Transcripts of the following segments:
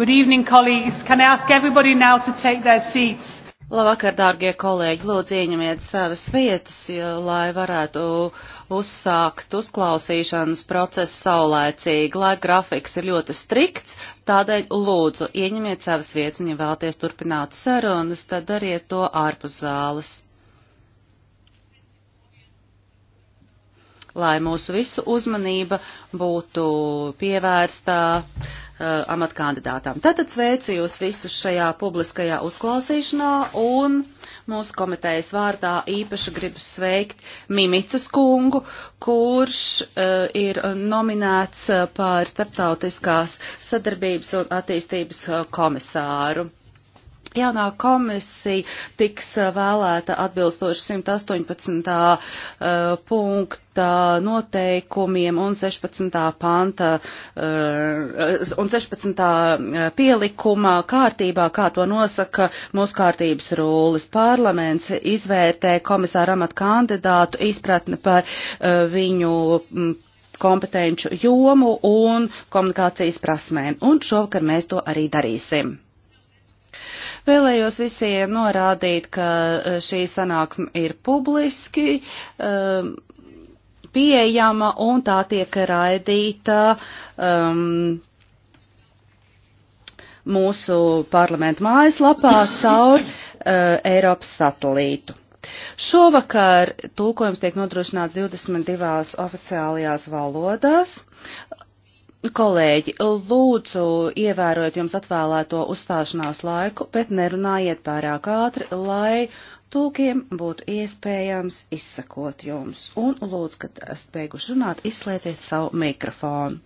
Good evening, colleagues. Can I ask everybody now to take their seats? Labvakar, dārgie kolēģi, lūdzu ieņemiet savas vietas, lai varētu uzsākt uzklausīšanas procesu saulēcīgi. Laika grafiks ir ļoti strikts, tādēļ lūdzu ieņemiet savas vietas un, ja vēlaties turpināt sarunas, tad dariet to ārpus zāles. Lai mūsu visu uzmanība būtu pievērstā Uh, amat kandidātām. Tātad sveicu jūs visus šajā publiskajā uzklausīšanā un mūsu komitejas vārdā īpaši gribu sveikt Mimicas kungu, kurš uh, ir nominēts uh, par starptautiskās sadarbības un attīstības uh, komisāru. Jaunā komisija tiks eh, vēlēta atbilstoši 118. Eh, punkta noteikumiem un 16. panta eh, un 16. pielikuma kārtībā, kā to nosaka mūsu kārtības rūlis. Parlaments izvērtē komisāra amata kandidātu izpratni par viņu mm, kompetenču jomu un komunikācijas prasmēm. Un šovakar mēs to arī darīsim. Vēlējos visiem norādīt, ka eh, šī sanāksme ir publiski um, pieejama un tā tiek raidīta. Um, mūsu parlamentu mājaslapā caur uh, Eiropas satelītu. Šovakar tulkojums tiek nodrošināts 22 oficiālajās valodās. Kolēģi, lūdzu, ievērojiet jums atvēlēto uzstāšanās laiku, bet nerunājiet pārāk ātri, lai tulkiem būtu iespējams izsakot jums. Un lūdzu, kad esat beiguši runāt, izslēdziet savu mikrofonu.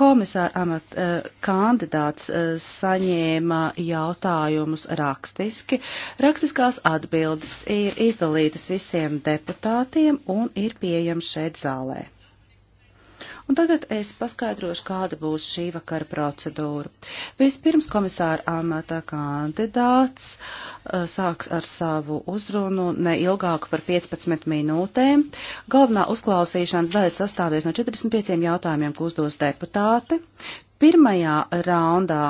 Komisāra amat uh, kandidāts uh, saņēma jautājumus rakstiski. Rakstiskās atbildes ir izdalītas visiem deputātiem un ir pieejams šeit zālē. Un tagad es paskaidrošu, kāda būs šī vakara procedūra. Vispirms komisāra amata kandidāts eh, sāks ar savu uzrunu ne ilgāk par 15 minūtēm. Galvenā uzklausīšanas daļa sastāvies no 45 jautājumiem, ko uzdos deputāti. Pirmajā raundā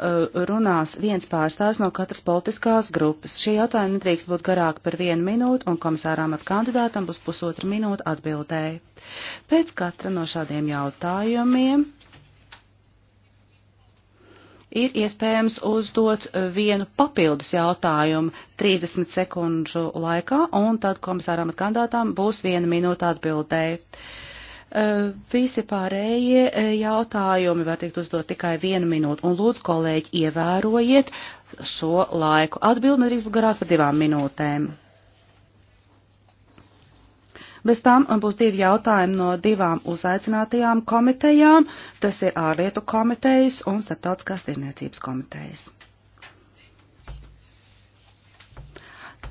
Eh, runās viens pārstāvs no katras politiskās grupas. Šie jautājumi nedrīkst būt garāki par vienu minūtu, un komisārām at kandidātam būs pusotra minūte atbildēji. Pēc katra no šādiem jautājumiem ir iespējams uzdot eh, vienu papildus jautājumu 30 sekundžu laikā, un tad komisāram at kandidātām būs viena minūte atbildēji. Visi pārējie jautājumi var tikt uzdot tikai vienu minūtu, un lūdzu, kolēģi, ievērojiet šo laiku. Atbildi nedrīkst būt garāk par divām minūtēm. Bez tam būs divi jautājumi no divām uzaicinātajām komitejām. Tas ir ārlietu komitejas un starptautiskās tirniecības komitejas.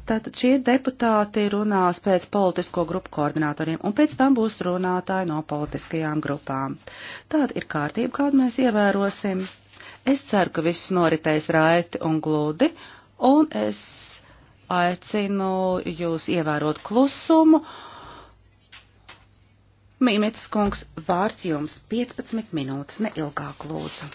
Tātad šie deputāti runās pēc politisko grupu koordinatoriem, un pēc tam būs runātāji no politiskajām grupām. Tāda ir kārtība, kādu mēs ievērosim. Es ceru, ka viss noritēs raiti un gludi, un es aicinu jūs ievērot klusumu. Mīmets kungs, vārds jums 15 minūtes, neilgāk lūdzu.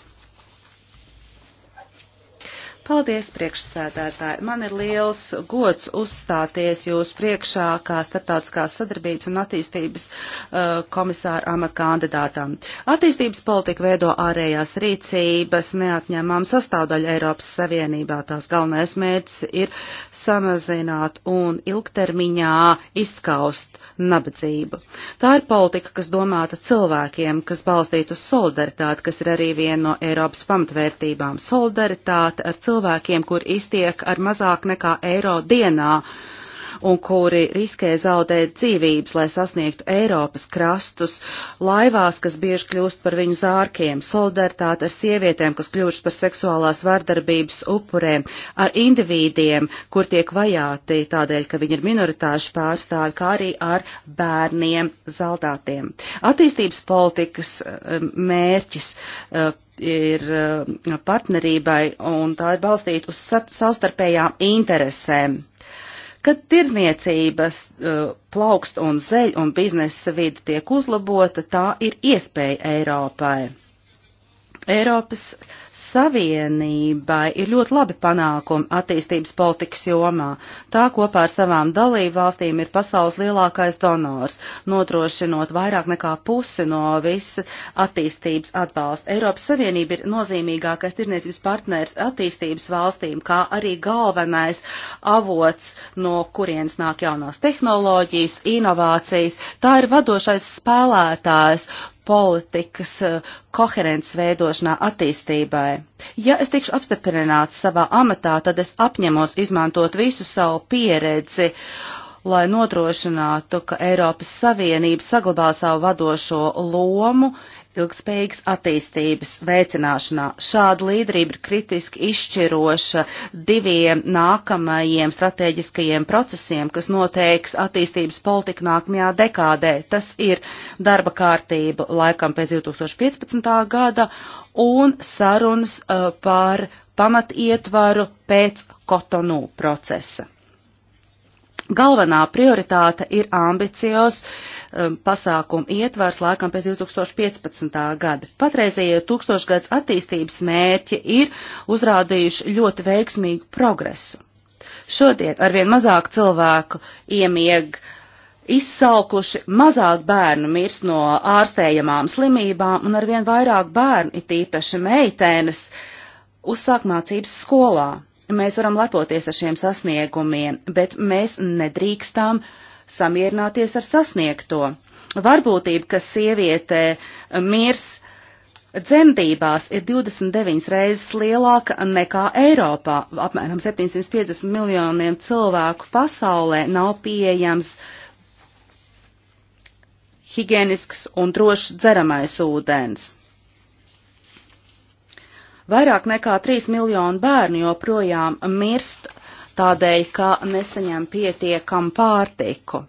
Paldies, priekšsēdētāji. Man ir liels gods uzstāties jūs priekšā kā starptautiskās sadarbības un attīstības uh, komisāra amatkandidātam. Attīstības politika veido ārējās rīcības neatņemām sastāvdaļu Eiropas Savienībā. Tās galvenais mērķis ir samazināt un ilgtermiņā izskaust nabadzību. Tā ir politika, kas domāta cilvēkiem, kas balstīta uz solidaritāti, kas ir arī viena no Eiropas pamatvērtībām. Solidaritāte ar cilvēkiem cilvēkiem, kur iztiek ar mazāk nekā eiro dienā. Uh, un kuri riskē zaudēt dzīvības, lai sasniegtu Eiropas krastus, laivās, kas bieži kļūst par viņu zārkiem, solidaritāte ar sievietēm, kas kļūst par seksuālās vardarbības upurēm, ar individiem, kur tiek vajāti tādēļ, ka viņi ir minoritāšu pārstāvi, kā arī ar bērniem zaldātiem. Attīstības politikas eh, mērķis eh, ir eh, partnerībai, un tā ir balstīta uz savstarpējām interesēm. Kad tirzniecības uh, plaukst un zeļ un biznesa vide tiek uzlabota, tā ir iespēja Eiropai. Eiropas uh, Savienībai ir ļoti labi panākumi attīstības politikas jomā. Tā kopā ar savām dalību valstīm ir pasaules lielākais donors, notrošinot vairāk nekā pusi no visa attīstības atbalsta. Eiropas Savienība ir nozīmīgākais tirniecības partners attīstības valstīm, kā arī galvenais avots, no kurienes nāk jaunās tehnoloģijas, inovācijas. Tā ir vadošais spēlētājs politikas eh, koherences veidošanā attīstībai. Ja es tikšu apstiprināts savā amatā, tad es apņemos izmantot visu savu pieredzi, lai nodrošinātu, ka Eiropas Savienība saglabā savu vadošo lomu ilgspējīgas attīstības veicināšanā. Šāda līderība ir kritiski izšķiroša diviem nākamajiem strateģiskajiem procesiem, kas noteiks attīstības politiku nākamajā dekādē. Tas ir darba kārtība laikam pēc 2015. gada un sarunas uh, par pamatietvaru pēc Kotonu procesa. Galvenā prioritāte ir ambicios um, pasākumu ietvars laikam pēc 2015. gada. Patreizējie tūkstošgads attīstības mērķi ir uzrādījuši ļoti veiksmīgu progresu. Šodien arvien mazāk cilvēku iemieg izsalkuši, mazāk bērnu mirst no ārstējamām slimībām un arvien vairāk bērnu, it īpaši meitenes, uzsāk mācības skolā. Mēs varam lepoties ar šiem sasniegumiem, bet mēs nedrīkstām samierināties ar sasniegto. Varbūtība, ka sieviete mirs dzemdībās, ir 29 reizes lielāka nekā Eiropā. Apmēram 750 miljoniem cilvēku pasaulē nav pieejams higienisks un drošs dzeramais ūdens. Vairāk nekā 3 miljonu bērnu joprojām mirst tādēļ, ka nesaņem pietiekam pārtiku.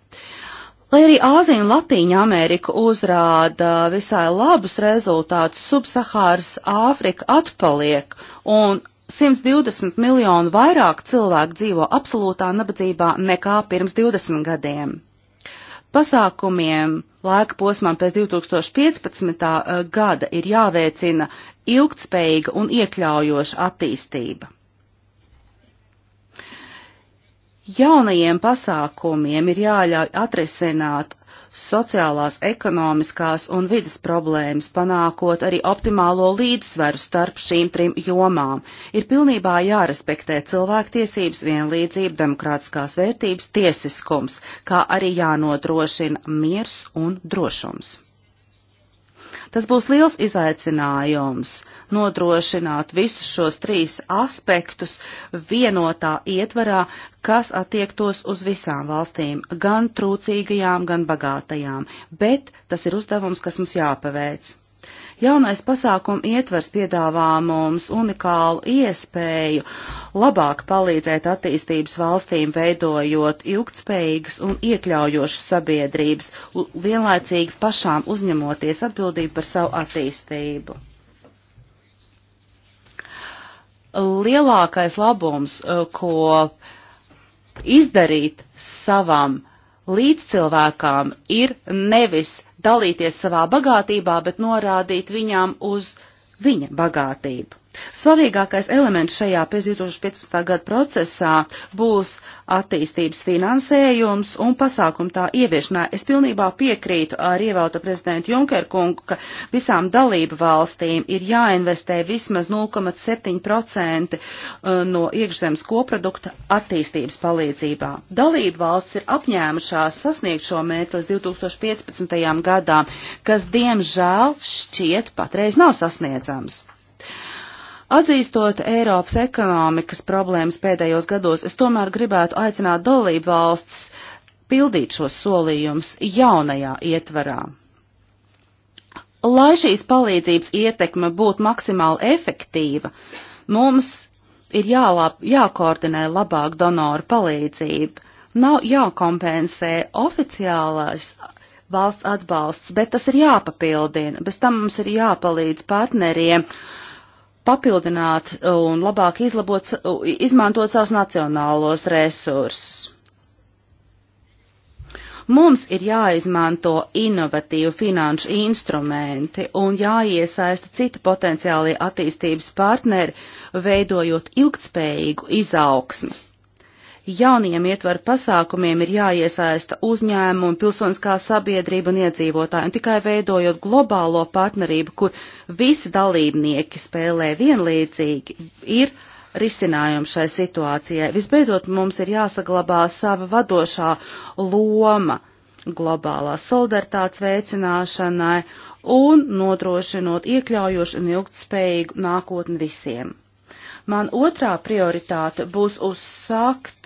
Lai arī Āzija un Latīņa Amerika uzrāda visai labus rezultātus, subsahāras Āfrika atpaliek un 120 miljonu vairāk cilvēku dzīvo absolūtā nabadzībā nekā pirms 20 gadiem. Pasākumiem laika posmām pēc 2015. Eh, gada ir jāveicina ilgtspējīga un iekļaujoša attīstība. Jaunajiem pasākumiem ir jāļauj atrisināt sociālās, ekonomiskās un vidas problēmas, panākot arī optimālo līdzsveru starp šīm trim jomām. Ir pilnībā jārespektē cilvēktiesības, vienlīdzība, demokrātiskās vērtības, tiesiskums, kā arī jānodrošina miers un drošums. Tas būs liels izaicinājums nodrošināt visus šos trīs aspektus vienotā ietvarā, kas attiektos uz visām valstīm, gan trūcīgajām, gan bagātajām, bet tas ir uzdevums, kas mums jāpaveic. Jaunais pasākuma ietvers piedāvā mums unikālu iespēju labāk palīdzēt attīstības valstīm, veidojot ilgtspējīgas un iekļaujošas sabiedrības, vienlaicīgi pašām uzņemoties atbildību par savu attīstību lielākais labums, ko izdarīt savam līdzcilvēkām, ir nevis dalīties savā bagātībā, bet norādīt viņām uz viņa bagātību. Svarīgākais elements šajā pēc 2015. gada procesā būs attīstības finansējums un pasākumu tā ieviešanā. Es pilnībā piekrītu ar ievēlto prezidentu Junkerkungu, ka visām dalību valstīm ir jāinvestē vismaz 0,7% uh, no iekšzemes koprodukta attīstības palīdzībā. Dalību valsts ir apņēmušās sasniegt šo mērķi līdz 2015. gadām, kas diemžēl šķiet patreiz nav sasniedzams. Atzīstot Eiropas ekonomikas problēmas pēdējos gados, es tomēr gribētu aicināt dalību valsts pildīt šos solījumus jaunajā ietvarā. Lai šīs palīdzības ietekme būtu maksimāli efektīva, mums ir jālab, jākoordinē labāk donoru palīdzību. Nav jākompensē oficiālais valsts atbalsts, bet tas ir jāpapildina. Bez tam mums ir jāpalīdz partneriem uh, papildināt un labāk izlabot, izmantot savus nacionālos resursus. Mums ir jāizmanto inovatīvu finanšu instrumenti un jāiesaista citi potenciālie attīstības partneri, veidojot ilgtspējīgu izaugsmu jauniem ietvaru pasākumiem ir jāiesaista uzņēmumi, pilsoniskā sabiedrība un iedzīvotāji, un tikai veidojot globālo partnerību, kur visi dalībnieki spēlē vienlīdzīgi, ir risinājums šai situācijai. Visbeidzot, mums ir jāsaglabā sava vadošā loma globālās solidaritātes veicināšanai un nodrošinot iekļaujošu un ilgtspējīgu nākotni visiem. Man otrā prioritāte būs uzsākt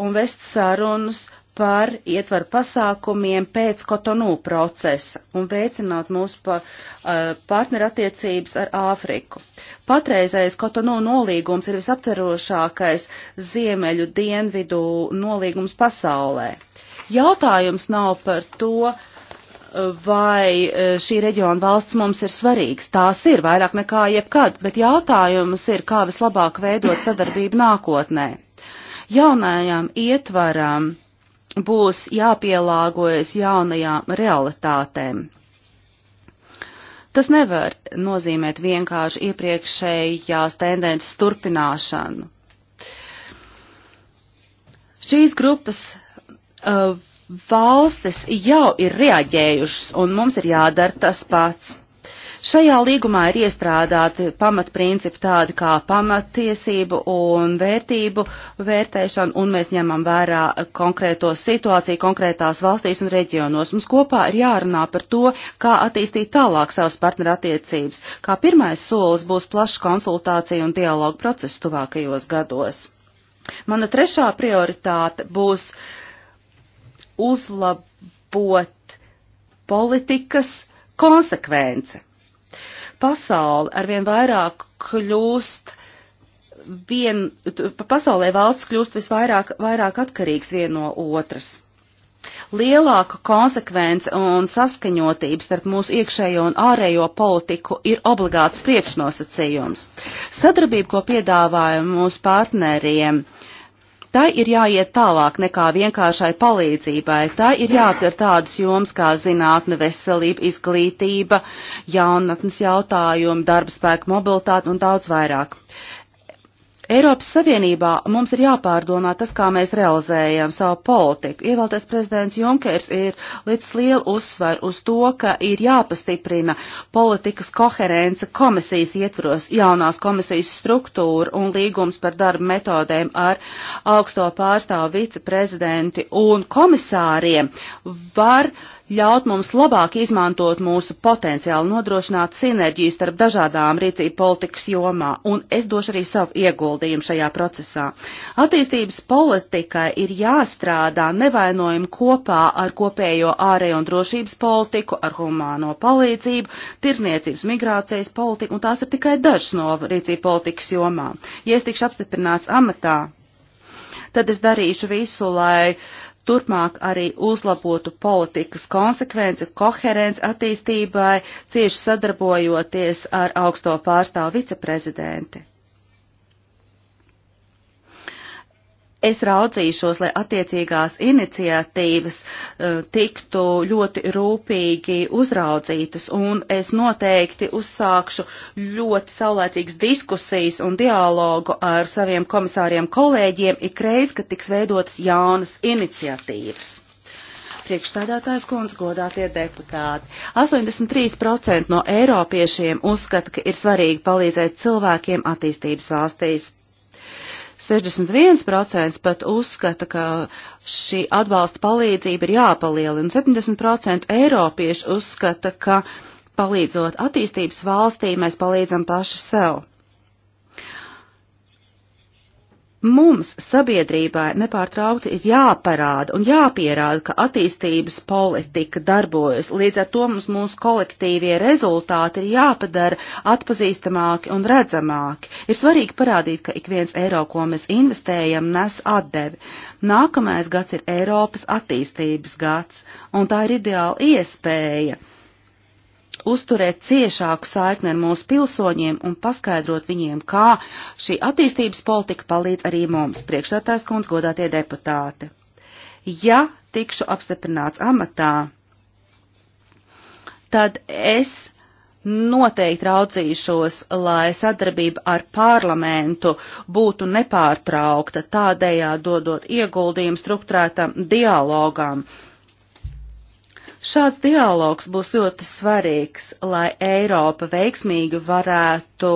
un vest sarunas par ietvaru pasākumiem pēc Kotonū procesa un veicināt mūsu pa, uh, partnerattiecības ar Āfriku. Patreizējais Kotonū nolīgums ir visaptverošākais ziemeļu dienvidu nolīgums pasaulē. Jautājums nav par to, uh, vai uh, šī reģiona valsts mums ir svarīgs. Tās ir vairāk nekā jebkad, bet jautājums ir, kā vislabāk veidot sadarbību nākotnē jaunajām ietvarām būs jāpielāgojas jaunajām realitātēm. Tas nevar nozīmēt vienkārši iepriekšējās tendences turpināšanu. Šīs grupas uh, valstis jau ir reaģējušas, un mums ir jādara tas pats. Šajā līgumā ir iestrādāti pamatprincipi tādi kā pamattiesību un vērtību vērtēšana, un mēs ņemam vērā konkrēto situāciju konkrētās valstīs un reģionos. Mums kopā ir jārunā par to, kā attīstīt tālāk savas partnerattiecības. Kā pirmais solis būs plašs konsultācija un dialogu process tuvākajos gados. Mana trešā prioritāte būs uzlabot politikas konsekvence pasauli arvien vairāk kļūst vien, pasaulē valsts kļūst visvairāk vairāk atkarīgs vien no otras. Lielāka konsekvence un saskaņotība starp mūsu iekšējo un ārējo politiku ir obligāts priekšnosacījums. Sadarbība, ko piedāvājam mūsu partneriem, uh, Tai ir jāiet tālāk nekā vienkāršai palīdzībai. Tā ir jāatver tādas jomas kā zinātne, veselība, izglītība, jaunatnes jautājumi, darba spēka mobilitāte un daudz vairāk. Uh, Eiropas Savienībā mums ir jāpārdomā tas, kā mēs realizējam savu politiku. Ievēltais prezidents Junkers ir līdz lielu uzsvaru uz to, ka ir jāpastiprina politikas koherence komisijas ietvaros, jaunās komisijas struktūra un līgums par darba metodēm ar augsto pārstāvu viceprezidenti un komisāriem var uh, ļaut mums labāk izmantot mūsu potenciālu, nodrošināt sinerģiju starp dažādām rīcību politikas jomā, un es došu arī savu ieguldījumu šajā procesā. Attīstības politikai ir jāstrādā nevainojumi kopā ar kopējo ārējo un drošības politiku, ar humāno palīdzību, tirzniecības migrācijas politiku, un tās ir tikai dažas no rīcību politikas jomām. Ja es tikšu apstiprināts amatā, tad es darīšu visu, lai uh, turpmāk arī uzlabotu politikas konsekvenci, koherenci attīstībai, cieši sadarbojoties ar augsto pārstāvu viceprezidenti. es raudzīšos, lai attiecīgās iniciatīvas uh, tiktu ļoti rūpīgi uzraudzītas, un es noteikti uzsākšu ļoti saulēcīgas diskusijas un dialogu ar saviem komisāriem kolēģiem ikreiz, kad tiks veidotas jaunas iniciatīvas. Priekšsēdētājs kundze, godātie deputāti, 83% no eiropiešiem uzskata, ka ir svarīgi palīdzēt cilvēkiem attīstības valstīs. 61% pat uzskata, ka šī atbalsta palīdzība ir jāpalielina, un 70% eiropiešu uzskata, ka palīdzot attīstības valstī, mēs palīdzam paši sev. Mums sabiedrībai nepārtraukti ir jāparāda un jāpierāda, ka attīstības politika darbojas. Līdz ar to mums mūsu kolektīvie rezultāti ir jāpadara atpazīstamāki un redzamāki. Ir svarīgi parādīt, ka ik viens eiro, ko mēs investējam, nes atdevi. Nākamais gads ir Eiropas attīstības gads, un tā ir ideāla iespēja uzturēt ciešāku saikni ar mūsu pilsoņiem un paskaidrot viņiem, kā šī attīstības politika palīdz arī mums, priekšsētājs kundz, godātie deputāti. Ja tikšu apstiprināts amatā, tad es noteikti raudzīšos, lai sadarbība ar parlamentu būtu nepārtraukta, tādējā dodot ieguldījumu struktūrētam dialogam Šāds dialogs būs ļoti svarīgs, lai Eiropa veiksmīgi varētu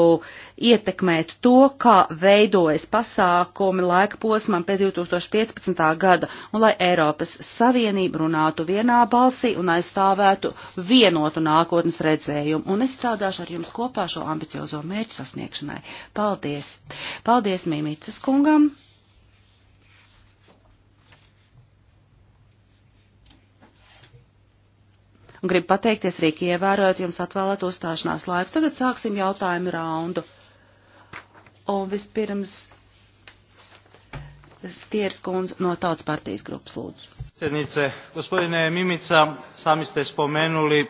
ietekmēt to, kā veidojas pasākumi laika posmam pēc 2015. gada, un lai Eiropas Savienība runātu vienā balsī un aizstāvētu vienotu nākotnes redzējumu. Un es strādāšu ar jums kopā šo ambiciozo mērķu sasniegšanai. Paldies! Paldies Mimicas kungam! un gribu pateikties arī, ka ievērojot jums atvēlēt uzstāšanās laiku. Tagad sāksim jautājumu raundu. Un vispirms Stiers kundze no Tautas partijas grupas lūdzu. Sēdnice, gospodine Mimica, sami ste spomenuli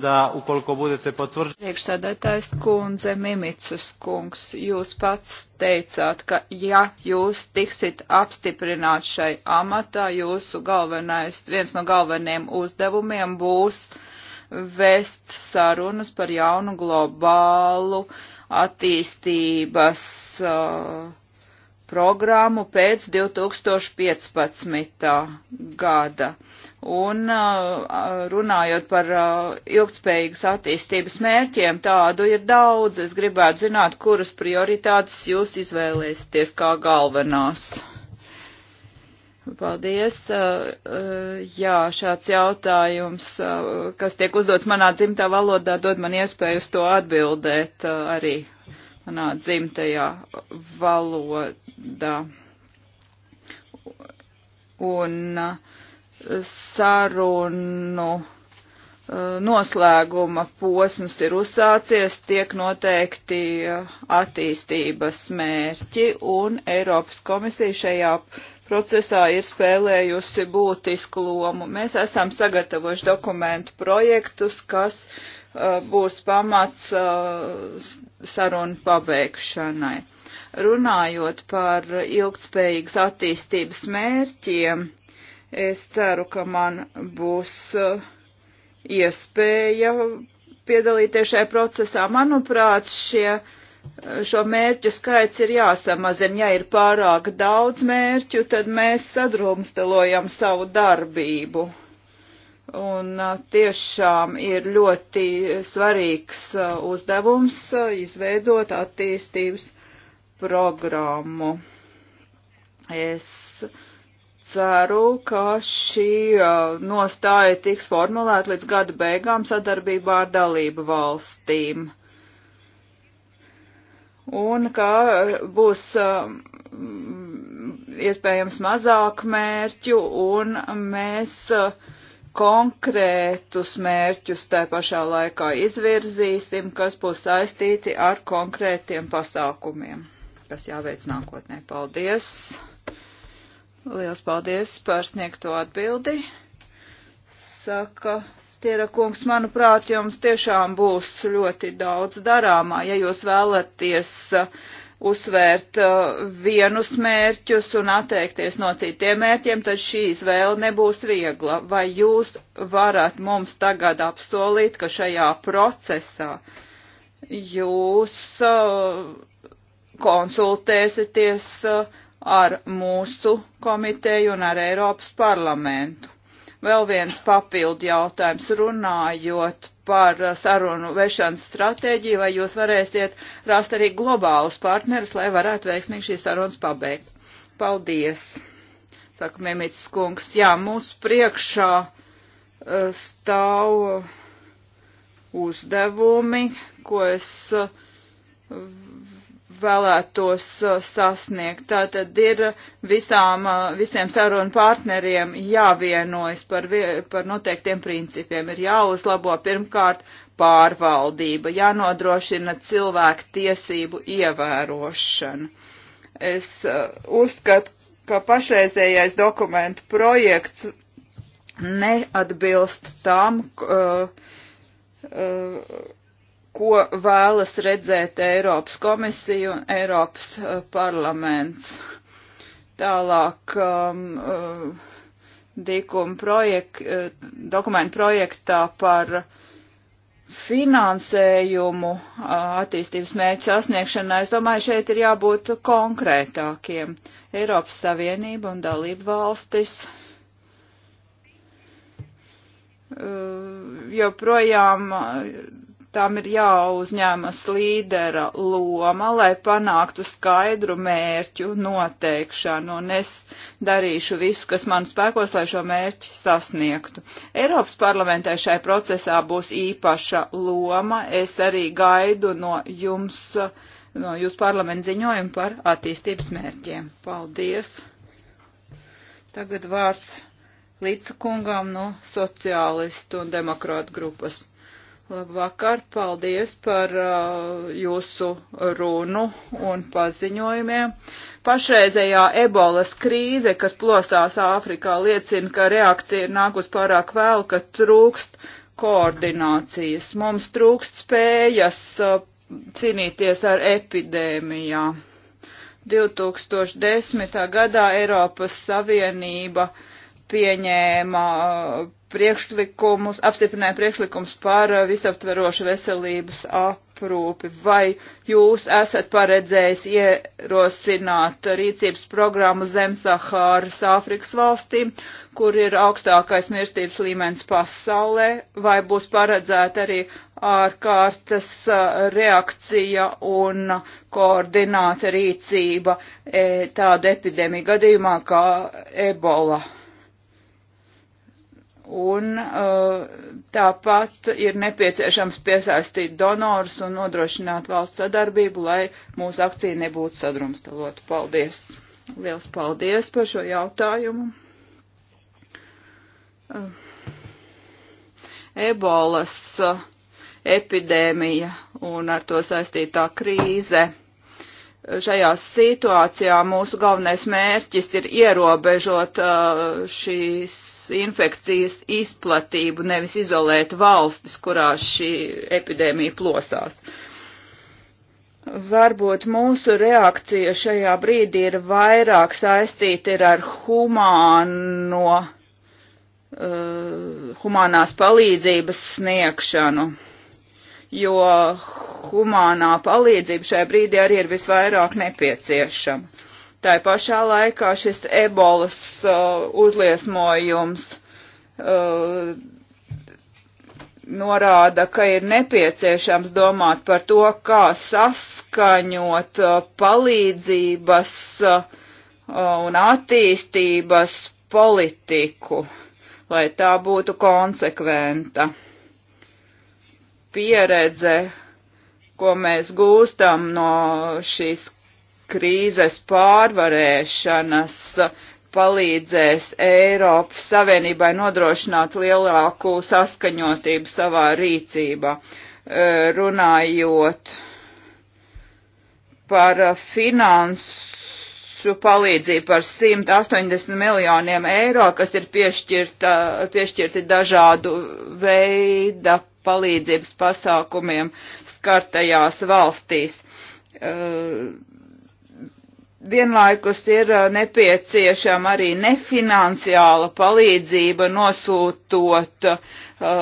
da ukoliko budete potvrđeni. Priekšsēdētājs kundze Mimicus kungs, jūs pats teicāt, ka ja jūs tiksit apstiprināt šai amatā, jūsu galvenais, viens no galvenajiem uzdevumiem būs vest sarunas par jaunu globālu attīstības uh, programmu pēc 2015. gada. Un uh, uh, runājot par uh, ilgspējīgas attīstības mērķiem, tādu ir daudz. Es gribētu zināt, kuras prioritātes jūs izvēlēsieties kā galvenās. Paldies. Jā, šāds jautājums, kas tiek uzdots manā dzimtā valodā, dod man iespēju uz to atbildēt arī manā dzimtajā valodā. Un uh, sarunu uh, noslēguma posms ir uzsācies, tiek noteikti uh, attīstības mērķi, un Eiropas komisija šajā procesā ir spēlējusi būtisku lomu. Mēs esam sagatavojuši dokumentu projektus, kas uh, Uh, būs pamats uh, sarunu pabeigšanai. Runājot par ilgspējīgas attīstības mērķiem, es ceru, ka man būs uh, iespēja piedalīties šajā procesā. Manuprāt, šie, šo mērķu skaits ir jāsamazina. Ja ir pārāk daudz mērķu, tad mēs sadrumstalojam savu darbību Un tiešām ir ļoti svarīgs uzdevums izveidot attīstības programmu. Es ceru, ka šī nostāja tiks formulēta līdz gada beigām sadarbībā ar dalību valstīm. Un ka būs iespējams mazāk mērķu un mēs uh, konkrētus mērķus tā pašā laikā izvirzīsim, kas būs saistīti ar konkrētiem pasākumiem, kas jāveic nākotnē. Paldies! Liels paldies par sniegto atbildi. Saka, Stiera kungs, manuprāt, jums tiešām būs ļoti daudz darāmā, ja jūs vēlaties uh, uzsvērt uh, vienus mērķus un atteikties no citiem mērķiem, tad šī izvēle nebūs viegla. Vai jūs varat mums tagad apsolīt, ka šajā procesā jūs uh, konsultēsieties uh, ar mūsu komiteju un ar Eiropas parlamentu? Vēl viens papildu jautājums runājot par uh, sarunu vešanas stratēģiju, vai jūs varēsiet rast arī globālus partnerus, lai varētu veiksmīgi šīs sarunas pabeigt. Paldies! Saka Mimits kungs, jā, mūsu priekšā uh, stāv uzdevumi, ko es uh, vēlētos uh, sasniegt. Tātad ir visām, uh, visiem sarunu partneriem jāvienojas par, par noteiktiem principiem. Ir jāuzlabo pirmkārt pārvaldība, jānodrošina cilvēku tiesību ievērošana. Es uh, uzskatu, ka pašreizējais dokumentu projekts neatbilst tam, uh, uh, ko vēlas redzēt Eiropas komisija un Eiropas eh, parlaments. Tālāk um, eh, dīkuma projek, eh, dokumentu projektā par finansējumu attīstības mērķu sasniegšanai, es domāju, šeit ir jābūt konkrētākiem. Eiropas Savienība un dalību valstis joprojām tām ir jāuzņemas līdera loma, lai panāktu skaidru mērķu noteikšanu, un es darīšu visu, kas man spēkos, lai šo mērķi sasniegtu. Eiropas parlamentē šai procesā būs īpaša loma, es arī gaidu no jums, no jūs parlamentu ziņojumu par attīstības mērķiem. Paldies! Tagad vārds Līdz kungām no sociālistu un demokrātu grupas. Labvakar, paldies par uh, jūsu runu un paziņojumiem. Pašreizējā ebolas krīze, kas plosās Āfrikā, liecina, ka reakcija ir nākus pārāk vēl, ka trūkst koordinācijas. Mums trūkst spējas uh, cīnīties ar epidēmijā. 2010. gadā Eiropas Savienība pieņēma uh, priekšlikumus, apstiprināja priekšlikumus par uh, visaptverošu veselības aprūpi. Vai jūs esat paredzējis ierosināt rīcības programmu Zemsahāras Āfrikas valstīm, kur ir augstākais mirstības līmenis pasaulē, vai būs paredzēta arī ārkārtas uh, reakcija un koordināta rīcība e, tādu epidēmiju gadījumā kā ebola? Un uh, tāpat ir nepieciešams piesaistīt donors un nodrošināt valsts sadarbību, lai mūsu akcija nebūtu sadrumstalota. Paldies! Liels paldies par šo jautājumu! Uh, Ebolas uh, epidēmija un ar to saistītā krīze šajā situācijā mūsu galvenais mērķis ir ierobežot uh, šīs infekcijas izplatību, nevis izolēt valstis, kurās šī epidēmija plosās. Varbūt mūsu reakcija šajā brīdī ir vairāk saistīta ar humāno, uh, humānās palīdzības sniegšanu jo humānā palīdzība šajā brīdī arī ir visvairāk nepieciešama. Tā pašā laikā šis ebolas uh, uzliesmojums uh, norāda, ka ir nepieciešams domāt par to, kā saskaņot uh, palīdzības uh, un attīstības politiku, lai tā būtu konsekventa pieredze, ko mēs gūstam no šīs krīzes pārvarēšanas, palīdzēs Eiropas Savienībai nodrošināt lielāku saskaņotību savā rīcībā. E, runājot par finansu palīdzību par 180 miljoniem eiro, kas ir piešķirta, piešķirti dažādu veida palīdzības pasākumiem skartajās valstīs. Uh, vienlaikus ir uh, nepieciešama arī nefinanciāla palīdzība nosūtot uh,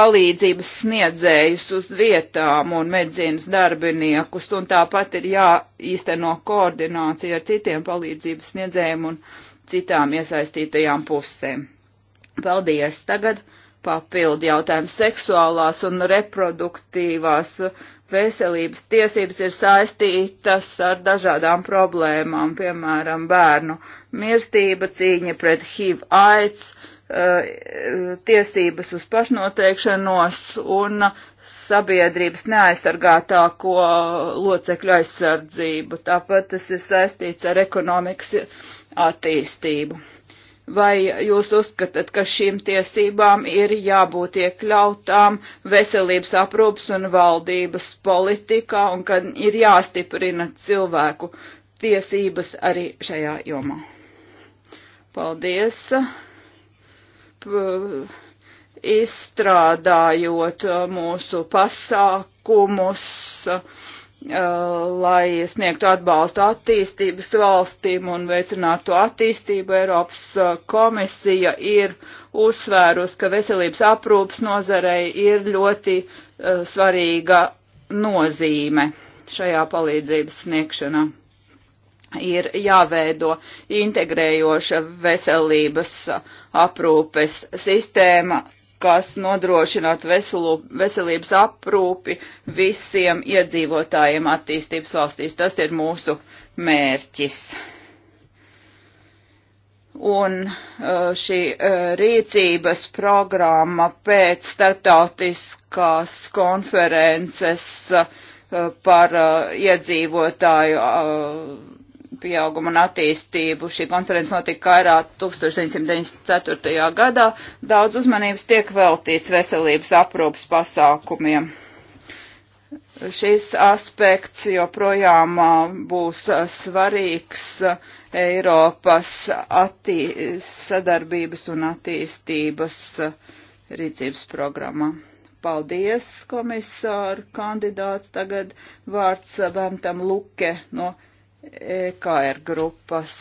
palīdzības sniedzējus uz vietām un medzīnas darbiniekus, un tāpat ir jāīsteno koordinācija ar citiem palīdzības sniedzējiem un citām iesaistītajām pusēm. Paldies! Tagad papildu jautājumu. Seksuālās un reproduktīvās veselības tiesības ir saistītas ar dažādām problēmām, piemēram, bērnu mirstība, cīņa pret HIV aids, eh, tiesības uz pašnoteikšanos un sabiedrības neaizsargātāko locekļu aizsardzību. Tāpat tas ir saistīts ar ekonomikas attīstību. Vai jūs uzskatāt, ka šīm tiesībām ir jābūt iekļautām veselības aprūpas un valdības politikā un ka ir jāstiprina cilvēku tiesības arī šajā jomā? Paldies! P izstrādājot uh, mūsu pasākumus, Uh, lai sniegtu atbalstu attīstības valstīm un veicinātu attīstību, Eiropas uh, komisija ir uzsvērus, ka veselības aprūpas nozarei ir ļoti uh, svarīga nozīme šajā palīdzības sniegšanā. Ir jāveido integrējoša veselības aprūpes sistēma, kas nodrošinātu veselu, veselības aprūpi visiem iedzīvotājiem attīstības valstīs. Tas ir mūsu mērķis. Un uh, šī uh, rīcības programma pēc starptautiskās konferences uh, par iedzīvotāju pieaugumu un attīstību. Šī konference notika Kairā 1994. gadā. Daudz uzmanības tiek veltīts veselības aprūpas pasākumiem. Šis aspekts joprojām būs svarīgs Eiropas attī sadarbības un attīstības rīcības programmā. Paldies, komisāru kandidāts. Tagad vārds Bentam Luke no. EKR grupas.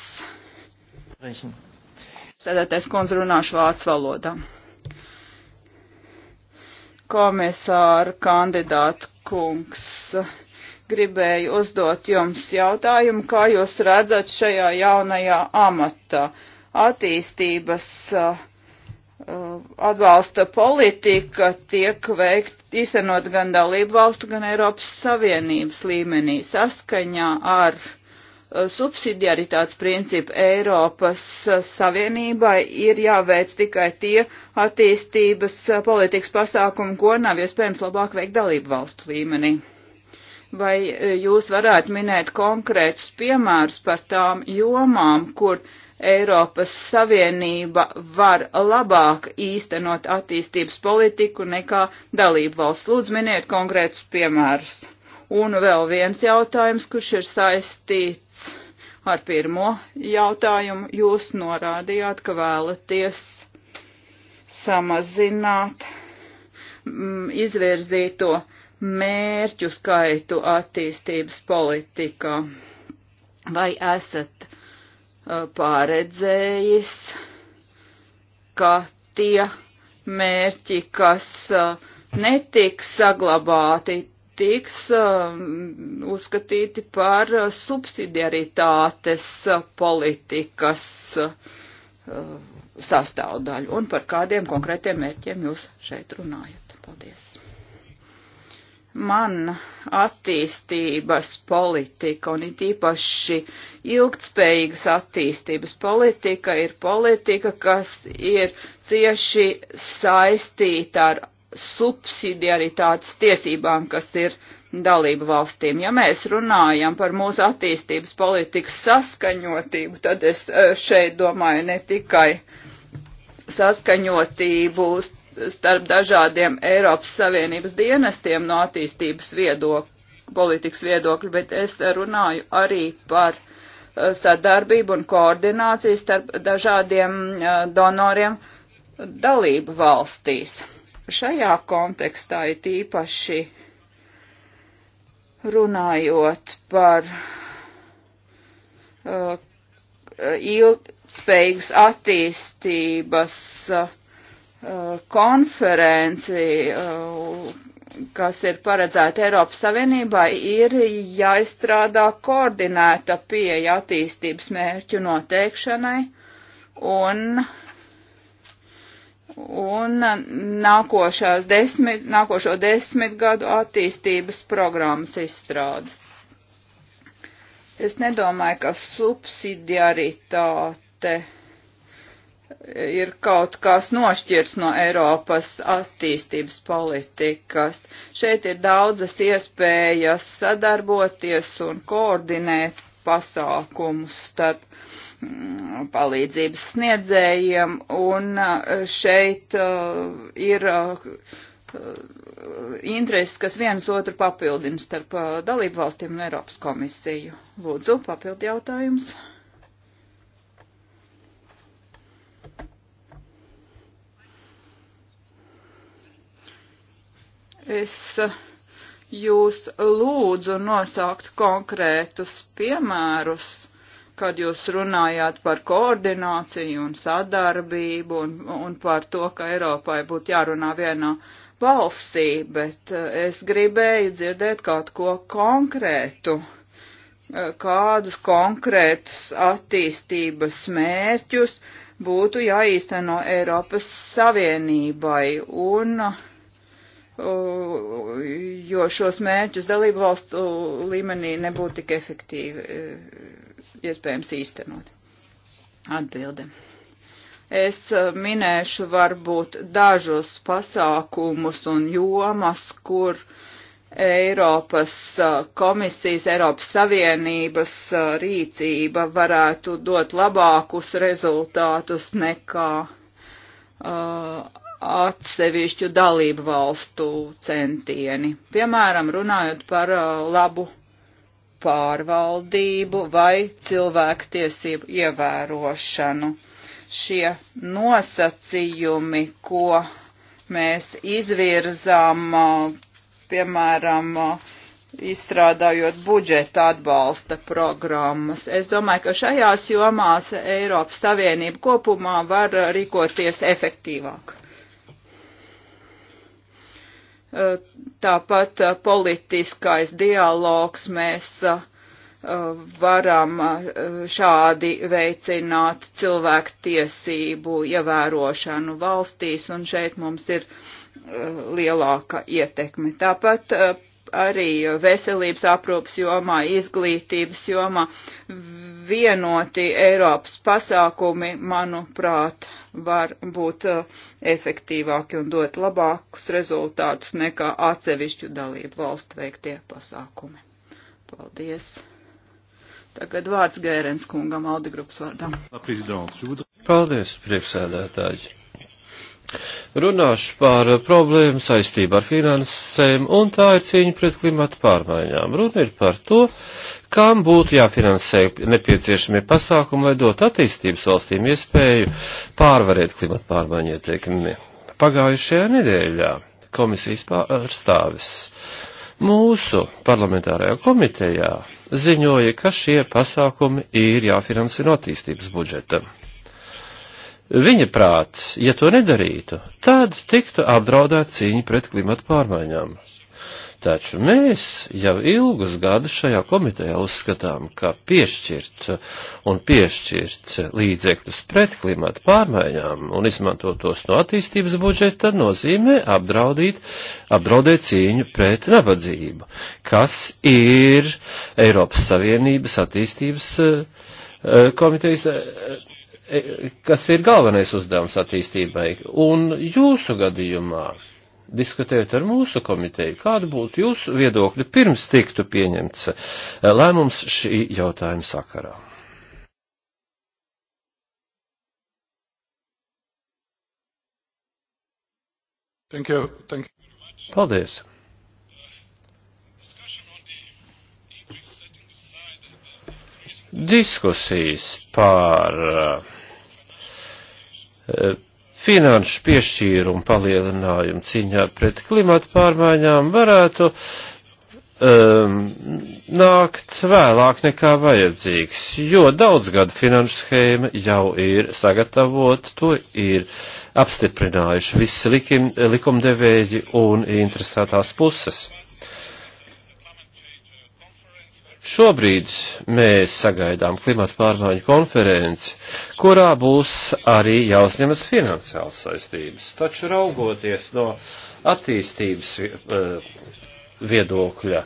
Sēdētais kundze runāšu vācu valodā. Komisāra kandidāta kungs, gribēju uzdot jums jautājumu, kā jūs redzat šajā jaunajā amatā attīstības uh, atbalsta politika tiek veikt īstenot gan dalību valstu, gan Eiropas Savienības līmenī saskaņā ar subsidiaritātes principu Eiropas Savienībai ir jāveic tikai tie attīstības politikas pasākumi, ko nav iespējams labāk veikt dalību valstu līmenī. Vai e, jūs varētu minēt konkrētus piemērus par tām jomām, kur Eiropas Savienība var labāk īstenot attīstības politiku nekā dalību valsts? Lūdzu, miniet konkrētus piemērus. Un vēl viens jautājums, kurš ir saistīts ar pirmo jautājumu. Jūs norādījāt, ka vēlaties samazināt m, mm, izvirzīto mērķu skaitu attīstības politikā. Vai esat pārredzējis, ka tie mērķi, kas netiks saglabāti, tiks um, uzskatīti par uh, subsidiaritātes uh, politikas uh, sastāvdaļu un par kādiem konkrētiem mērķiem jūs šeit runājat. Paldies. Man attīstības politika un it īpaši ilgtspējīgas attīstības politika ir politika, kas ir cieši saistīta ar subsidiaritātes tiesībām, kas ir dalību valstīm. Ja mēs runājam par mūsu attīstības politikas saskaņotību, tad es e, šeit domāju ne tikai saskaņotību starp dažādiem Eiropas Savienības dienestiem no attīstības viedokļa, politikas viedokļa, bet es runāju arī par e, sadarbību un koordināciju starp dažādiem e, donoriem dalību valstīs šajā kontekstā ir īpaši runājot par uh, ilgspējīgas attīstības uh, konferenci, uh, kas ir paredzēta Eiropas Savienībai, ir jāizstrādā koordinēta pieeja attīstības mērķu noteikšanai un uh, un uh, nākošās desmit, nākošo desmit gadu attīstības programmas izstrādes. Es nedomāju, ka subsidiaritāte ir kaut kas nošķirs no Eiropas attīstības politikas. Šeit ir daudzas iespējas sadarboties un koordinēt pasākumus starp Mm, palīdzības sniedzējiem, un eh, šeit eh, ir eh, intereses, kas viens otru papildina starp dalību valstīm un Eiropas komisiju. Lūdzu, papildi jautājums. Es jūs lūdzu nosaukt konkrētus piemērus kad jūs runājāt par koordināciju un sadarbību un, un par to, ka Eiropai būtu jārunā vienā valstī, bet eh, es gribēju dzirdēt kaut ko konkrētu, eh, kādus konkrētus attīstības mērķus būtu jāīsteno Eiropas Savienībai un eh, jo šos mērķus dalību valstu līmenī nebūtu tik efektīvi iespējams īstenot? Atbilde. Es eh, minēšu varbūt dažus pasākumus un jomas, kur Eiropas eh, komisijas, Eiropas Savienības eh, rīcība varētu dot labākus rezultātus nekā uh, atsevišķu dalību valstu centieni. Piemēram, runājot par uh, labu pārvaldību vai cilvēktiesību ievērošanu. Šie nosacījumi, ko mēs izvirzām, piemēram, izstrādājot budžeta atbalsta programmas. Es domāju, ka šajās jomās Eiropas Savienība kopumā var rīkoties efektīvāk. Tāpat uh, politiskais dialogs mēs uh, varam uh, šādi veicināt cilvēku tiesību ievērošanu valstīs, un šeit mums ir lielāka ietekme. Tāpat arī veselības aprūpas jomā, izglītības jomā. Vienoti Eiropas pasākumi, manuprāt, var būt uh, efektīvāki un dot labākus rezultātus nekā atsevišķu dalību valstu veiktie pasākumi. Paldies! Tagad vārds Gērens kungam, Aldi grupas vārdā. Paldies, priekšsēdētāji! Runāšu par problēmu saistību ar finansēm, un tā ir cīņa pret klimata pārmaiņām. Runa ir par to, kam būtu jāfinansē nepieciešamie pasākumi, lai dot attīstības valstīm iespēju pārvarēt klimata pārmaiņu ietekmi. Pagājušajā nedēļā komisijas pārstāvis mūsu parlamentārajā komitejā ziņoja, ka šie pasākumi ir jāfinansē no attīstības budžeta. Viņa prāts, ja to nedarītu, tad tiktu apdraudēt cīņa pret klimatu pārmaiņām. Taču mēs jau ilgus gadus šajā komitejā uzskatām, ka piešķirt un piešķirt līdzekļus pret klimatu pārmaiņām un izmantot tos no attīstības budžeta nozīmē apdraudīt, apdraudēt cīņu pret nabadzību, kas ir Eiropas Savienības attīstības eh, komitejas eh, E, kas ir galvenais uzdevums attīstībai. Un jūsu gadījumā, diskutējot ar mūsu komiteju, kāda būtu jūsu viedokļa pirms tiktu pieņemts e, lēmums šī jautājuma sakarā? Thank you. Thank you. Paldies. Diskusijas par uh, finanšu piešķīrumu palielinājumu cīņā pret klimatu pārmaiņām varētu um, nākt vēlāk nekā vajadzīgs, jo daudzgada finanšu schēma jau ir sagatavota, to ir apstiprinājuši visi likim, likumdevēji un interesētās puses. Šobrīd mēs sagaidām klimata pārmaiņu konferenci, kurā būs arī jāuzņemas finansiāls saistības. Taču raugoties no attīstības eh, viedokļa,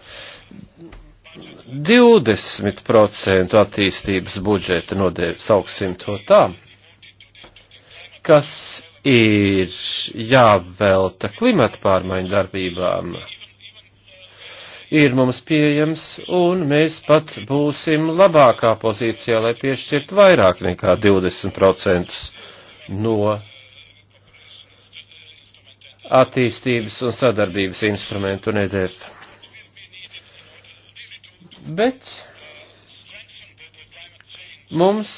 20% attīstības budžeta nodēļ, sauksim to tā, kas ir jāvelta klimata pārmaiņu darbībām ir mums pieejams, un mēs pat būsim labākā pozīcijā, lai piešķirt vairāk nekā 20% no attīstības un sadarbības instrumentu nedēļ. Bet mums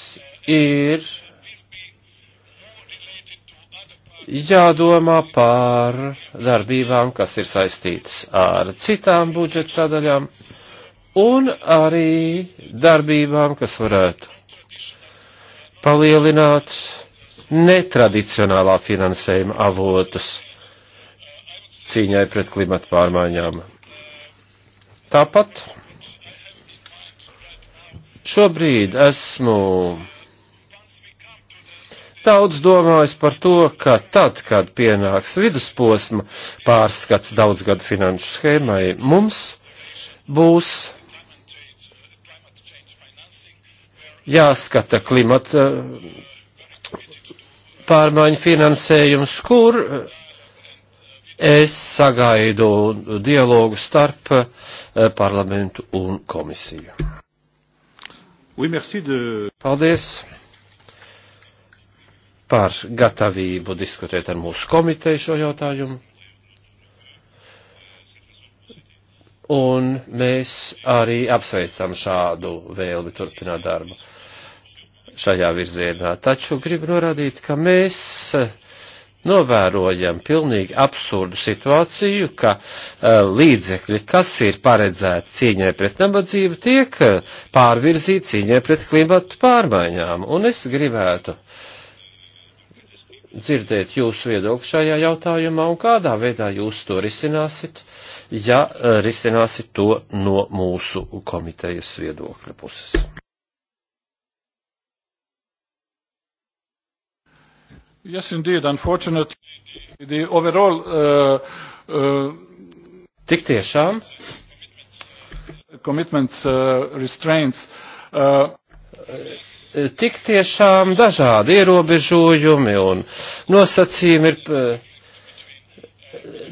ir jādomā par darbībām, kas ir saistītas ar citām budžeta sadaļām, un arī darbībām, kas varētu palielināt netradicionālā finansējuma avotus cīņai pret klimatu pārmaiņām. Tāpat šobrīd esmu daudz domājis par to, ka tad, kad pienāks vidusposma pārskats daudzgadu finanšu schēmai, mums būs jāskata klimata eh, pārmaiņu finansējums, kur eh, es sagaidu dialogu starp eh, parlamentu un komisiju. Oui, merci de... Paldies! par gatavību diskutēt ar mūsu komiteju šo jautājumu. Un mēs arī apsveicam šādu vēlmi turpināt darbu šajā virzienā. Taču gribu norādīt, ka mēs novērojam pilnīgi absurdu situāciju, ka uh, līdzekļi, kas ir paredzēti cīņai pret nabadzību, tiek e, pārvirzīti cīņai pret klimatu pārmaiņām. Un es gribētu dzirdēt jūsu viedokli šajā jautājumā un kādā veidā jūs to risināsit, ja e, risināsit to no mūsu komitejas viedokļa puses. Yes, indeed, unfortunately, the overall. Uh, uh, Tik tiešām. Commitments, uh, restraints. Uh, tik tiešām dažādi ierobežojumi un nosacījumi ir eh,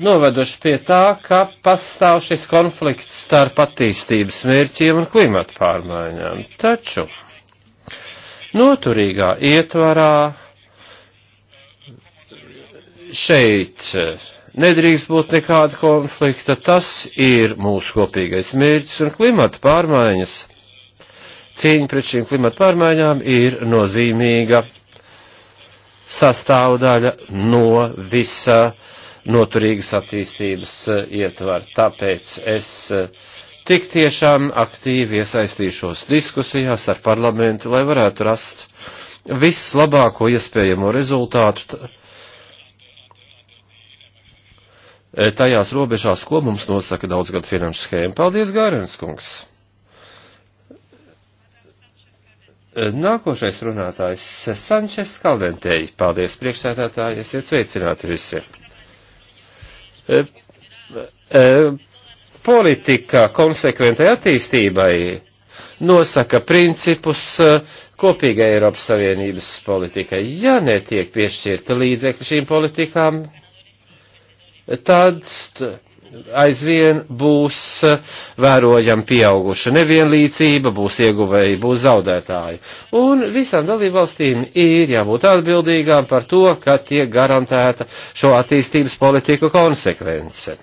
noveduši pie tā, ka pastāv šis konflikts starp attīstības mērķiem un klimata pārmaiņām. Taču noturīgā ietvarā šeit eh, nedrīkst būt nekāda konflikta. Tas ir mūsu kopīgais mērķis un klimata pārmaiņas cīņa pret šīm klimata pārmaiņām ir nozīmīga sastāvdaļa no visa noturīgas attīstības eh, ietvar. Tāpēc es eh, tik tiešām aktīvi iesaistīšos diskusijās ar parlamentu, lai varētu rast vislabāko iespējamo rezultātu eh, tajās robežās, ko mums nosaka daudzgad finanšu schēma. Paldies, Gārens kungs! Eh, nākošais runātājs eh, Sančes Kaldentēji. Paldies, priekšsēdētāji, esiet sveicināti visi. E, e, politika konsekventai attīstībai nosaka principus kopīgai Eiropas Savienības politikai. Ja netiek piešķirta līdzekļi šīm politikām, tad aizvien būs eh, vērojama pieauguša nevienlīdzība, būs ieguvēji, būs zaudētāji. Un visām dalībvalstīm ir jābūt atbildīgām par to, ka tiek garantēta šo attīstības politiku konsekvence.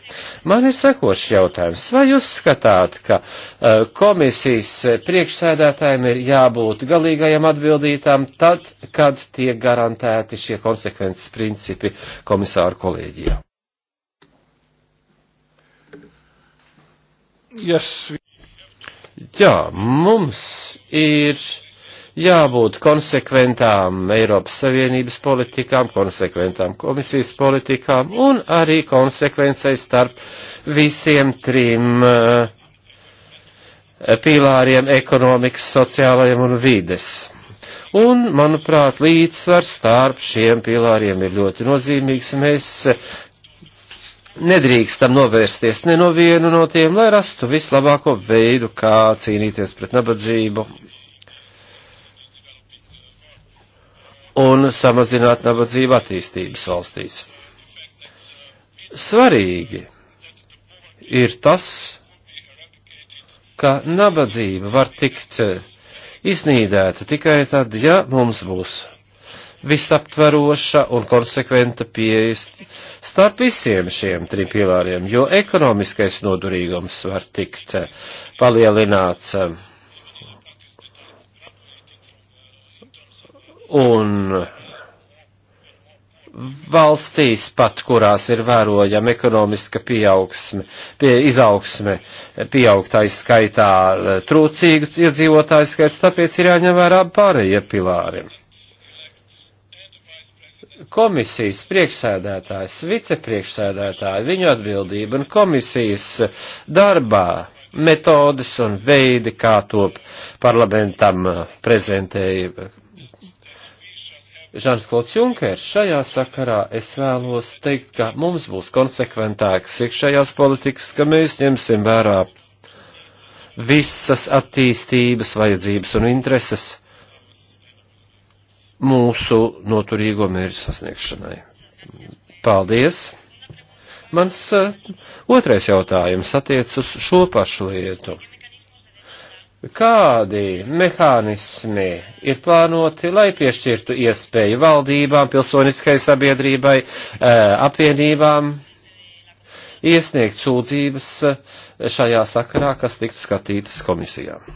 Man ir sekošs jautājums. Vai jūs skatāt, ka eh, komisijas priekšsēdētājiem ir jābūt galīgajam atbildītām tad, kad tiek garantēti šie konsekvences principi komisāru kolēģijā? Yes. Jā, mums ir jābūt konsekventām Eiropas Savienības politikām, konsekventām komisijas politikām un arī konsekvencei starp visiem trim eh, pīlāriem ekonomikas, sociālajiem un vides. Un, manuprāt, līdzsvars starp šiem pilāriem ir ļoti nozīmīgs. Mēs nedrīkstam novērsties ne no vienu no tiem, lai rastu vislabāko veidu, kā cīnīties pret nabadzību un samazināt nabadzību attīstības valstīs. Svarīgi ir tas, ka nabadzība var tikt iznīdēta tikai tad, ja mums būs visaptveroša un konsekventa pieeja starp visiem šiem trim pilāriem, jo ekonomiskais nodurīgums var tikt palielināts. Un valstīs pat, kurās ir vērojama ekonomiska pieaugsme, pie izaugsme, pieaugtais skaitā trūcīgu iedzīvotāju skaits, tāpēc ir jāņem vērā pārējie pilāri komisijas priekšsēdētājs, vicepriekšsēdētāji, viņu atbildība un komisijas darbā metodes un veidi, kā to parlamentam prezentēja Žans Klods Junkers, šajā sakarā es vēlos teikt, ka mums būs konsekventāks iekšējās politikas, ka mēs ņemsim vērā visas attīstības vajadzības un intereses mūsu noturīgo mērķu sasniegšanai. Paldies! Mans eh, otrais jautājums attiec uz šo pašu lietu. Kādi mehānismi ir plānoti, lai piešķirtu iespēju valdībām, pilsoniskai sabiedrībai, eh, apvienībām iesniegt sūdzības eh, šajā sakarā, kas tiktu skatītas komisijām?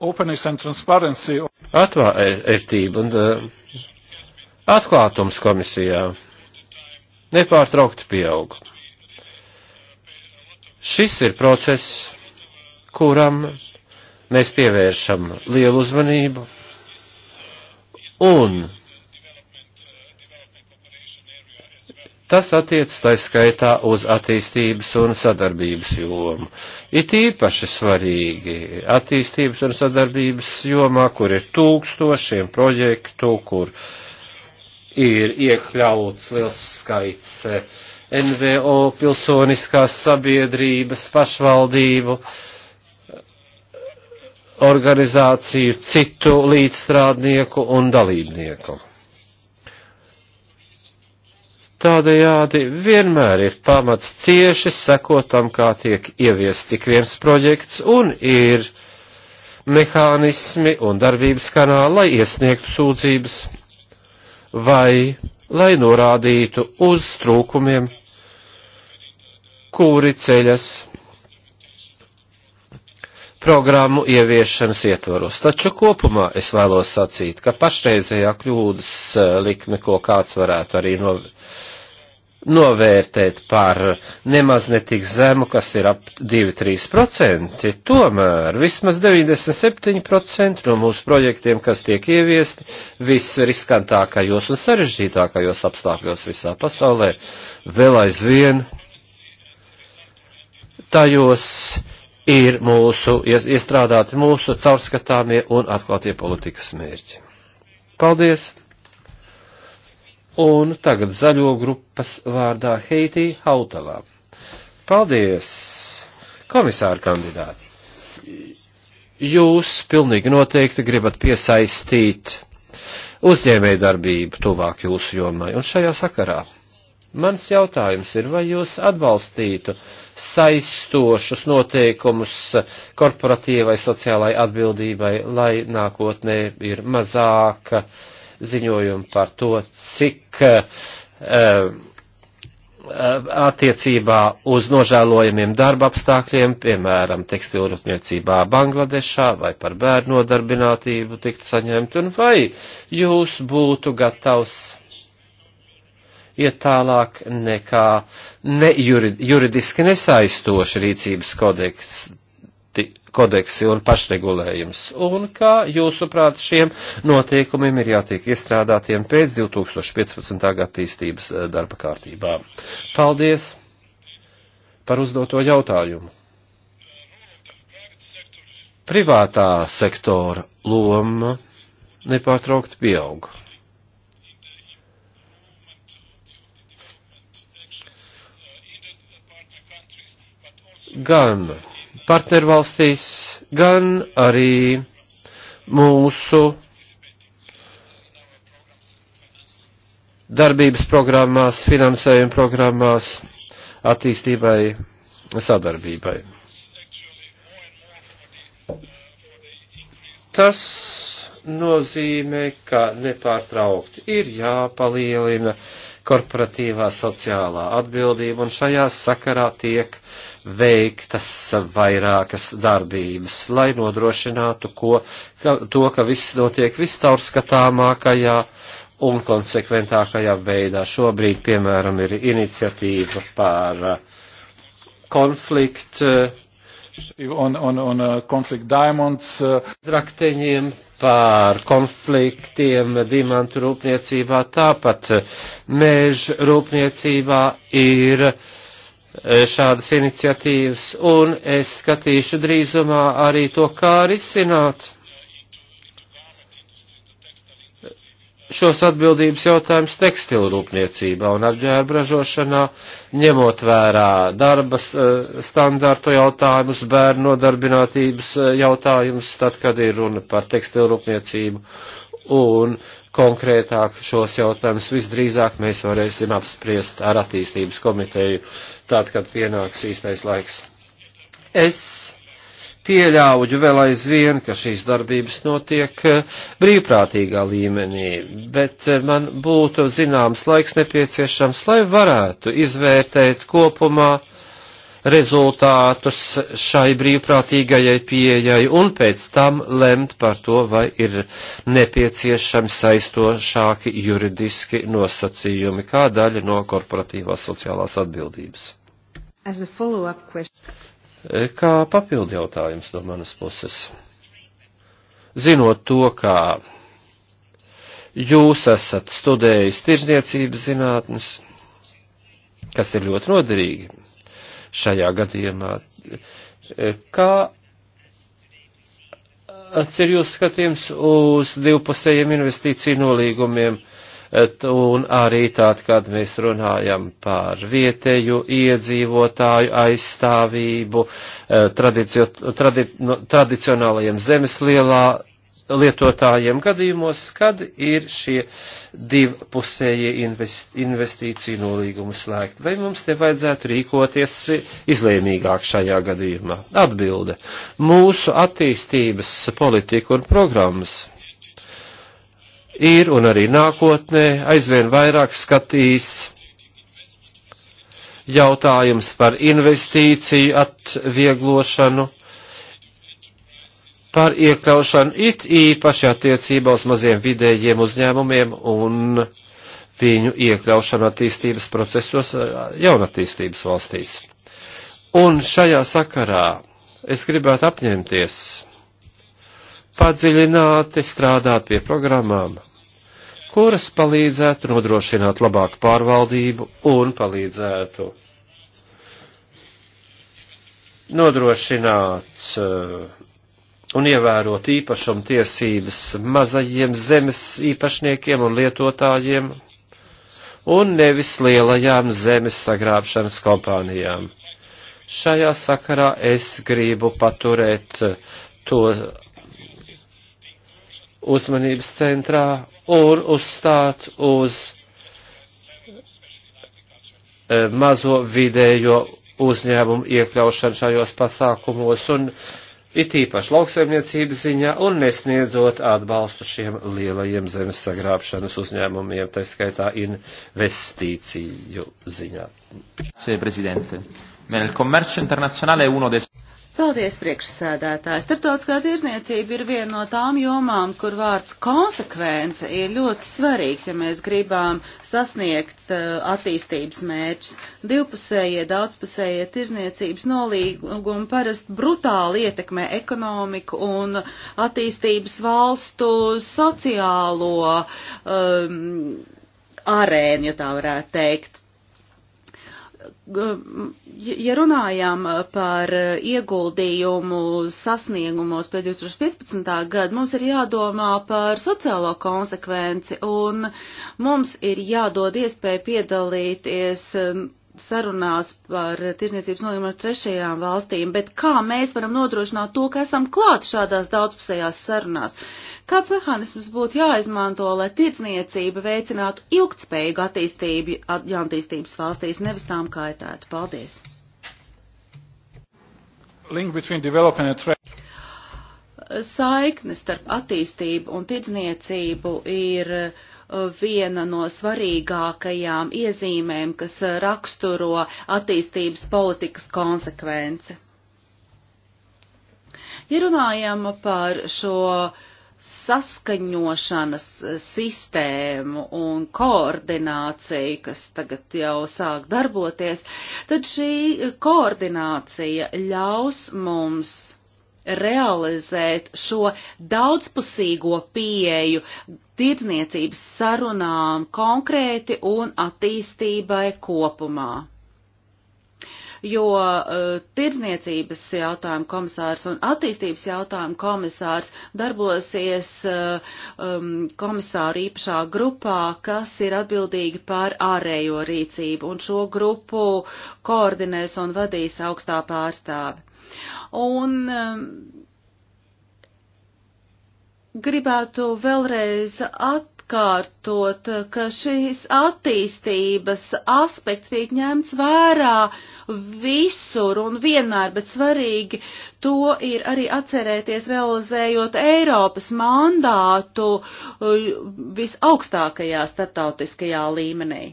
openness and transparency. Atvērtība un uh, atklātums komisijā nepārtraukti pieaug. Šis ir process, kuram mēs pievēršam lielu uzmanību, un Tas attiec taiskaitā uz attīstības un sadarbības jomu. It īpaši svarīgi attīstības un sadarbības jomā, kur ir tūkstošiem projektu, kur ir iekļauts liels skaits e, NVO, pilsoniskās sabiedrības, pašvaldību, organizāciju, citu līdzstrādnieku un dalībnieku Tādējādi vienmēr ir pamats cieši sekotam, kā tiek ieviests cik viens projekts, un ir mehānismi un darbības kanāli, lai iesniegtu sūdzības vai lai norādītu uz trūkumiem, kuri ceļas programmu ieviešanas ietvaros. Taču kopumā es vēlos sacīt, ka pašreizējā kļūdas eh, likme, ko kāds varētu arī no, novērtēt par nemaz netik zemu, kas ir ap 2-3%, tomēr vismaz 97% no mūsu projektiem, kas tiek ieviesti visriskantākajos un sarežģītākajos apstākļos visā pasaulē, vēl aizvien tajos ir mūsu, iestrādāti mūsu caurskatāmie un atklātie politikas mērķi. Paldies! Un tagad zaļo grupas vārdā Heitī Hautalā. Paldies, komisāra kandidāti! Jūs pilnīgi noteikti gribat piesaistīt uzņēmēju darbību tuvāk jūsu jomai. Un šajā sakarā mans jautājums ir, vai jūs atbalstītu saistošus noteikumus korporatīvai sociālai atbildībai, lai nākotnē ir mazāka uh, ziņojumu par to, cik uh, attiecībā uz nožēlojamiem darba apstākļiem, piemēram, tekstilrūpniecībā Bangladešā vai par bērnu nodarbinātību tiktu saņemt, un vai jūs būtu gatavs iet tālāk nekā ne juridiski nesaistoši rīcības kodeks kodeksi un pašregulējums, un kā jūsuprāt šiem noteikumiem ir jātiek iestrādātiem pēc 2015. gada attīstības eh, darba kārtībā. Paldies par uzdoto jautājumu. Privātā sektora loma nepārtraukti pieaug. Gan partnervalstīs, gan arī mūsu darbības programmās, finansējuma programmās, attīstībai, sadarbībai. Tas nozīmē, ka nepārtraukti ir jāpalielina korporatīvā sociālā atbildība, un šajā sakarā tiek uh, veiktas vairākas darbības, lai nodrošinātu ko, ka, to, ka viss notiek viscaurskatāmākajā un konsekventākajā veidā. Šobrīd, piemēram, ir iniciatīva par uh, konfliktu. Uh, un, un, un uh, konflikt diamonds. Rakteņiem par konfliktiem dimantu rūpniecībā, tāpat mēž rūpniecībā ir uh, E, šādas iniciatīvas, un es skatīšu drīzumā arī to, kā risināt šos atbildības jautājumus tekstilu rūpniecībā un apģērba ražošanā, ņemot vērā darbas e, standārtu jautājumus, bērnu nodarbinātības e, jautājumus, tad, kad ir runa par tekstilu rūpniecību, un konkrētāk šos jautājumus visdrīzāk mēs varēsim apspriest ar attīstības komiteju tad, kad pienāks īstais laiks. Es pieļauju vēl aizvien, ka šīs darbības notiek eh, brīvprātīgā līmenī, bet eh, man būtu zināms laiks nepieciešams, lai varētu izvērtēt kopumā rezultātus šai brīvprātīgajai pieejai un pēc tam lemt par to, vai ir nepieciešami saistošāki juridiski nosacījumi kā daļa no korporatīvās sociālās atbildības. E, kā papildi jautājums no manas puses. Zinot to, kā jūs esat studējis tirzniecības zinātnes, kas ir ļoti noderīgi šajā gadījumā, e, kā atcer jūs skatījums uz divpusējiem investīciju nolīgumiem un arī tād, kad mēs runājam par vietēju iedzīvotāju aizstāvību, e, tradicio, tradi, tradicionālajiem zemeslielā lietotājiem gadījumos, kad ir šie divpusējie invest, investīciju nolīgumi slēgti. Vai mums te vajadzētu rīkoties izlēmīgāk šajā gadījumā? Atbilde. Mūsu attīstības politika un programmas ir un arī nākotnē aizvien vairāk skatīs jautājums par investīciju atvieglošanu, par iekļaušanu it īpaši attiecībā uz maziem vidējiem uzņēmumiem un viņu iekļaušanu attīstības procesos eh, jaunatīstības valstīs. Un šajā sakarā es gribētu apņemties padziļināti strādāt pie programmām kuras palīdzētu nodrošināt labāku pārvaldību un palīdzētu nodrošināt eh, un ievērot īpašumu tiesības mazajiem zemes īpašniekiem un lietotājiem un nevis lielajām zemes sagrābšanas kompānijām. Šajā sakarā es gribu paturēt to uzmanības centrā un uzstāt uz e, mazo vidējo uzņēmumu iekļaušanu šajos pasākumos un it īpaši lauksaimniecības ziņā un nesniedzot atbalstu šiem lielajiem zemes sagrābšanas uzņēmumiem, tā skaitā investīciju ziņā. Grazie, prezidente. Il commercio internazionale è uno dei Paldies, priekšsēdētāji. Startautiskā tirzniecība ir viena no tām jomām, kur vārds konsekvence ir ļoti svarīgs, ja mēs gribām sasniegt uh, attīstības mērķus. Divpusējie, daudzpusējie tirzniecības nolīgumi parasti brutāli ietekmē ekonomiku un attīstības valstu sociālo um, arēnu, ja tā varētu teikt ja runājām par ieguldījumu sasniegumos pēc 2015. gada, mums ir jādomā par sociālo konsekvenci un mums ir jādod iespēja piedalīties sarunās par tirsniecības nolīgumu ar trešajām valstīm, bet kā mēs varam nodrošināt to, ka esam klāt šādās daudzpusējās sarunās? Kāds mehānisms būtu jāizmanto, lai tirdzniecība veicinātu ilgtspējīgu attīstību jaunatīstības valstīs, nevis tām kaitētu? Paldies! Saikne starp attīstību un tirdzniecību ir uh, viena no svarīgākajām iezīmēm, kas uh, raksturo attīstības politikas konsekvence. Ja runājam par šo uh, saskaņošanas eh, sistēmu un koordināciju, kas tagad jau sāk darboties, tad šī koordinācija ļaus mums realizēt šo daudzpusīgo pieeju tirdzniecības sarunām konkrēti un attīstībai kopumā jo uh, tirdzniecības jautājumu komisārs un attīstības jautājumu komisārs darbosies uh, um, komisāru īpašā grupā, kas ir atbildīgi par ārējo rīcību, un šo grupu koordinēs un vadīs augstā pārstāve. Un, um, Gribētu vēlreiz at, atkārtot, ka šīs attīstības aspekts tiek ņemts vērā visur un vienmēr, bet svarīgi to ir arī atcerēties realizējot Eiropas mandātu uh, visaugstākajā startautiskajā līmenī.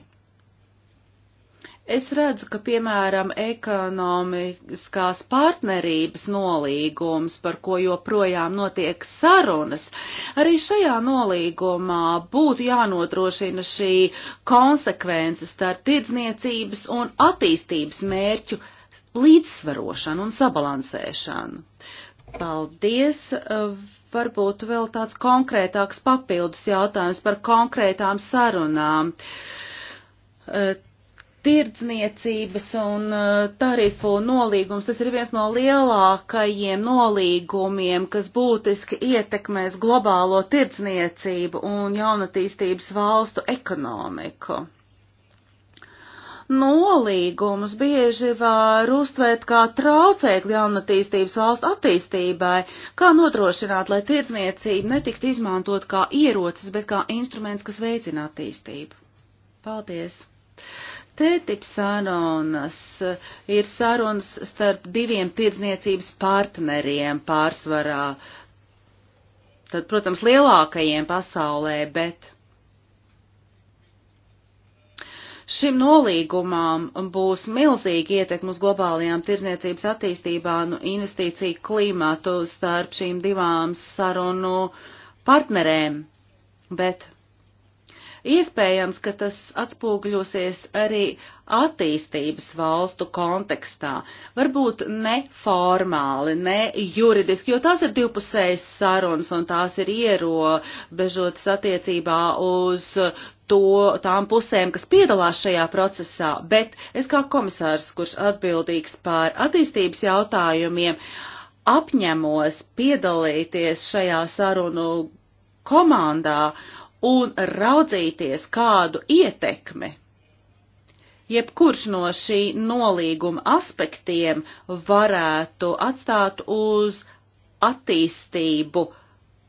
Es redzu, ka, piemēram, ekonomiskās partnerības nolīgums, par ko joprojām notiek sarunas, arī šajā nolīgumā būtu jānodrošina šī konsekvences starp tirdzniecības un attīstības mērķu līdzsvarošanu un sabalansēšanu. Paldies! Varbūt vēl tāds konkrētāks papildus jautājums par konkrētām sarunām tirdzniecības un eh, tarifu nolīgums, tas ir viens no lielākajiem nolīgumiem, kas būtiski ietekmēs globālo tirdzniecību un jaunatīstības valstu ekonomiku. Nolīgumus bieži var uztvērt kā traucēkli jaunatīstības valstu attīstībai, kā nodrošināt, lai tirdzniecība netiktu izmantot kā ierocis, bet kā instruments, kas veicina attīstību. Paldies! TTIP sarunas eh, ir sarunas starp diviem tirdzniecības partneriem pārsvarā. Tad, protams, lielākajiem pasaulē, bet šim nolīgumam būs milzīgi ietekmi uz globālajām tirzniecības attīstībā un nu investīciju klimatu starp šīm divām sarunu partnerēm. Bet Iespējams, ka tas atspūgļosies arī attīstības valstu kontekstā, varbūt neformāli, ne juridiski, jo tās ir divpusējas sarunas un tās ir ierobežotas attiecībā uz to, tām pusēm, kas piedalās šajā procesā, bet es kā komisārs, kurš atbildīgs par attīstības jautājumiem, apņemos piedalīties šajā sarunu komandā un raudzīties, kādu ietekmi jebkurš no šī nolīguma aspektiem varētu atstāt uz attīstību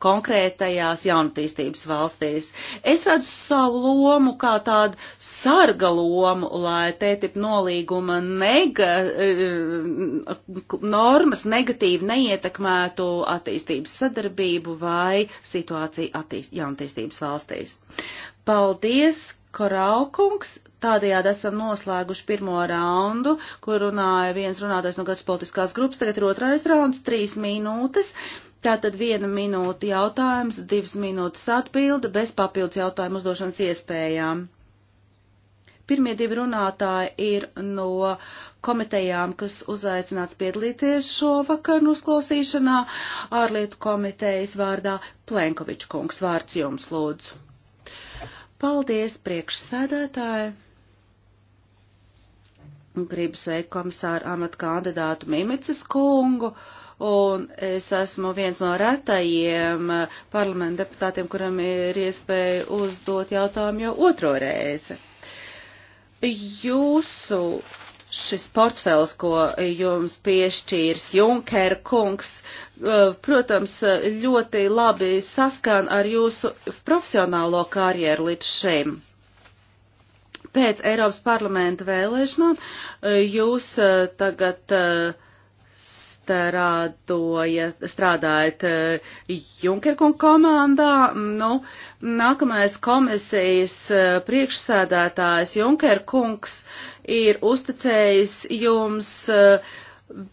konkrētajās jaunatīstības valstīs. Es redzu savu lomu kā tādu sarga lomu, lai tētip nolīguma nega, eh, normas negatīvi neietekmētu attīstības sadarbību vai situāciju attīst, jaunatīstības valstīs. Paldies, Koraukungs! Tādējādi esam noslēguši pirmo raundu, kur runāja viens runātais no katras politiskās grupas, tagad ir otrais rauns, trīs minūtes. Uh, Tātad viena minūte jautājums, divas minūtes atbilda bez papildus jautājumu uzdošanas iespējām. Pirmie divi runātāji ir no komitejām, kas uzaicināts piedalīties šovakar uzklausīšanā. Ārlietu komitejas vārdā Plenkovičs kungs vārds jums lūdzu. Paldies, priekšsēdētāji! Gribu sveikt komisāru amatu kandidātu Mimicas kungu. Uh, un es esmu viens no retajiem parlamenta deputātiem, kuram ir iespēja uzdot jautājumu jau otro reizi. Jūsu šis portfels, ko jums piešķīrs Junker kungs, eh, protams, ļoti labi saskan ar jūsu profesionālo karjeru līdz šim. Pēc Eiropas parlamenta vēlēšanām eh, jūs eh, tagad uh, strādoja, strādājat eh, Junkerkunga komandā. Nu, nākamais komisijas eh, priekšsēdētājs Junkerkungs ir uzticējis jums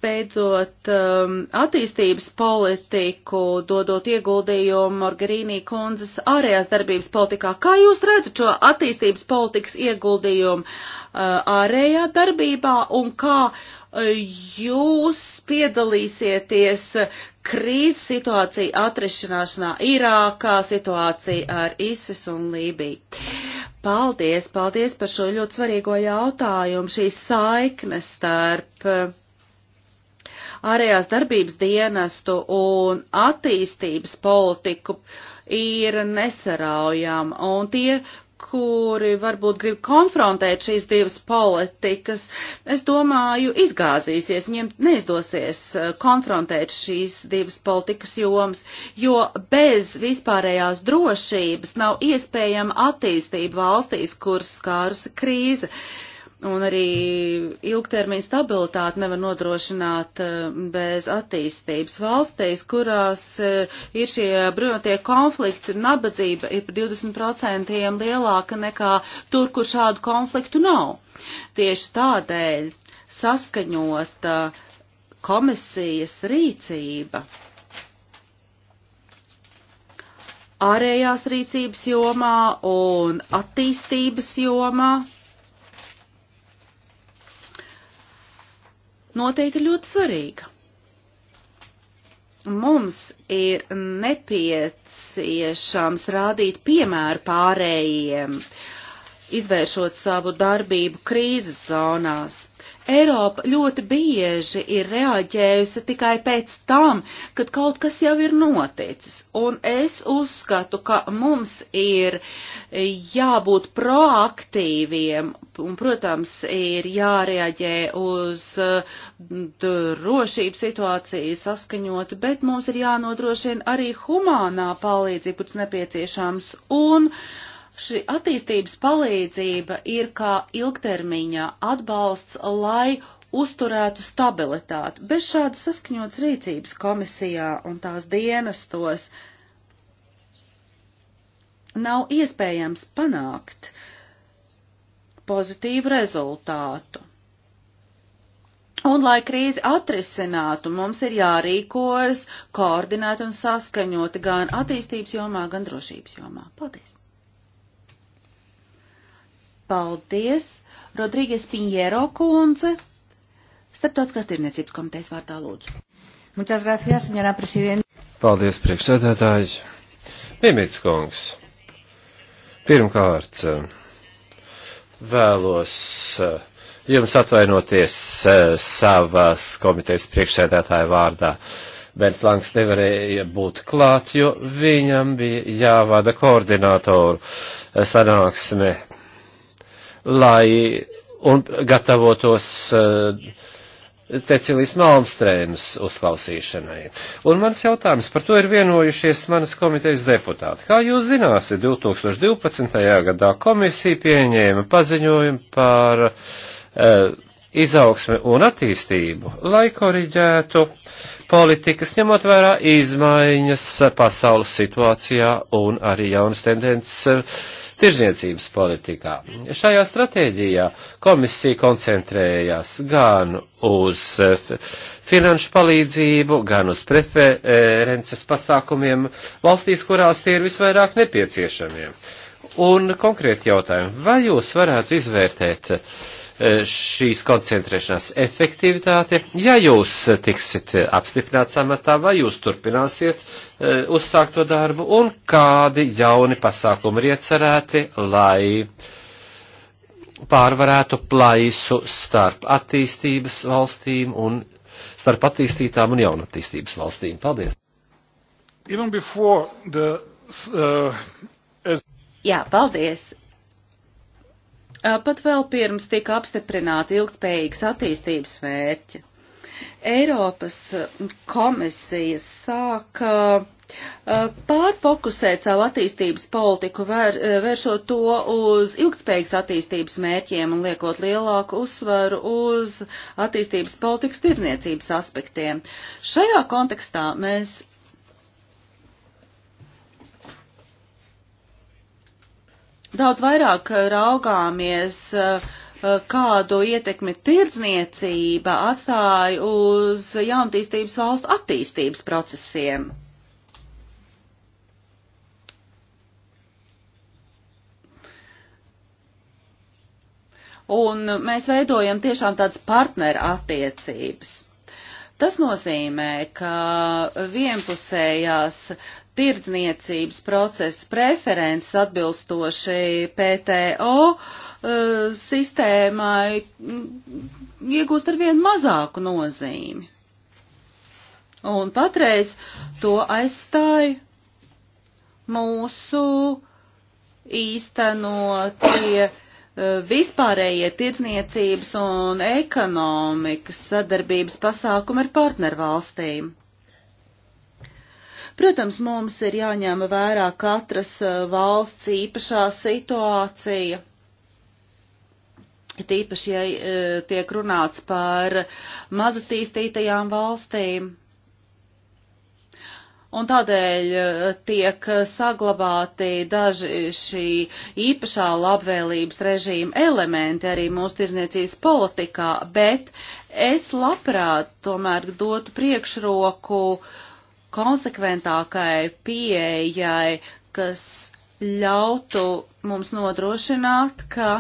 veidot eh, um, attīstības politiku, dodot ieguldījumu Margarīnī kundzes ārējās darbības politikā. Kā jūs redzat šo attīstības politikas ieguldījumu uh, ārējā darbībā un kā uh, jūs piedalīsieties krīzes situāciju atrišanāšanā Irākā, situācija ar ISIS un Lībiju. Paldies, paldies par šo ļoti svarīgo jautājumu, šīs saiknes starp ārējās darbības dienestu un attīstības politiku ir nesaraujama, un tie kuri varbūt grib konfrontēt šīs divas politikas, es domāju, izgāzīsies, viņiem neizdosies uh, konfrontēt šīs divas politikas jomas, jo bez vispārējās drošības nav iespējama attīstība valstīs, kuras skārusi krīze. Uh, un arī ilgtermiņa stabilitāti nevar nodrošināt eh, bez attīstības. Valstīs, kurās eh, ir šie bruņotie konflikti, nabadzība ir par 20% lielāka nekā tur, kur šādu konfliktu nav. Tieši tādēļ saskaņota komisijas rīcība ārējās rīcības jomā un attīstības jomā noteikti ļoti svarīga. Mums ir nepieciešams rādīt piemēru pārējiem, izvēršot savu darbību krīzes zonās. Eiropa ļoti bieži ir reaģējusi tikai pēc tam, kad kaut kas jau ir noticis, un es uzskatu, ka mums ir jābūt proaktīviem, un, protams, ir jāreaģē uz mm, drošības situāciju saskaņot, bet mums ir jānodrošina arī humānā palīdzība, kas nepieciešams, un uh, Šī attīstības palīdzība ir kā ilgtermiņā atbalsts, lai uzturētu stabilitāti. Bez šādas saskaņotas rīcības komisijā un tās dienestos nav iespējams panākt pozitīvu rezultātu. Un, lai krīzi atrisinātu, mums ir jārīkojas koordinēt un saskaņoti gan attīstības jomā, gan drošības jomā. Paldies! Paldies, Rodrīgas Piņero kundze. Starptautiskās tirniecības komitejas vārtā lūdzu. Muchas gracias, señora presidente. Paldies, priekšsēdētāji. Mimits kungs. Pirmkārt, vēlos eh, jums atvainoties eh, savas komitejas priekšsēdētāja vārdā. Bens Langs nevarēja būt klāt, jo viņam bija jāvada koordinātoru eh, sanāksme lai un gatavotos uh, eh, Cecilijas Malmstrēmas uzklausīšanai. Un mans jautājums par to ir vienojušies manas komitejas deputāti. Kā jūs zināsiet, 2012. gadā komisija pieņēma paziņojumu par e, izaugsmi un attīstību, lai koriģētu politikas, ņemot vērā izmaiņas eh, pasaules situācijā un arī jaunas tendences tirzniecības politikā. Šajā stratēģijā komisija koncentrējās gan uz eh, finanšu palīdzību, gan uz preferences pasākumiem valstīs, kurās tie ir visvairāk nepieciešamie. Un konkrēti jautājumi, vai jūs varētu izvērtēt uh, Eh, šīs koncentrēšanās efektivitāte. Ja jūs tiksit apstiprināts amatā, vai jūs turpināsiet eh, uzsākt to darbu, un kādi jauni pasākumi ir iecerēti, lai pārvarētu plaisu starp attīstības valstīm un starp attīstītām un jaunatīstības valstīm. Paldies! The, uh, as... Jā, paldies! pat vēl pirms tika apstiprināti ilgspējīgas attīstības mērķi. Eiropas komisija sāka pārfokusēt savu attīstības politiku, vēr, vēršot to uz ilgspējīgas attīstības mērķiem un liekot lielāku uzsvaru uz attīstības politikas tirniecības aspektiem. Šajā kontekstā mēs daudz vairāk eh, raugāmies, eh, eh, kādu ietekmi tirdzniecība atstāja uz jaunatīstības valstu attīstības procesiem. Un mēs veidojam tiešām tādas partneru attiecības. Tas nozīmē, ka vienpusējās tirdzniecības procesa preferences atbilstoši PTO eh, sistēmai mm, iegūst ar vien mazāku nozīmi. Un patreiz to aizstāja mūsu īstenotie Eh, vispārējie tirdzniecības un ekonomikas sadarbības pasākumi ar partnervalstīm. Protams, mums ir jāņem vērā katras eh, valsts īpašā situācija. Tīpaši, ja eh, tiek runāts par mazatīstītajām valstīm un tādēļ eh, tiek saglabāti daži šī īpašā labvēlības režīma elementi arī mūsu tirzniecības politikā, bet es labprāt tomēr dotu priekšroku konsekventākai pieejai, kas ļautu mums nodrošināt, ka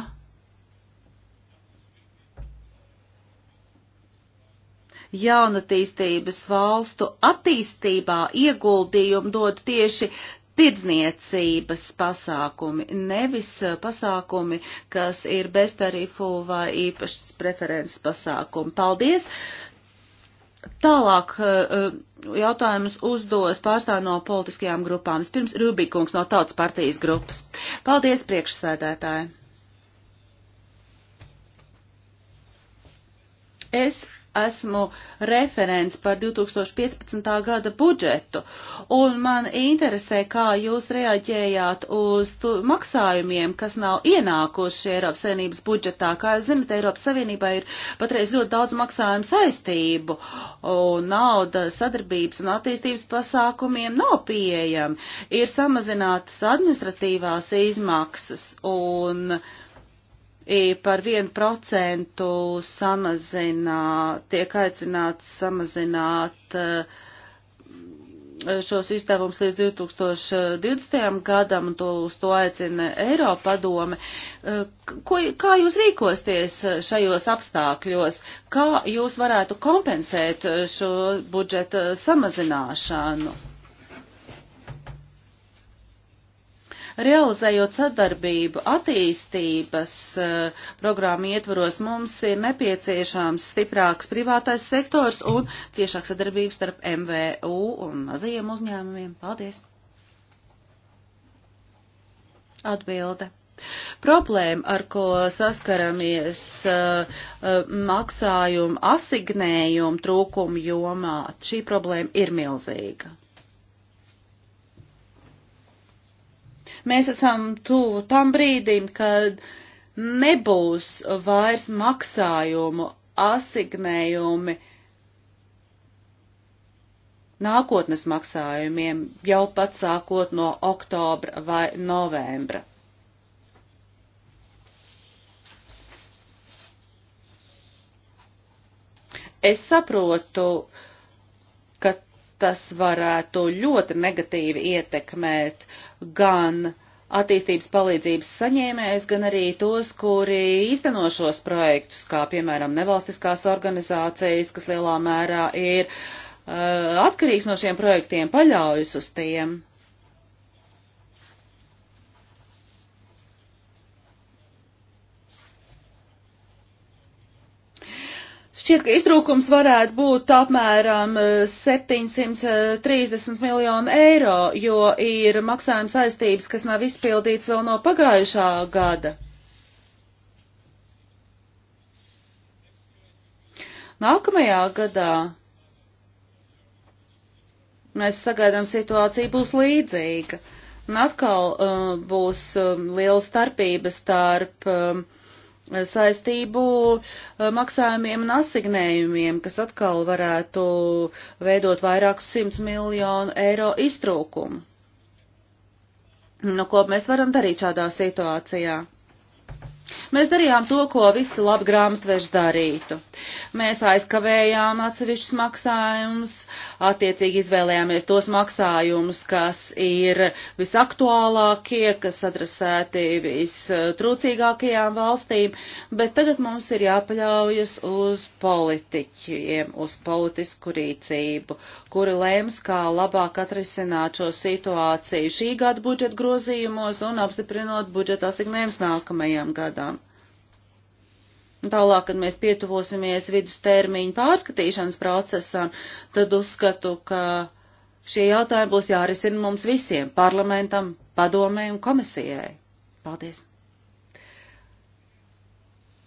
jaunatīstības valstu attīstībā ieguldījumu dod tieši tirdzniecības pasākumi, nevis eh, pasākumi, kas ir beztarifu vai īpašas preferences pasākumi. Paldies! Tālāk eh, eh, jautājumus uzdos pārstāv no politiskajām grupām. Vispirms Rubikungs no Tautas partijas grupas. Paldies, priekšsēdētāji! Es esmu referents par 2015. gada budžetu, un man interesē, kā jūs reaģējāt uz maksājumiem, kas nav ienākuši Eiropas Savienības budžetā. Kā jūs zinat, Eiropas Savienībā ir patreiz ļoti daudz maksājumu saistību, un nauda sadarbības un attīstības pasākumiem nav pieejama. Ir samazinātas administratīvās izmaksas, un par 1% samazina, tiek aicināts samazināt eh, šos izdevumus līdz 2020. gadam, un to, uz to aicina Eiropa padome. Eh, ko, kā jūs rīkosties šajos apstākļos? Kā jūs varētu kompensēt eh, šo budžeta samazināšanu? Realizējot sadarbību attīstības eh, programmu ietvaros, mums ir nepieciešams stiprāks privātais sektors un ciešāk sadarbības starp MVU un mazajiem uzņēmumiem. Paldies! Atbilde. Problēma, ar ko saskaramies uh, uh, maksājumu asignējumu trūkumu jomā, šī problēma ir milzīga. Mēs esam tuvu tam brīdim, kad nebūs vairs maksājumu, asignējumi nākotnes maksājumiem jau pat sākot no oktobra vai novembra. Es saprotu, uh, tas varētu ļoti negatīvi ietekmēt gan attīstības palīdzības saņēmējs, gan arī tos, kuri īsteno šos projektus, kā piemēram nevalstiskās organizācijas, kas lielā mērā ir uh, atkarīgs no šiem projektiem, paļaujas uz tiem. Šķiet, ka iztrūkums varētu būt apmēram 730 eh, miljonu eiro, jo ir maksājuma saistības, kas nav izpildīts vēl no pagājušā gada. Nākamajā gadā mēs sagaidām situācija būs līdzīga. Un atkal uh, būs um, liela starpība starp um, uh, saistību eh, maksājumiem un asignējumiem, kas atkal varētu veidot vairākus simts miljonu eiro iztrūkumu. Nu, ko mēs varam darīt šādā situācijā? Mēs darījām to, ko visi labi grāmatveži darītu. Mēs aizkavējām atsevišķus maksājumus, attiecīgi izvēlējāmies tos maksājumus, kas ir visaktuālākie, kas adresēti vistrūcīgākajām valstīm, bet tagad mums ir jāpaļaujas uz politiķiem, uz politisku rīcību, kuri lēms, kā labāk atrisināt šo situāciju šī gada budžeta grozījumos un apstiprinot budžeta asignējums nākamajam gadam metodām. Tālāk, kad mēs pietuvosimies vidustermiņu pārskatīšanas procesam, tad uzskatu, ka šie jautājumi būs jārisina mums visiem - parlamentam, padomē un komisijai. Paldies!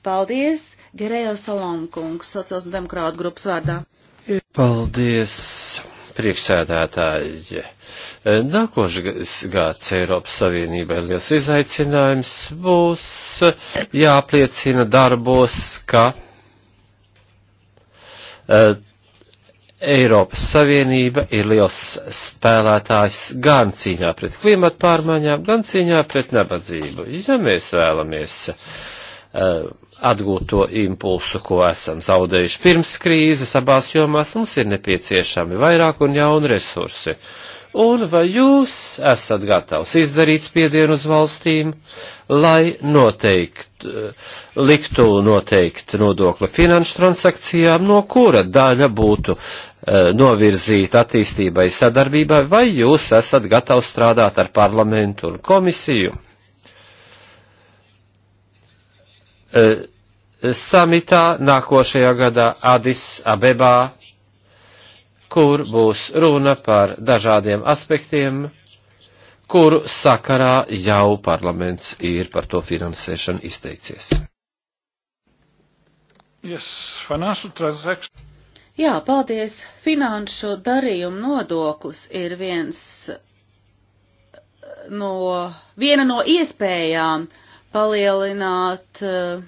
Paldies, Gerējo Salonkungs, sociāls demokrāta grupas vārdā. Paldies! priekšsēdētāji. Nākošais gads Eiropas Savienībai liels izaicinājums būs jāapliecina darbos, ka eh, Eiropas Savienība ir liels spēlētājs gan cīņā pret klimatu pārmaiņām, gan cīņā pret nabadzību. Ja mēs vēlamies uh, Eh, atgūto impulsu, ko esam zaudējuši pirms krīzes abās jomās, mums ir nepieciešami vairāk un jauni resursi. Un vai jūs esat gatavs izdarīt spiedienu uz valstīm, lai noteikt, eh, liktu noteikt nodokli finanšu transakcijām, no kura daļa būtu eh, novirzīta attīstībai sadarbībai, vai jūs esat gatavs strādāt ar parlamentu un komisiju? E, samitā nākošajā gadā Adis Abebā, kur būs runa par dažādiem aspektiem, kuru sakarā jau parlaments ir par to finansēšanu izteicies. Yes, Jā, paldies. Finanšu darījumu nodoklis ir viens no, viena no iespējām palielināt uh,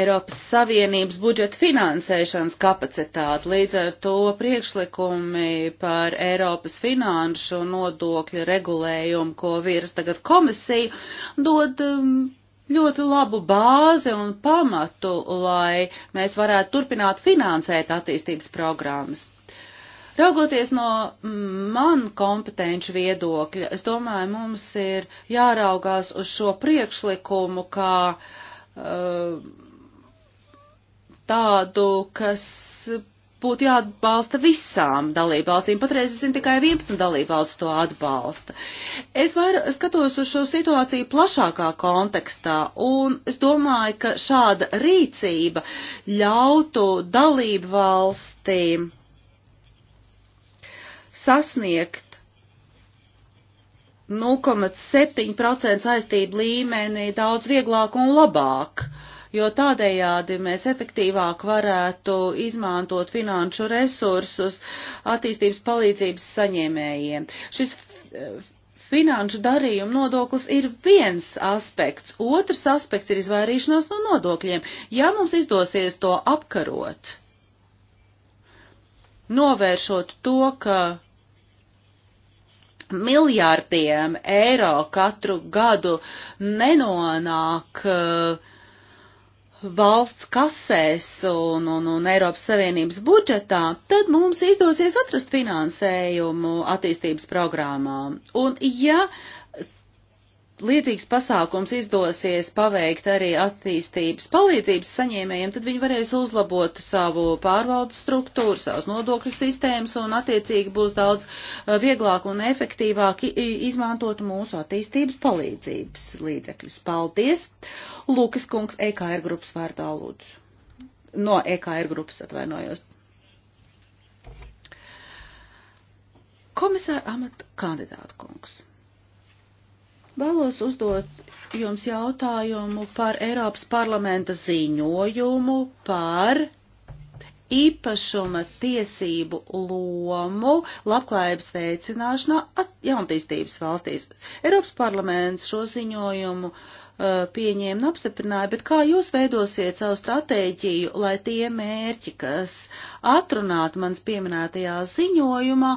Eiropas Savienības budžeta finansēšanas kapacitāti. Līdz ar to priekšlikumi par Eiropas finanšu nodokļu regulējumu, ko virs tagad komisija, dod um, ļoti labu bāzi un pamatu, lai mēs varētu turpināt finansēt attīstības programmas. Raugoties no mm, man kompetenci viedokļa, es domāju, mums ir jāraugās uz šo priekšlikumu kā uh, tādu, kas būtu jāatbalsta visām dalībvalstīm. Patreiz es zinu, tikai 11 dalībvalsts to atbalsta. Es vairāk skatos uz šo situāciju plašākā kontekstā, un es domāju, ka šāda rīcība ļautu dalībvalstīm sasniegt 0,7% saistību līmeni daudz vieglāk un labāk, jo tādējādi mēs efektīvāk varētu izmantot finanšu resursus attīstības palīdzības saņēmējiem. Šis eh, finanšu darījuma nodoklis ir viens aspekts, otrs aspekts ir izvairīšanās no nodokļiem, ja mums izdosies to apkarot novēršot to, ka miljārdiem eiro katru gadu nenonāk uh, valsts kasēs un, un, un Eiropas Savienības budžetā, tad mums izdosies atrast finansējumu attīstības programmām. Un ja uh, līdzīgs pasākums izdosies paveikt arī attīstības palīdzības saņēmējiem, tad viņi varēs uzlabot savu pārvaldes struktūru, savas nodokļu sistēmas un attiecīgi būs daudz eh, vieglāk un efektīvāk izmantot mūsu attīstības palīdzības līdzekļus. Paldies! Lukas Kungs, EKR grupas vārdā lūdzu. No EKR grupas atvainojos. Komisāra amata kandidāta kungs. Vēlos uzdot jums jautājumu par Eiropas parlamenta ziņojumu par īpašuma tiesību lomu labklājības veicināšanā jaunatīstības valstīs. Eiropas parlaments šo ziņojumu uh, pieņēma un apstiprināja, bet kā jūs veidosiet savu stratēģiju, lai tie mērķi, kas atrunāti mans pieminētajā ziņojumā,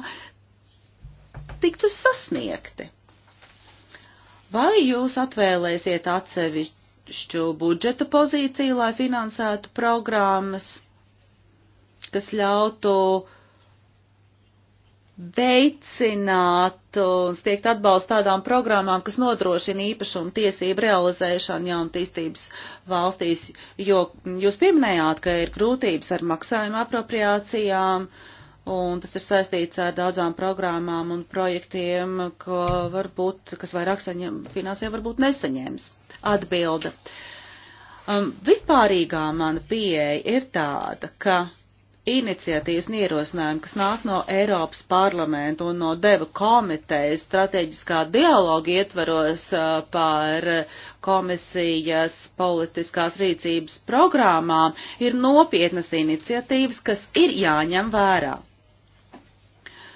tiktu sasniegti? Vai jūs atvēlēsiet atsevišķu budžeta pozīciju, lai finansētu programmas, kas ļautu veicināt un sniegt atbalstu tādām programmām, kas nodrošina īpašumu tiesību realizēšanu jaunatīstības valstīs, jo jūs pieminējāt, ka ir grūtības ar maksājuma apropriācijām, uh, un tas ir saistīts ar daudzām programmām un projektiem, ko varbūt, kas vairāk saņem, finansē varbūt nesaņems. Atbilde. Um, vispārīgā mana pieeja ir tāda, ka iniciatīvas un ierosinājumi, kas nāk no Eiropas parlamenta un no deva komitejas strateģiskā dialoga ietveros uh, par komisijas politiskās rīcības programmām, ir nopietnas iniciatīvas, kas ir jāņem vērā.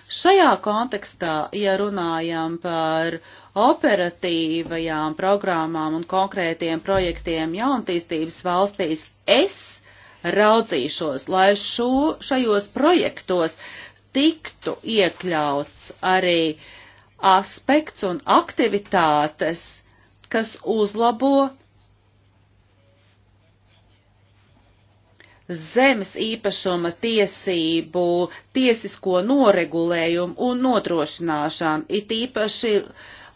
Šajā kontekstā, ja runājam par operatīvajām programmām un konkrētiem projektiem jauntīstības valstīs, es raudzīšos, lai šo, šajos projektos tiktu iekļauts arī aspekts un aktivitātes, kas uzlabo zemes īpašuma tiesību, tiesisko noregulējumu un nodrošināšanu, it īpaši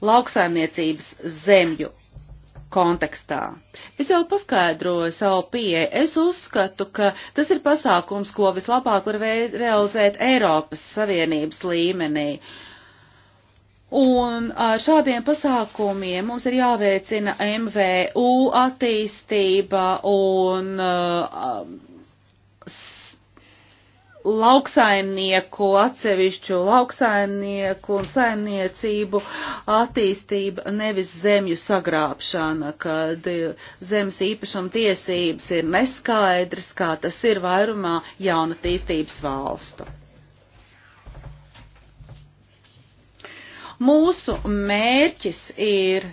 lauksaimniecības zemju kontekstā. Es jau paskaidroju savu pieeju. Es uzskatu, ka tas ir pasākums, ko vislabāk var realizēt Eiropas Savienības līmenī. Un ar šādiem pasākumiem mums ir jāveicina MVU attīstība un uh, lauksaimnieku, atsevišķu lauksaimnieku un saimniecību attīstība, nevis zemju sagrābšana, kad eh, zemes īpašuma tiesības ir neskaidrs, kā tas ir vairumā jaunatīstības valstu. Mūsu mērķis ir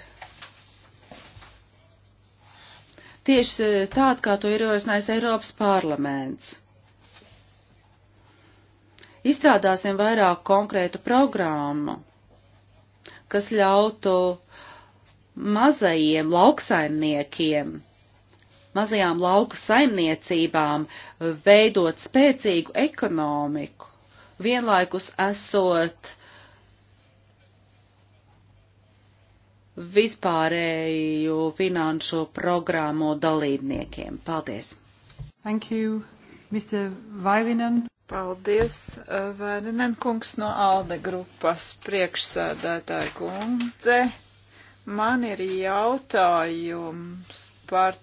tieši eh, tāds, kā to ir ierosinājis Eiropas parlaments izstrādāsim vairāk konkrētu programmu, kas ļautu mazajiem lauksaimniekiem, mazajām lauku saimniecībām veidot spēcīgu ekonomiku, vienlaikus esot vispārēju finanšu programmu dalībniekiem. Paldies! Thank you, Mr. Vailinen. Paldies, eh, Vērinen kungs no Alde grupas priekšsēdētāja kundze. Man ir jautājums par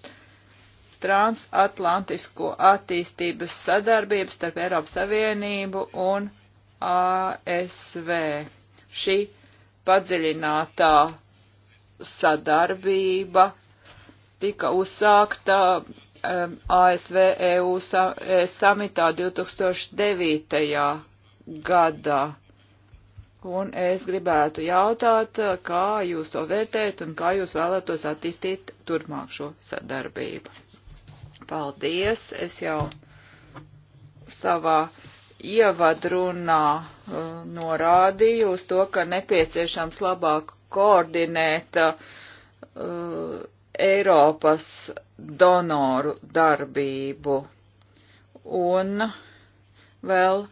transatlantisko attīstības sadarbību starp Eiropas Savienību un ASV. Šī padziļinātā sadarbība tika uzsākta Um, ASV EU e samitā 2009. gadā. Un es gribētu jautāt, uh, kā jūs to vērtējat un kā jūs vēlētos attīstīt turpmāk šo sadarbību. Paldies! Es jau savā ievadrunā uh, norādīju uz to, ka nepieciešams labāk koordinēt uh, Eiropas donoru darbību. Un vēl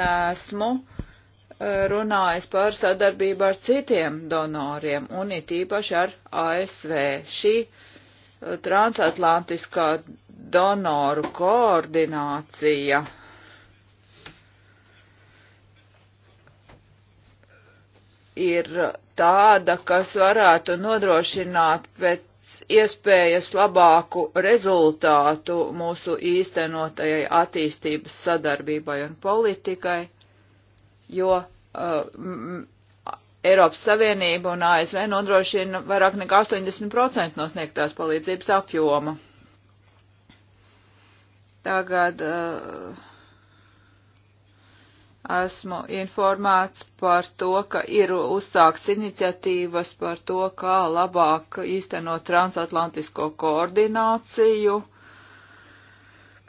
nesmu e, runājis par sadarbību ar citiem donoriem, un it īpaši ar ASV. Šī e, transatlantiskā donoru koordinācija ir tāda, kas varētu nodrošināt pēc pēc iespējas labāku rezultātu mūsu īstenotajai attīstības sadarbībai un politikai, jo uh, Eiropas Savienība un ASV nodrošina vairāk nekā 80% no sniegtās palīdzības apjoma. Tagad uh, Esmu informēts par to, ka ir uzsāks iniciatīvas par to, kā labāk īstenot transatlantisko koordināciju,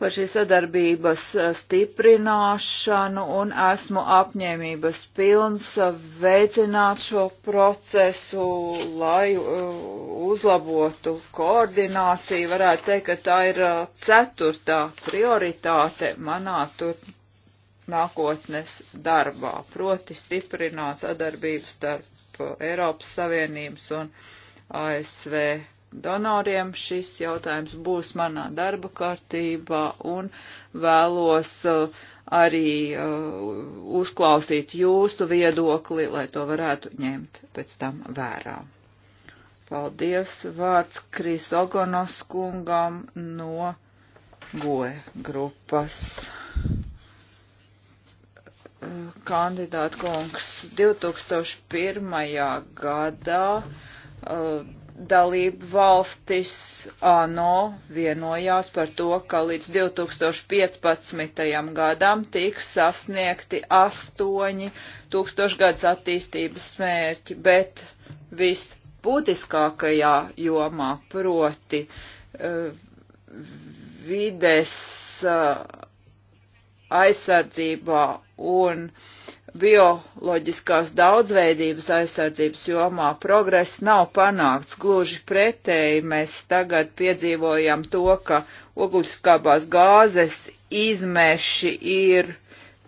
par šī sadarbības eh, stiprināšanu un esmu apņēmības pilns veicināt šo procesu, lai eh, uzlabotu koordināciju. Varētu teikt, ka tā ir eh, ceturtā prioritāte manā turpmākajā nākotnes darbā, proti stiprināt sadarbību starp uh, Eiropas Savienības un ASV donoriem. Šis jautājums būs manā darba kārtībā un vēlos uh, arī uh, uzklausīt jūsu viedokli, lai to varētu ņemt pēc tam vērā. Paldies vārds Krisogonos kungam no Goe grupas kandidāta kungs 2001. gadā uh, dalību valstis ANO vienojās par to, ka līdz 2015. gadam tiks sasniegti astoņi tūkstošgads attīstības mērķi, bet visbūtiskākajā jomā proti uh, vides uh, aizsardzībā un bioloģiskās daudzveidības aizsardzības jomā progress nav panākts. Gluži pretēji mēs tagad piedzīvojam to, ka ogļuskābās gāzes izmeši ir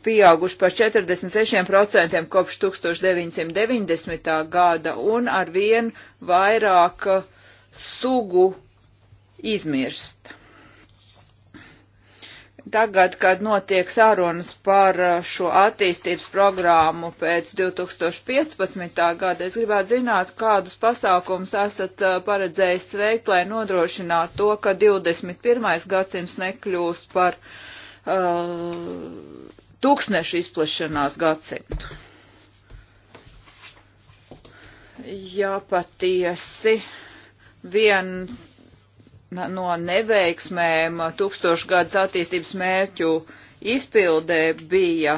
pieauguši par 46% kopš 1990. gada un arvien vairāk sugu izmirst. Tagad, kad notiek sarunas par uh, šo attīstības programmu pēc 2015. gada, es gribētu zināt, kādus pasākumus esat uh, paredzējis veikt, lai nodrošinātu to, ka 21. gadsimts nekļūst par uh, tūkstnešu izplešanās gadsimtu. Jā, patiesi. Viens no neveiksmēm tūkstošgadus attīstības mērķu izpildē bija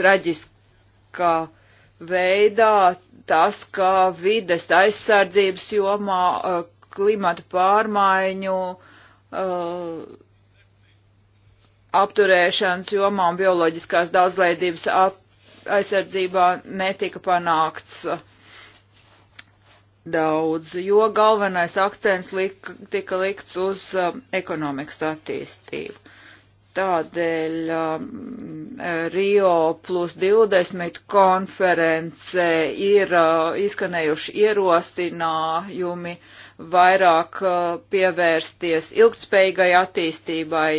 traģiskā veidā tas, ka vides aizsardzības jomā uh, klimata pārmaiņu uh, apturēšanas jomā un bioloģiskās daudzveidības aizsardzībā netika panākts uh, daudz, jo galvenais akcents lika, tika likts uz um, ekonomikas attīstību. Tādēļ um, Rio plus 20 konference ir uh, izskanējuši ierosinājumi vairāk uh, pievērsties ilgtspējīgai attīstībai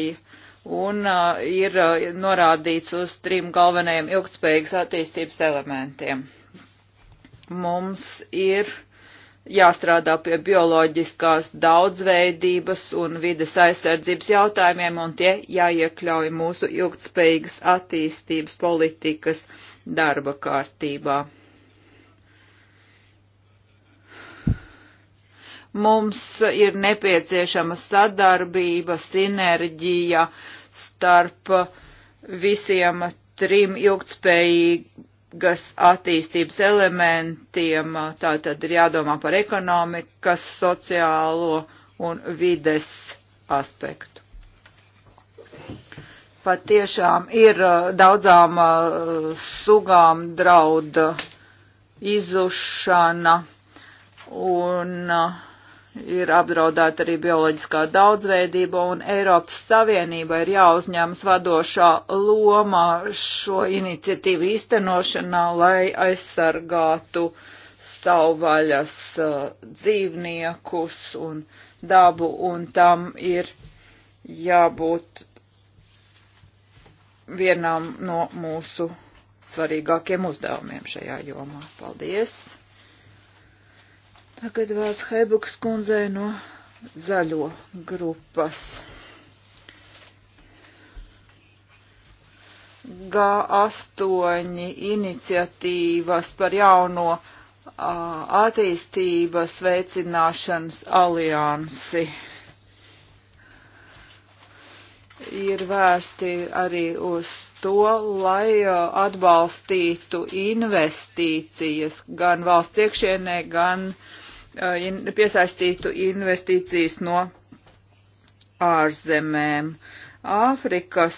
un uh, ir uh, norādīts uz trim galvenajiem ilgtspējīgas attīstības elementiem. Mums ir uh, jāstrādā pie bioloģiskās daudzveidības un vides aizsardzības jautājumiem, un tie jāiekļauj mūsu ilgtspējīgas attīstības politikas darba kārtībā. Mums ir nepieciešama sadarbība, sinerģija starp visiem trim ilgtspējīgiem ilgas attīstības elementiem, tā tad ir jādomā par ekonomikas, sociālo un vides aspektu. Pat tiešām ir daudzām sugām drauda izušana un uh, ir apdraudēta arī bioloģiskā daudzveidība, un Eiropas Savienība ir jāuzņemas vadošā loma šo iniciatīvu īstenošanā, lai aizsargātu savvaļas uh, dzīvniekus un dabu, un tam ir jābūt vienam no mūsu svarīgākiem uzdevumiem šajā jomā. Paldies! Tagad vārds Heibuks kundzei no zaļo grupas. G8 iniciatīvas par jauno a, attīstības veicināšanas aliansi ir vērsti arī uz to, lai atbalstītu investīcijas gan valsts iekšienē, gan uh, Uh, piesaistītu investīcijas no ārzemēm. Āfrikas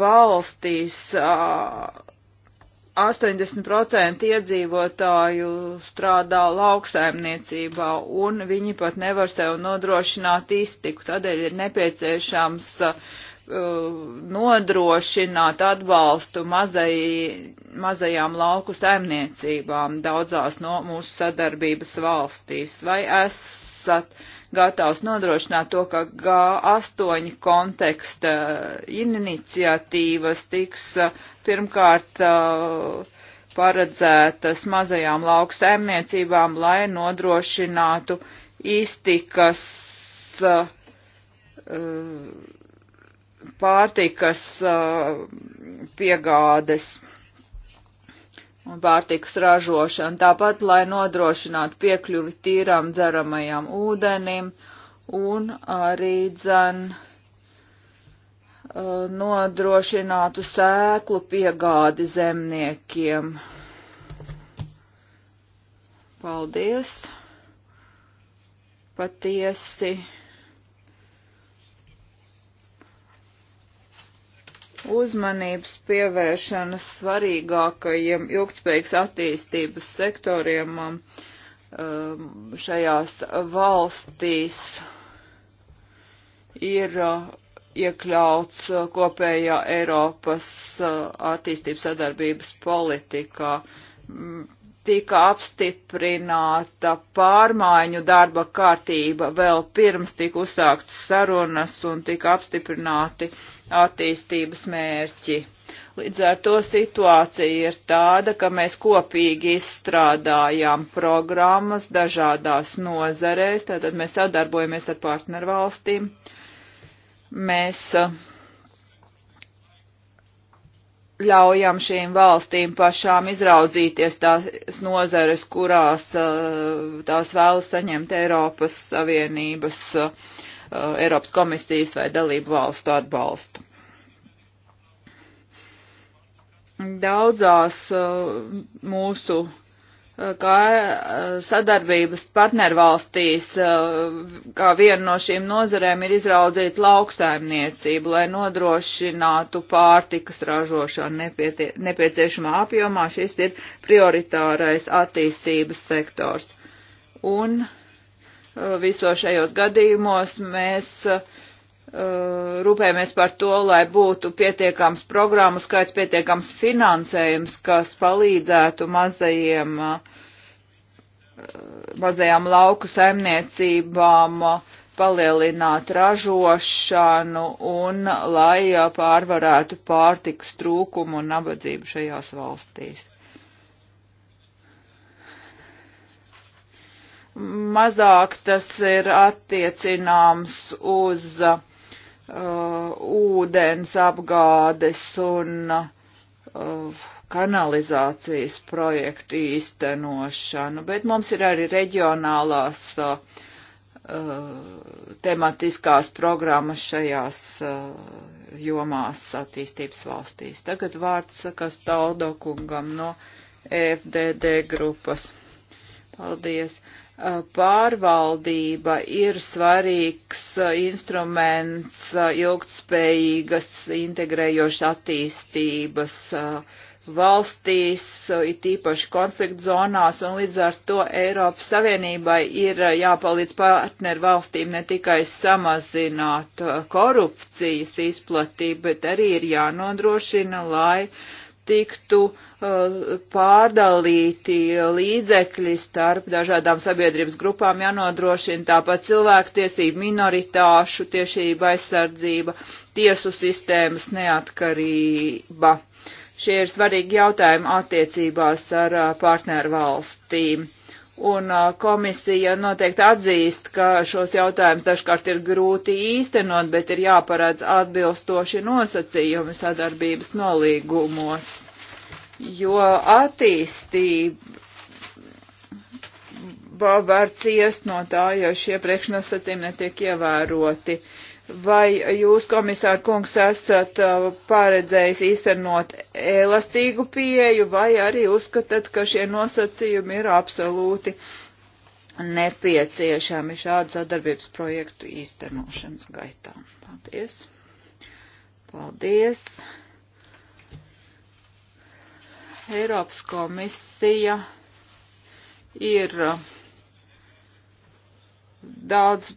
valstīs 80% uh, iedzīvotāju strādā lauksaimniecībā, un viņi pat nevar sev nodrošināt iztiku. Tādēļ ir nepieciešams uh, Uh, nodrošināt atbalstu mazai, mazajām lauku saimniecībām daudzās no mūsu sadarbības valstīs? Vai esat gatavs nodrošināt to, ka G8 konteksta iniciatīvas tiks uh, pirmkārt uh, paredzētas mazajām lauku saimniecībām, lai nodrošinātu iztikas uh, pārtikas piegādes un pārtikas ražošanu. Tāpat, lai nodrošinātu piekļuvi tīram dzeramajam ūdenim un arī dzen nodrošinātu sēklu piegādi zemniekiem. Paldies! Patiesi! uzmanības pievēršana svarīgākajiem ilgspējīgas attīstības sektoriem um, um, šajās valstīs ir uh, iekļauts uh, kopējā Eiropas uh, attīstības sadarbības politikā. Mm, tika apstiprināta pārmaiņu darba kārtība vēl pirms tika uzsāktas sarunas un tika apstiprināti uh, attīstības mērķi. Līdz ar to situācija ir tāda, ka mēs kopīgi izstrādājām programmas dažādās nozarēs, tātad mēs sadarbojamies ar partnervalstīm. Mēs uh, ļaujam šīm valstīm pašām izraudzīties tās nozares, kurās uh, tās vēlas saņemt Eiropas Savienības uh, Uh, Eiropas komisijas vai dalību valstu atbalstu. Daudzās uh, mūsu uh, kā sadarbības partnervalstīs, kā viena no šīm nozarēm ir izraudzīt lauksaimniecību, lai nodrošinātu pārtikas ražošanu nepieciešamā apjomā. Šis ir prioritārais attīstības sektors. Un uh, Eh, visos šajos gadījumos mēs eh, rūpējamies par to, lai būtu pietiekams programmu skaits, pietiekams finansējums, kas palīdzētu mazajiem, eh, mazajām lauku saimniecībām palielināt ražošanu un lai pārvarētu pārtiks trūkumu un nabadzību šajās valstīs. mazāk tas ir attiecināms uz uh, ūdens apgādes un uh, kanalizācijas projektu īstenošanu, bet mums ir arī reģionālās uh, tematiskās programmas šajās uh, jomās attīstības valstīs. Tagad vārds sakas uh, Taldokungam no FDD grupas. Paldies! Uh, Eh, pārvaldība ir svarīgs eh, instruments eh, ilgtspējīgas integrējošas attīstības valstīs, it īpaši konflikt zonās, un līdz ar to Eiropas Savienībai ir jāpalīdz partneru valstīm ne tikai samazināt korupcijas izplatību, bet arī ir jānodrošina, lai uh, tiktu uh, pārdalīti līdzekļi starp dažādām sabiedrības grupām, jānodrošina tāpat cilvēktiesība, minoritāšu tiešība aizsardzība, tiesu sistēmas neatkarība. Šie ir svarīgi jautājumi attiecībās ar uh, partneru valstīm. Un uh, komisija noteikti atzīst, ka šos jautājumus dažkārt ir grūti īstenot, bet ir jāparedz atbilstoši nosacījumi sadarbības nolīgumos. Jo attīstība var ciest no tā, ja šie priekšnosacījumi netiek ievēroti. Uh, Vai jūs, komisāra kungs, esat uh, paredzējis īstenot elastīgu pieeju, vai arī uzskatāt, ka šie nosacījumi ir absolūti nepieciešami šādu sadarbības projektu īstenošanas gaitā? Paldies! Paldies! Eiropas komisija ir uh, daudz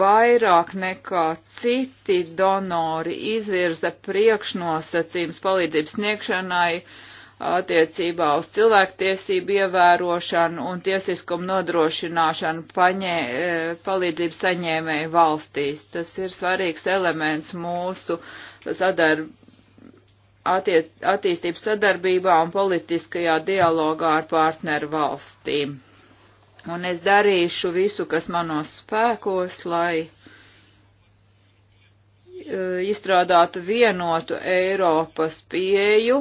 vairāk nekā citi donori izvirza priekšnosacījums palīdzības sniegšanai attiecībā uz cilvēktiesību ievērošanu un tiesiskumu nodrošināšanu paņē, e, palīdzības saņēmēju valstīs. Tas ir svarīgs elements mūsu sadarb, attiet, attīstības sadarbībā un politiskajā dialogā ar partneru valstīm Un es darīšu visu, kas manos spēkos, lai eh, izstrādātu vienotu Eiropas pieju,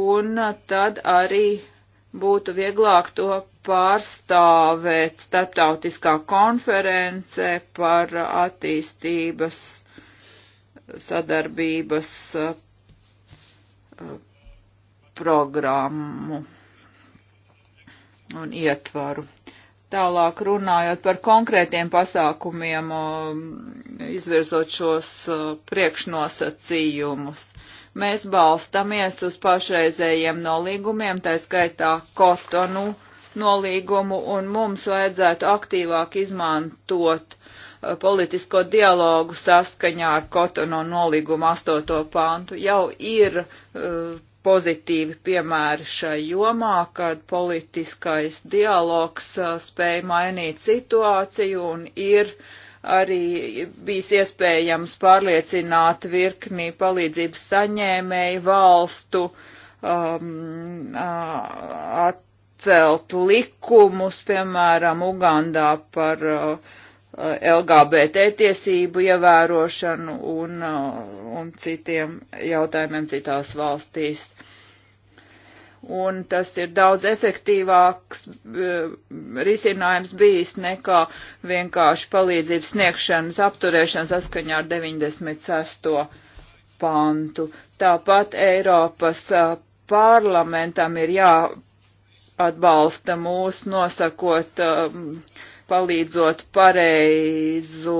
un tad arī būtu vieglāk to pārstāvēt starptautiskā konferencē par attīstības sadarbības eh, programmu un ietvaru. Tālāk runājot par konkrētiem pasākumiem, um, izvirzot šos uh, priekšnosacījumus. Mēs balstamies uz pašreizējiem nolīgumiem, tā skaitā kotonu nolīgumu, un mums vajadzētu aktīvāk izmantot uh, politisko dialogu saskaņā ar kotonu nolīgumu 8. pāntu. Jau ir uh, pozitīvi piemēri šai jomā, kad politiskais dialogs uh, spēja mainīt situāciju un ir arī bijis iespējams pārliecināt virkni palīdzības saņēmēju valstu, um, uh, atcelt likumus, piemēram, Ugandā par uh, Eh, LGBT tiesību ievērošanu un, eh, un citiem jautājumiem citās valstīs. Un tas ir daudz efektīvāks eh, risinājums bijis nekā vienkārši palīdzības sniegšanas apturēšana saskaņā ar 96. pantu. Tāpat Eiropas parlamentam ir jāatbalsta mūs nosakot uh, um, palīdzot pareizu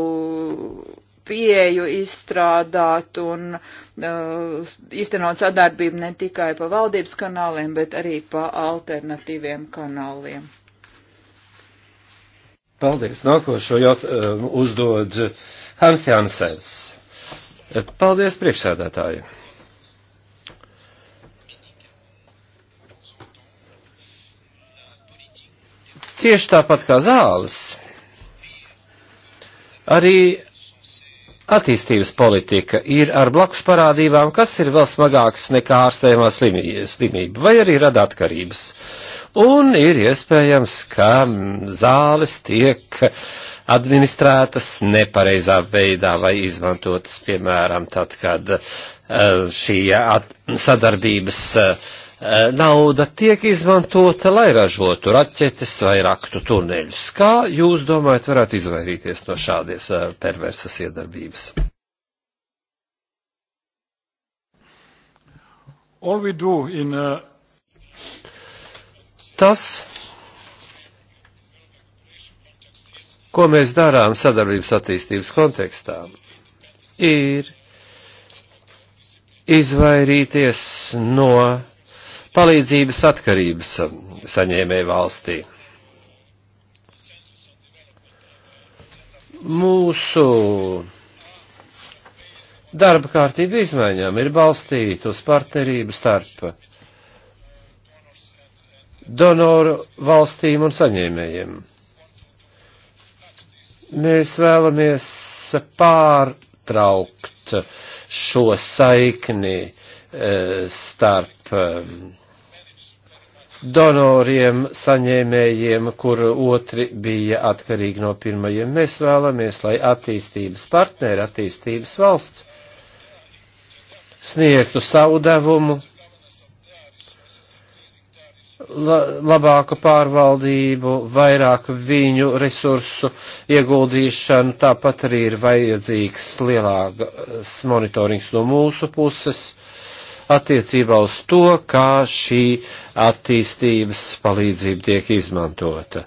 pieju izstrādāt un uh, iztenot sadarbību ne tikai pa valdības kanāliem, bet arī pa alternatīviem kanāliem. Paldies. Nākošo jautājumu uh, uzdod Hans Jansens. Paldies priekšsēdētāji. Tieši tāpat kā zāles, arī attīstības politika ir ar blakus parādībām, kas ir vēl smagāks nekā ārstējumā slimība, vai arī rada atkarības. Un ir iespējams, ka zāles tiek administrētas nepareizā veidā vai izmantotas, piemēram, tad, kad eh, šī sadarbības uh, Eh, nauda tiek izmantota, lai ražotu raķetes vai raktu tuneļus. Kā jūs domājat, varētu izvairīties no šādies eh, perversas iedarbības? In, uh... Tas, ko mēs darām sadarbības attīstības kontekstā, ir izvairīties no palīdzības atkarības saņēmēju valstī. Mūsu darba kārtība izmaiņām ir balstīta uz partnerību starp donoru valstīm un saņēmējiem. Mēs vēlamies pārtraukt šo saikni eh, starp eh, donoriem, saņēmējiem, kur otri bija atkarīgi no pirmajiem. Mēs vēlamies, lai attīstības partneri, attīstības valsts sniegtu savu devumu, la, labāku pārvaldību, vairāk viņu resursu ieguldīšanu, tāpat arī ir vajadzīgs lielāks monitorings no mūsu puses. Uh, attiecībā uz to, kā šī attīstības palīdzība tiek izmantota.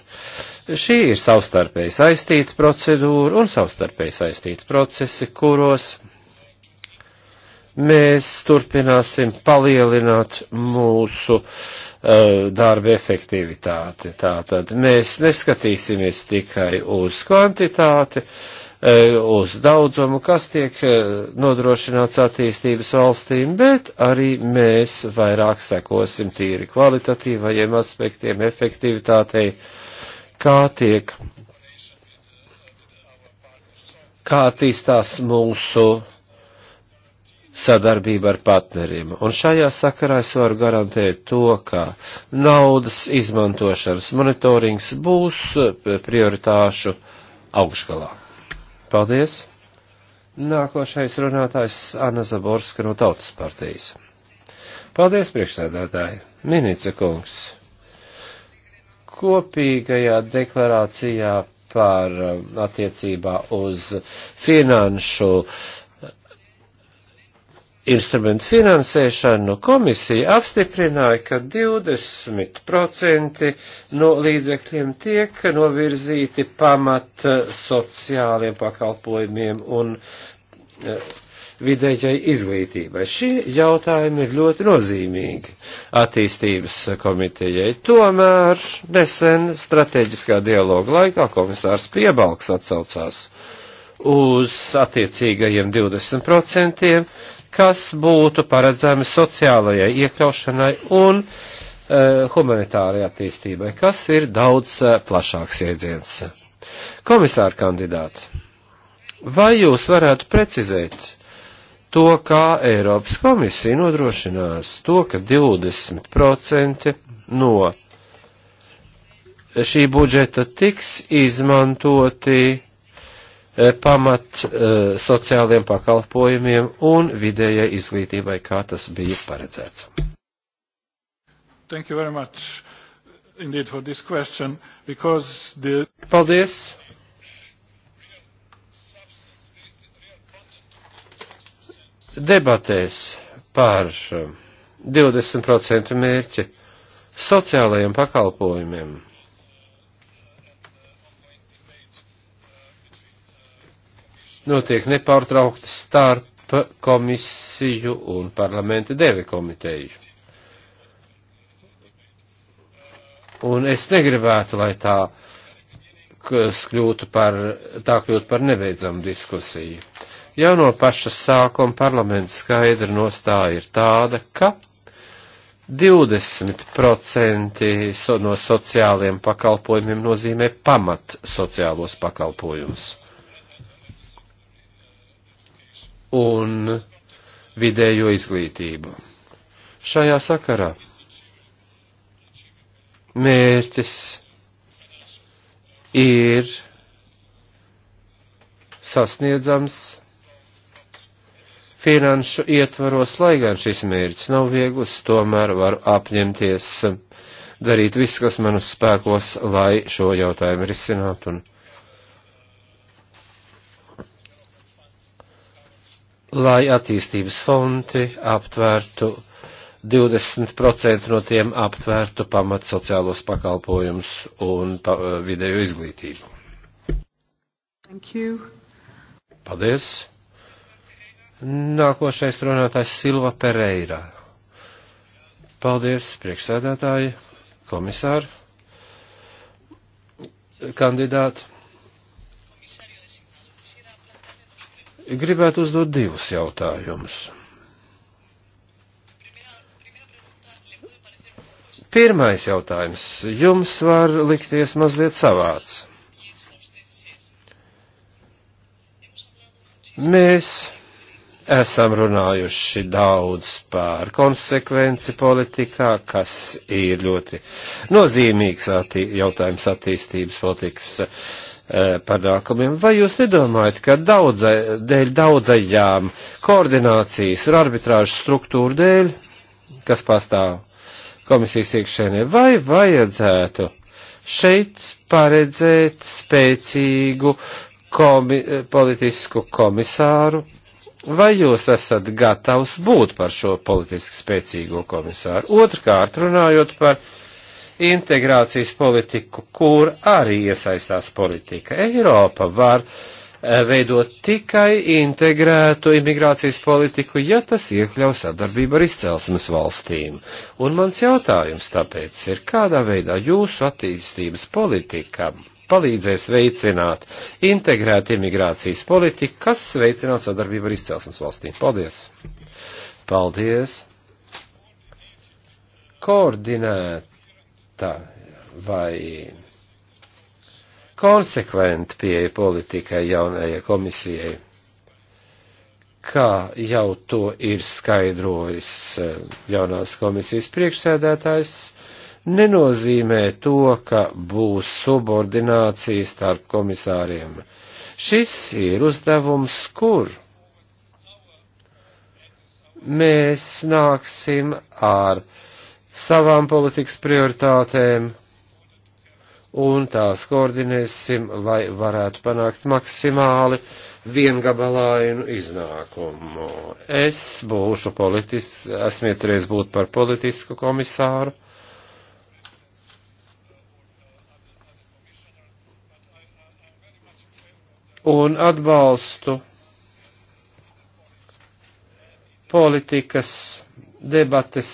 Šī ir savstarpēji saistīta procedūra un savstarpēji saistīta procesi, kuros mēs turpināsim palielināt mūsu uh, darba efektivitāti. Tātad mēs neskatīsimies tikai uz kvantitāti, uh, E, uz daudzumu, kas tiek e, nodrošināts attīstības valstīm, bet arī mēs vairāk sekosim tīri kvalitatīvajiem aspektiem, efektivitātei, kā tiek, kā attīstās mūsu sadarbība ar partneriem. Un šajā sakarā es varu garantēt to, ka naudas izmantošanas monitorings būs prioritāšu augšgalā. Paldies! Nākošais runātājs Anna Zaborska no Tautas partijas. Paldies, priekšsēdētāji! Minīca kungs! Kopīgajā deklarācijā par um, attiecībā uz finanšu uh, instrumentu finansēšanu komisija apstiprināja, ka 20% no līdzekļiem tiek novirzīti pamat eh, sociāliem pakalpojumiem un eh, vidējai izglītībai. Šie jautājumi ir ļoti nozīmīgi attīstības komitejai. Tomēr nesen strateģiskā dialoga laikā komisārs Piebalgs atsaucās uz attiecīgajiem 20%, kas būtu paredzami sociālajai iekļaušanai un uh, eh, humanitārajai attīstībai, kas ir daudz uh, plašāks jēdziens. Komisāra kandidāti, vai jūs varētu precizēt to, kā Eiropas komisija nodrošinās to, ka 20% no šī budžeta tiks izmantoti Eh, pamat eh, sociāliem pakalpojumiem un vidējai izglītībai, kā tas bija paredzēts. Question, the... Paldies! Debatēs par 20% eh, mērķi sociālajiem pakalpojumiem notiek nepārtraukti starp komisiju un parlamenta devi komiteju. Un es negribētu, lai tā kļūtu par, tā kļūtu par nebeidzamu diskusiju. Jau no paša sākuma parlamenta skaidra nostāja ir tāda, ka 20% no sociāliem pakalpojumiem nozīmē pamat sociālos pakalpojumus un vidējo izglītību. Šajā sakarā mērķis ir sasniedzams finanšu ietvaros, lai gan šis mērķis nav viegls, tomēr var apņemties darīt visu, kas man uz spēkos, lai šo jautājumu risinātu un lai attīstības fondi aptvērtu 20% no tiem aptvērtu pamat sociālos pakalpojumus un pa, eh, vidēju izglītību. Paldies. Nākošais runātājs Silva Pereira. Paldies, priekšsēdētāji, komisāri, kandidāti. gribētu uzdot divus jautājumus. Pirmais jautājums jums var likties mazliet savāds. Mēs esam runājuši daudz par konsekvenci politikā, kas ir ļoti nozīmīgs attī jautājums attīstības politikas uh, E, panākumiem. Vai jūs nedomājat, ka daudzai, dēļ daudzajām koordinācijas un arbitrāžu struktūru dēļ, kas pastāv komisijas iekšēnē, vai vajadzētu šeit paredzēt spēcīgu komi politisku komisāru? Vai jūs esat gatavs būt par šo politiski spēcīgo komisāru? Otrkārt, runājot par integrācijas politiku, kur arī iesaistās politika. Eiropa var eh, veidot tikai integrētu imigrācijas politiku, ja tas iekļaus sadarbību ar izcelsmes valstīm. Un mans jautājums tāpēc ir, kādā veidā jūsu attīstības politika palīdzēs veicināt integrētu imigrācijas politiku, kas veicinās sadarbību ar izcelsmes valstīm. Paldies! Paldies! Koordinēt atvērta vai konsekventa pieeja politikai jaunajai komisijai, kā jau to ir skaidrojis eh, jaunās komisijas priekšsēdētājs, nenozīmē to, ka būs subordinācija starp komisāriem. Šis ir uzdevums, kur mēs nāksim ar savām politikas prioritātēm un tās koordinēsim, lai varētu panākt maksimāli viengabalainu iznākumu. Es būšu politisks, esmu iecerējis būt par politisku komisāru. Un atbalstu politikas debates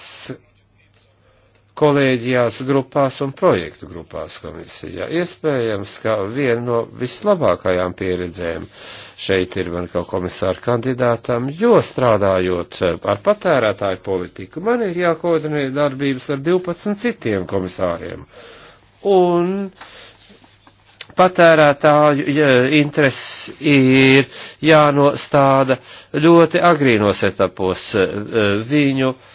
kolēģijās, grupās un projektu grupās komisijā. Iespējams, ka viena no vislabākajām pieredzēm šeit ir man kā komisāra kandidātam, jo strādājot ar patērētāju politiku, man ir jākoordinē darbības ar 12 citiem komisāriem. Un patērētāju intereses ir jānostāda ļoti agrīnos etapos eh, viņu uh,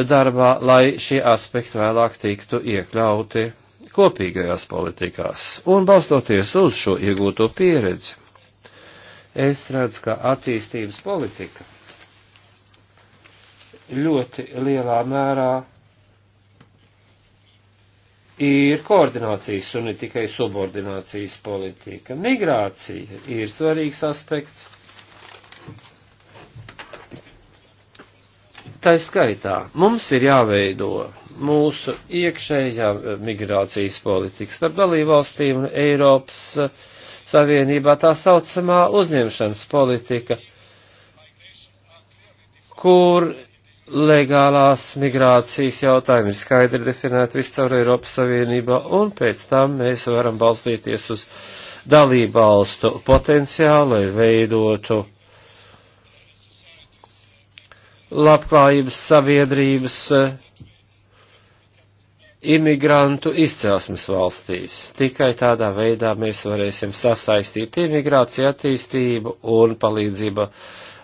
darbā, lai šie aspekti vēlāk tiktu iekļauti kopīgajās politikās. Un balstoties uz šo iegūto pieredzi, es redzu, ka attīstības politika ļoti lielā mērā ir koordinācijas un ne tikai subordinācijas politika. Migrācija ir svarīgs aspekts Tā skaitā mums ir jāveido mūsu iekšējā eh, migrācijas politika starp dalībvalstīm un Eiropas eh, Savienībā tā saucamā uzņemšanas politika, kur legālās migrācijas jautājumi ir skaidri definēti viscaur Eiropas Savienībā, un pēc tam mēs varam balstīties uz dalībvalstu potenciālu, lai veidotu labklājības sabiedrības eh, imigrantu izcelsmes valstīs. Tikai tādā veidā mēs varēsim sasaistīt imigrāciju attīstību un palīdzību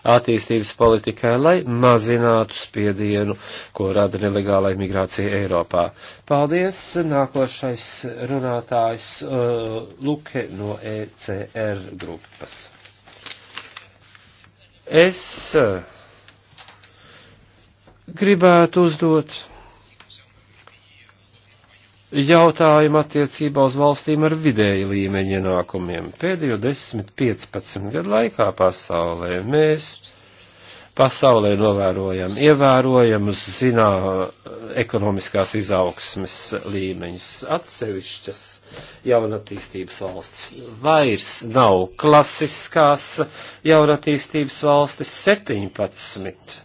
attīstības politikai, lai mazinātu spiedienu, ko rada nelegāla imigrācija Eiropā. Paldies! Nākošais runātājs uh, Luke no ECR grupas. Es uh, gribētu uzdot jautājumu attiecībā uz valstīm ar vidēju līmeņa ienākumiem. Pēdējo 10-15 gadu laikā pasaulē mēs pasaulē novērojam ievērojamus zinā ekonomiskās izaugsmes līmeņus. Atsevišķas jaunatīstības valstis vairs nav klasiskās jaunatīstības valstis 17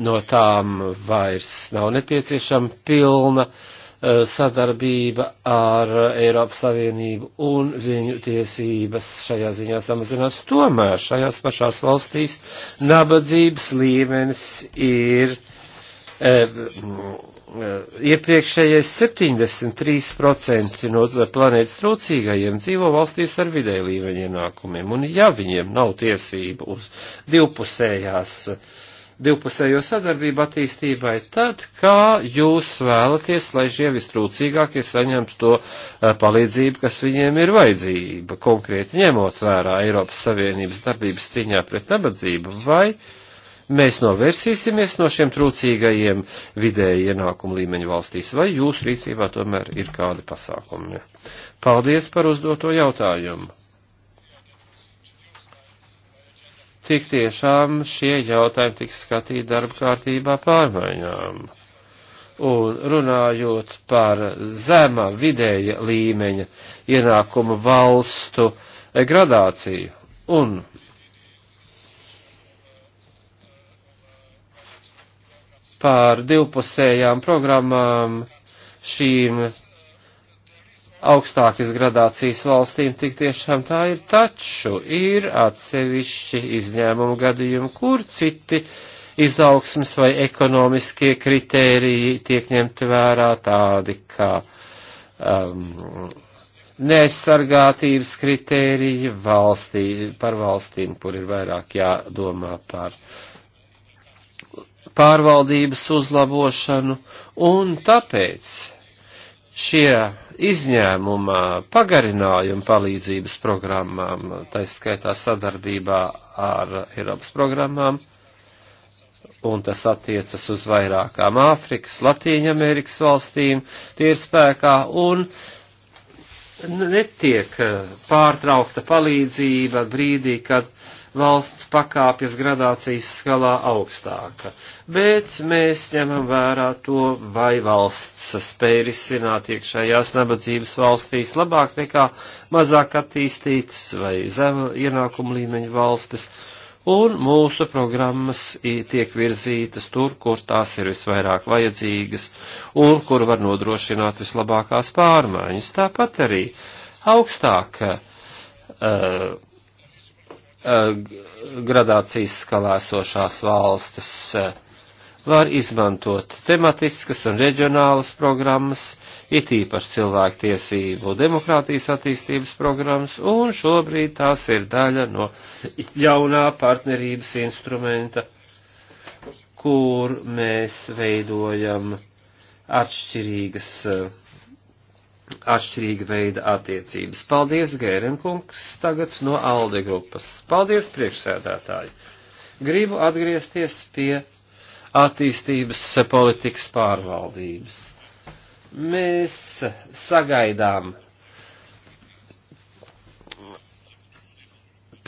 no tām vairs nav nepieciešama pilna eh, sadarbība ar Eiropas Savienību un viņu tiesības šajā ziņā samazinās. Tomēr šajās pašās valstīs nabadzības līmenis ir e, iepriekšējais 73% no planētas trūcīgajiem dzīvo valstīs ar vidēju līmeņu ienākumiem, un ja viņiem nav tiesību uz divpusējās uh, divpusējo sadarbību attīstībai tad, kā jūs vēlaties, lai šie vistrūcīgākie saņemtu to eh, palīdzību, kas viņiem ir vajadzība, konkrēti ņemot vērā Eiropas Savienības darbības ciņā pret nabadzību, vai mēs novērsīsimies no šiem trūcīgajiem vidēji ienākumu līmeņu valstīs, vai jūsu rīcībā tomēr ir kādi pasākumi? Paldies par uzdoto jautājumu! tik tiešām šie jautājumi tiks skatīti darba kārtībā pārmaiņām. Un runājot par zemā vidēja līmeņa ienākumu valstu gradāciju un pār divpusējām programmām šīm augstākas gradācijas valstīm tik tiešām tā ir, taču ir atsevišķi izņēmumu gadījumi, kur citi izaugsmes vai ekonomiskie kritēriji tiek ņemti vērā tādi kā um, neaizsargātības kritēriji valstī, par valstīm, kur ir vairāk jādomā par pārvaldības uzlabošanu, un tāpēc šie izņēmumā pagarinājumu palīdzības programmām, taiskaitā sadarbībā ar Eiropas programmām, un tas attiecas uz vairākām Āfrikas, Latīņamerikas valstīm, tie ir spēkā, un netiek eh, pārtraukta palīdzība brīdī, kad valsts pakāpjas gradācijas skalā augstāka, bet mēs ņemam vērā to, vai valsts spēj risināt iekšējās nabadzības valstīs labāk nekā mazāk attīstītas vai zema ienākuma līmeņa valstis, un mūsu programmas tiek virzītas tur, kur tās ir visvairāk vajadzīgas un kur var nodrošināt vislabākās pārmaiņas. Tāpat arī augstāk. Uh, eh, Eh, gradācijas skalā esošās valstis eh, var izmantot tematiskas un reģionālas programmas, it īpaši cilvēktiesību demokrātijas attīstības programmas, un šobrīd tās ir daļa no jaunā partnerības instrumenta, kur mēs veidojam atšķirīgas uh, atšķirīga veida attiecības. Paldies, Gērenkungs, tagad no Alde grupas. Paldies, priekšsēdētāji. Gribu atgriezties pie attīstības politikas pārvaldības. Mēs sagaidām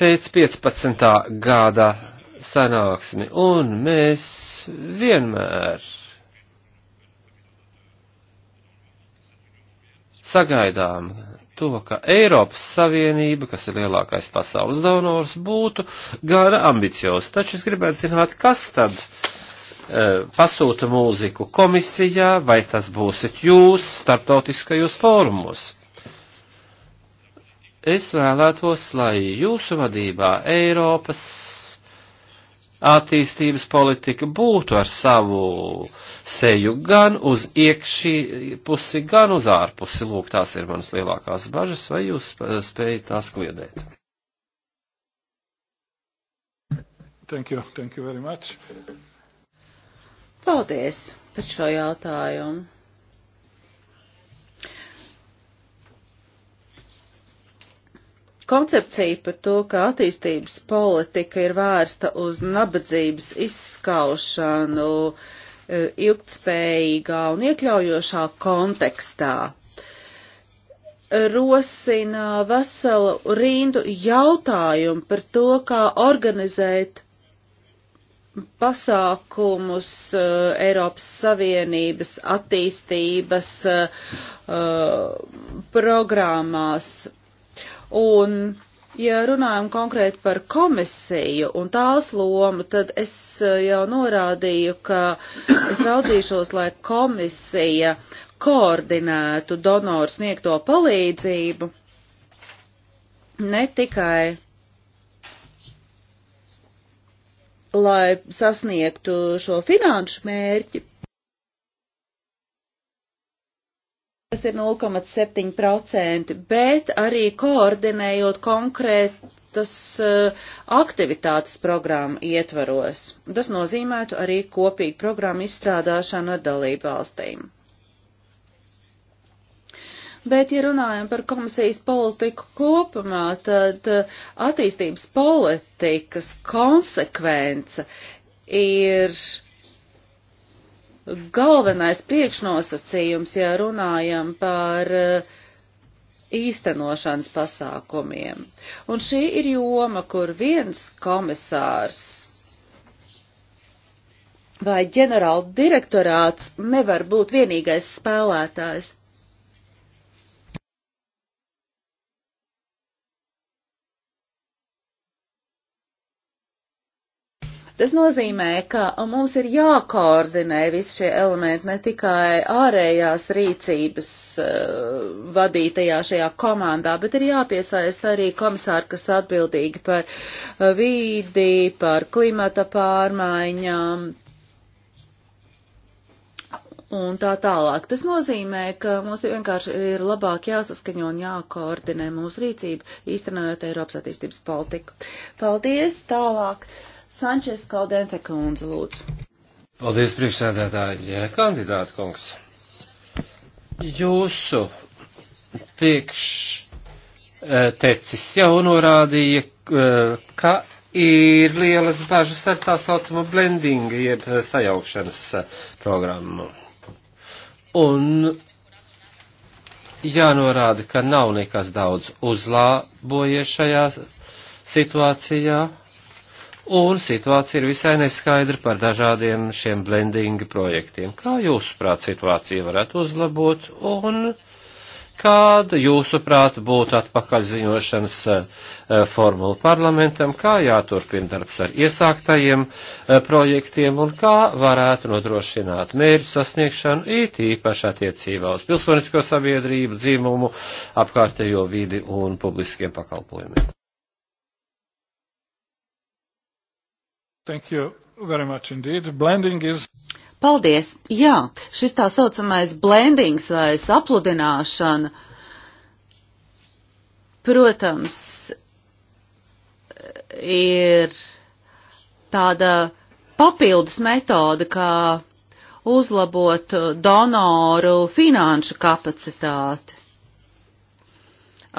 pēc 15. gada sanāksmi, un mēs vienmēr sagaidām to, ka Eiropas Savienība, kas ir lielākais pasaules donors, būtu gana ambiciozi. Taču es gribētu zināt, kas tad e, pasūta mūziku komisijā, vai tas būsit jūs starptautiskajos fórumos. Es vēlētos, lai jūsu vadībā Eiropas attīstības politika būtu ar savu seju gan uz iekšī pusi, gan uz ārpusi. Lūk, tās ir manas lielākās bažas, vai jūs spējat tās kliedēt? Thank you, thank you very much. Paldies par šo jautājumu. Koncepcija par to, ka attīstības politika ir vērsta uz nabadzības izskaušanu e, ilgtspējīgā un iekļaujošā kontekstā rosina veselu rindu jautājumu par to, kā organizēt pasākumus uh, Eiropas Savienības attīstības uh, programmās Un, ja runājam konkrēti par komisiju un tās lomu, tad es eh, jau norādīju, ka es raudzīšos, lai komisija koordinētu donoru sniegto palīdzību ne tikai lai sasniegtu šo finanšu mērķi, Tas ir 0,7%, bet arī koordinējot konkrētas eh, aktivitātes programmu ietvaros. Tas nozīmētu arī kopīgu programmu izstrādāšanu ar dalību valstīm. Bet, ja runājam par komisijas politiku kopumā, tad eh, attīstības politikas konsekvence ir galvenais priekšnosacījums, ja runājam par eh, īstenošanas pasākumiem. Un šī ir joma, kur viens komisārs vai ģenerāldirektorāts nevar būt vienīgais spēlētājs Tas nozīmē, ka mums ir jākoordinē visi šie elementi ne tikai ārējās rīcības uh, vadītajā šajā komandā, bet ir jāpiesaist arī komisāri, kas atbildīgi par eh, vīdi, par klimata pārmaiņām, un tā tālāk. Tas nozīmē, ka mums vienkārši ir labāk jāsaskaņo un jākoordinē mūsu rīcība, īstenojot Eiropas attīstības politiku. Paldies! Tālāk Sančes Kaldente Kundze, lūdzu. Paldies, priekšsēdētāji, kandidāta kungs. Jūsu priekštecis eh, jau norādīja, eh, ka ir lielas bažas ar tā saucamo blendingu, jeb sajaukšanas eh, programmu. Un jānorāda, ka nav nekas daudz uzlābojies šajā situācijā un situācija ir visai neskaidra par dažādiem šiem blendinga projektiem. Kā jūsuprāt situācija varētu uzlabot un kāda jūsuprāt būtu atpakaļziņošanas eh, formula parlamentam, kā jāturpina darbs ar iesāktajiem eh, projektiem un kā varētu nodrošināt mērķu sasniegšanu it īpaši attiecībā uz pilsonisko sabiedrību, dzīmumu, apkārtējo vidi un publiskiem pakalpojumiem. Thank you very much indeed. Blending is. Paldies! Jā, šis tā saucamais blendings vai sapludināšana, protams, ir tāda papildus metode, kā uzlabot donoru finanšu kapacitāti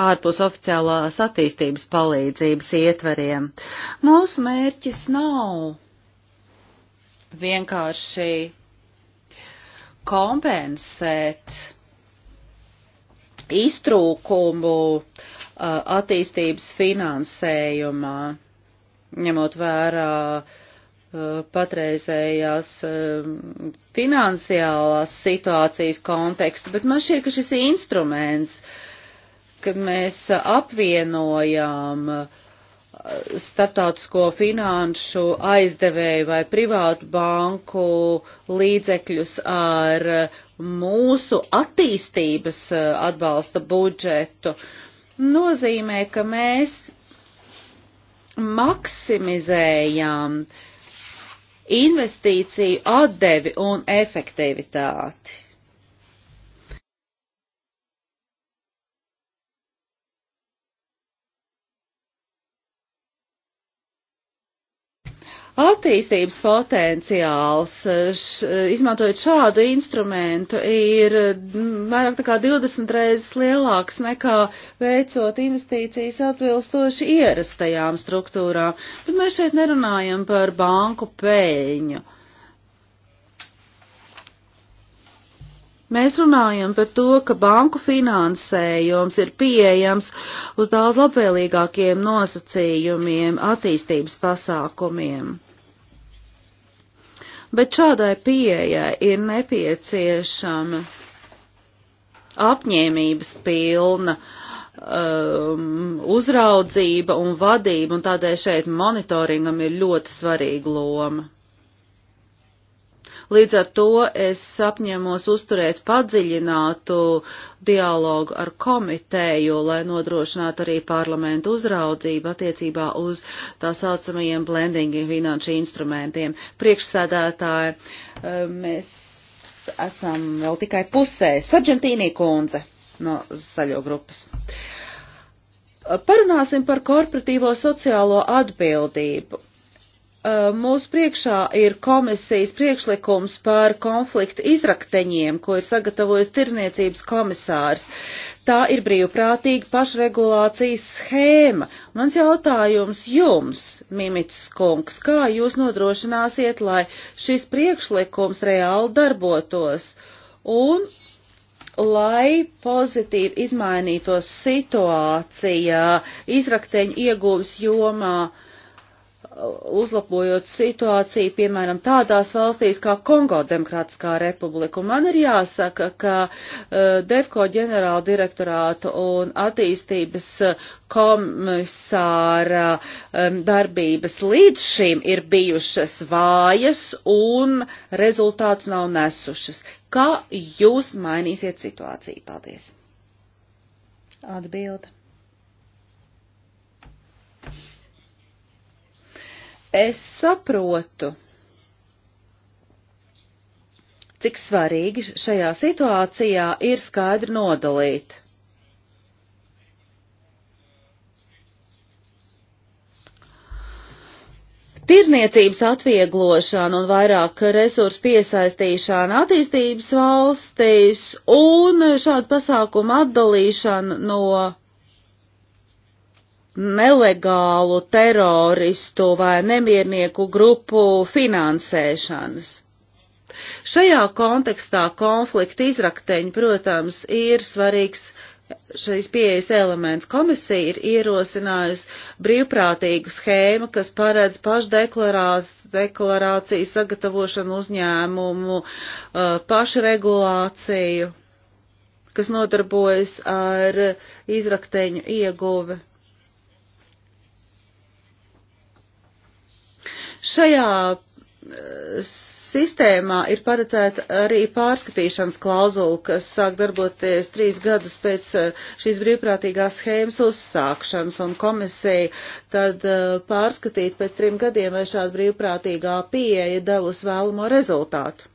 ārpus oficiālās attīstības palīdzības ietveriem. Mūsu mērķis nav vienkārši kompensēt iztrūkumu uh, attīstības finansējumā, ņemot vērā uh, patreizējās um, finansiālās situācijas kontekstu, bet man šķiet, ka šis instruments uh, ka mēs apvienojām eh, starptautisko finanšu aizdevēju vai privātu banku līdzekļus ar mūsu attīstības eh, atbalsta budžetu, nozīmē, ka mēs maksimizējām investīciju atdevi un efektivitāti. Attīstības potenciāls, eh, š, eh, izmantojot šādu instrumentu, ir mm, vairāk nekā 20 reizes lielāks nekā veicot investīcijas atbilstoši ierastajām struktūrām, bet mēs šeit nerunājam par banku pēļņu. Mēs runājam par to, ka banku finansējums ir pieejams uz daudz labvēlīgākiem nosacījumiem, attīstības pasākumiem. Bet šādai pieejai ir nepieciešama apņēmības pilna um, uzraudzība un vadība, un tādēļ šeit monitoringam ir ļoti svarīga loma. Līdz ar to es apņemos uzturēt padziļinātu dialogu ar komiteju, lai nodrošinātu arī parlamentu uzraudzību attiecībā uz tā saucamajiem blending finanšu instrumentiem. Priekšsēdētāji, eh, mēs esam vēl tikai pusē. Sargentīnī kundze no zaļo grupas. Parunāsim par korporatīvo sociālo atbildību. Eh, mūsu priekšā ir komisijas priekšlikums par konflikta izrakteņiem, ko ir sagatavojis Tirzniecības komisārs. Tā ir brīvprātīga pašregulācijas schēma. Mans jautājums jums, Mimits Kungs, kā jūs nodrošināsiet, lai šis priekšlikums reāli darbotos un lai pozitīvi izmainītos situācija izrakteņu iegūs jomā? Uh, uzlabojot situāciju, piemēram, tādās valstīs kā Kongo Demokrātiskā republika. Un man ir jāsaka, ka uh, DEFCO ģenerāla direktorāta un attīstības uh, komisāra um, darbības līdz šim ir bijušas vājas un rezultāts nav nesušas. Kā jūs mainīsiet situāciju? Paldies! Atbilde. Es saprotu, cik svarīgi šajā situācijā ir skaidri nodalīt. Tirzniecības atvieglošana un vairāk resursu piesaistīšana attīstības valstīs un šādu pasākumu atdalīšana no nelegālu teroristu vai nemiernieku grupu finansēšanas. Šajā kontekstā konflikta izrakteņi, protams, ir svarīgs šīs pieejas elements. Komisija ir ierosinājusi brīvprātīgu schēmu, kas paredz pašdeklarāciju sagatavošanu uzņēmumu, uh, pašregulāciju, kas nodarbojas ar izrakteņu ieguvi. Šajā eh, sistēmā ir paredzēta arī pārskatīšanas klauzula, kas sāk darboties trīs gadus pēc eh, šīs brīvprātīgās schēmas uzsākšanas, un komisija tad eh, pārskatīt pēc trim gadiem, vai šāda brīvprātīgā pieeja devus vēlamo rezultātu.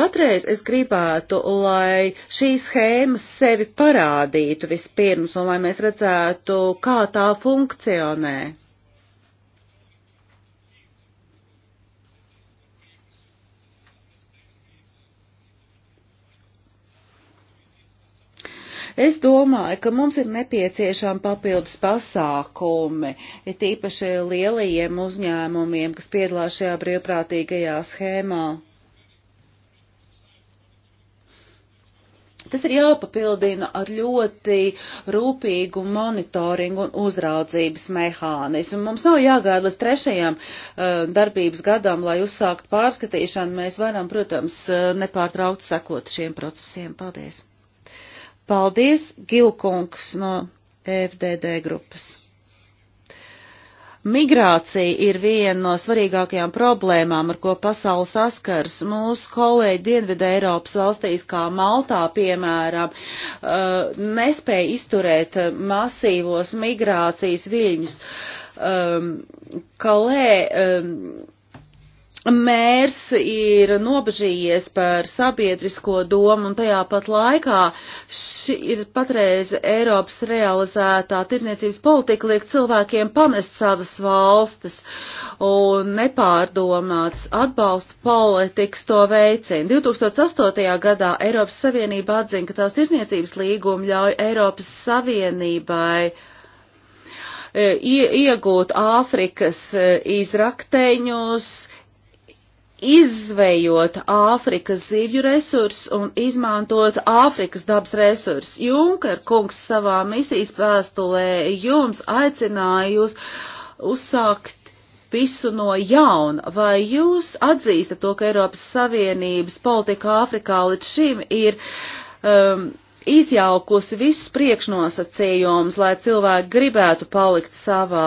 Patreiz es gribētu, lai šī schēma sevi parādītu vispirms un lai mēs redzētu, kā tā funkcionē. Es domāju, ka mums ir nepieciešama papildus pasākumi, ir tīpaši lielajiem uzņēmumiem, kas piedalās šajā brīvprātīgajā schēmā. Tas ir jāpapildina ar ļoti rūpīgu monitoringu un uzraudzības mehānismu. Mums nav jāgaida līdz trešajam uh, darbības gadam, lai uzsākt pārskatīšanu. Mēs varam, protams, eh, nepārtraukt sekot šiem procesiem. Paldies! Paldies, Gilkungs no FDD grupas! Migrācija ir viena no svarīgākajām problēmām, ar ko pasauli saskars. Mūsu kolēģi Dienvidē Eiropas valstīs, kā Maltā, piemēram, uh, nespēja izturēt masīvos migrācijas viļņus. Um, Kalē um, mērs ir nobežījies par sabiedrisko domu un tajā pat laikā šī ir patreiz Eiropas realizētā tirniecības politika liek cilvēkiem pamest savas valstis un nepārdomāts atbalsta politikas to veicina. 2008. gadā Eiropas Savienība atzina, ka tās tirniecības līguma ļauj Eiropas Savienībai e, iegūt Āfrikas e, izrakteņus, izvējot Āfrikas zivju resursus un izmantot Āfrikas dabas resursus. Junker kungs savā misijas vēstulē jums aicināja jūs uzsākt visu no jauna. Vai jūs atzīstat to, ka Eiropas Savienības politika Āfrikā līdz šim ir um, izjaukusi visus priekšnosacījumus, lai cilvēki gribētu palikt savā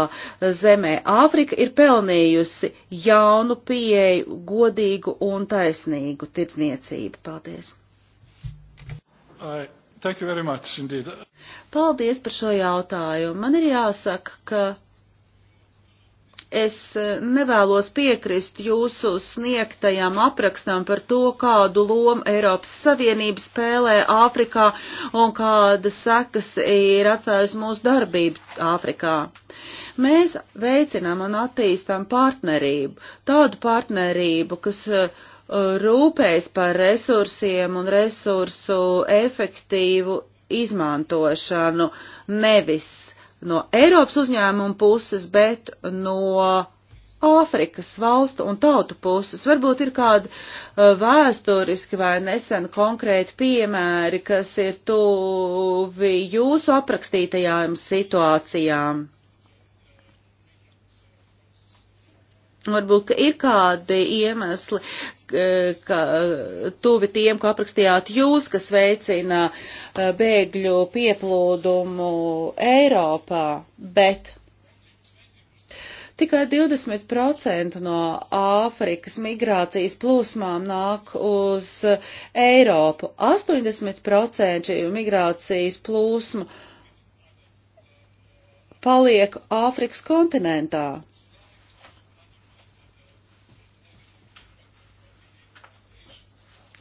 zemē. Āfrika ir pelnījusi jaunu pieeju, godīgu un taisnīgu tirdzniecību. Paldies! I, thank you very much indeed. Paldies par šo jautājumu. Man ir jāsaka, ka Es eh, nevēlos piekrist jūsu sniegtajam aprakstam par to, kādu lomu Eiropas Savienība spēlē Āfrikā un kādas sekas ir atstājusi mūsu darbību Āfrikā. Mēs veicinām un attīstām partnerību, tādu partnerību, kas eh, rūpējas par resursiem un resursu efektīvu izmantošanu, nevis uh, no Eiropas uzņēmuma puses, bet no Āfrikas valstu un tautu puses. Varbūt ir kādi uh, vēsturiski vai nesen konkrēti piemēri, kas ir tuvi jūsu aprakstītajām situācijām. Varbūt, ka ir kādi iemesli, ka tuvi tiem, ko aprakstījāt jūs, kas veicina eh, bēgļu pieplūdumu Eiropā, bet tikai 20% no Āfrikas migrācijas plūsmām nāk uz Eiropu. 80% migrācijas plūsmu paliek Āfrikas kontinentā.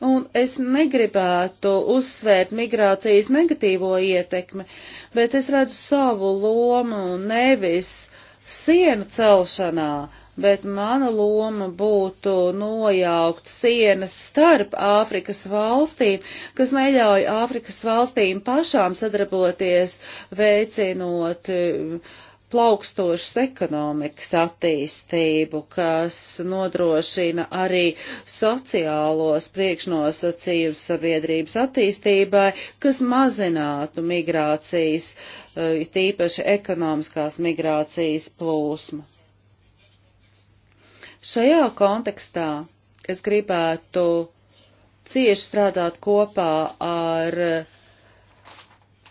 un es negribētu uzsvērt migrācijas negatīvo ietekmi, bet es redzu savu lomu nevis sienu celšanā, bet mana loma būtu nojaukt sienas starp Āfrikas valstīm, kas neļauj Āfrikas valstīm pašām sadarboties, veicinot uh, plaukstošas ekonomikas attīstību, kas nodrošina arī sociālos priekšnosacījums sabiedrības attīstībai, kas mazinātu migrācijas, eh, tīpaši ekonomiskās migrācijas plūsmu. Šajā kontekstā es gribētu cieši strādāt kopā ar uh,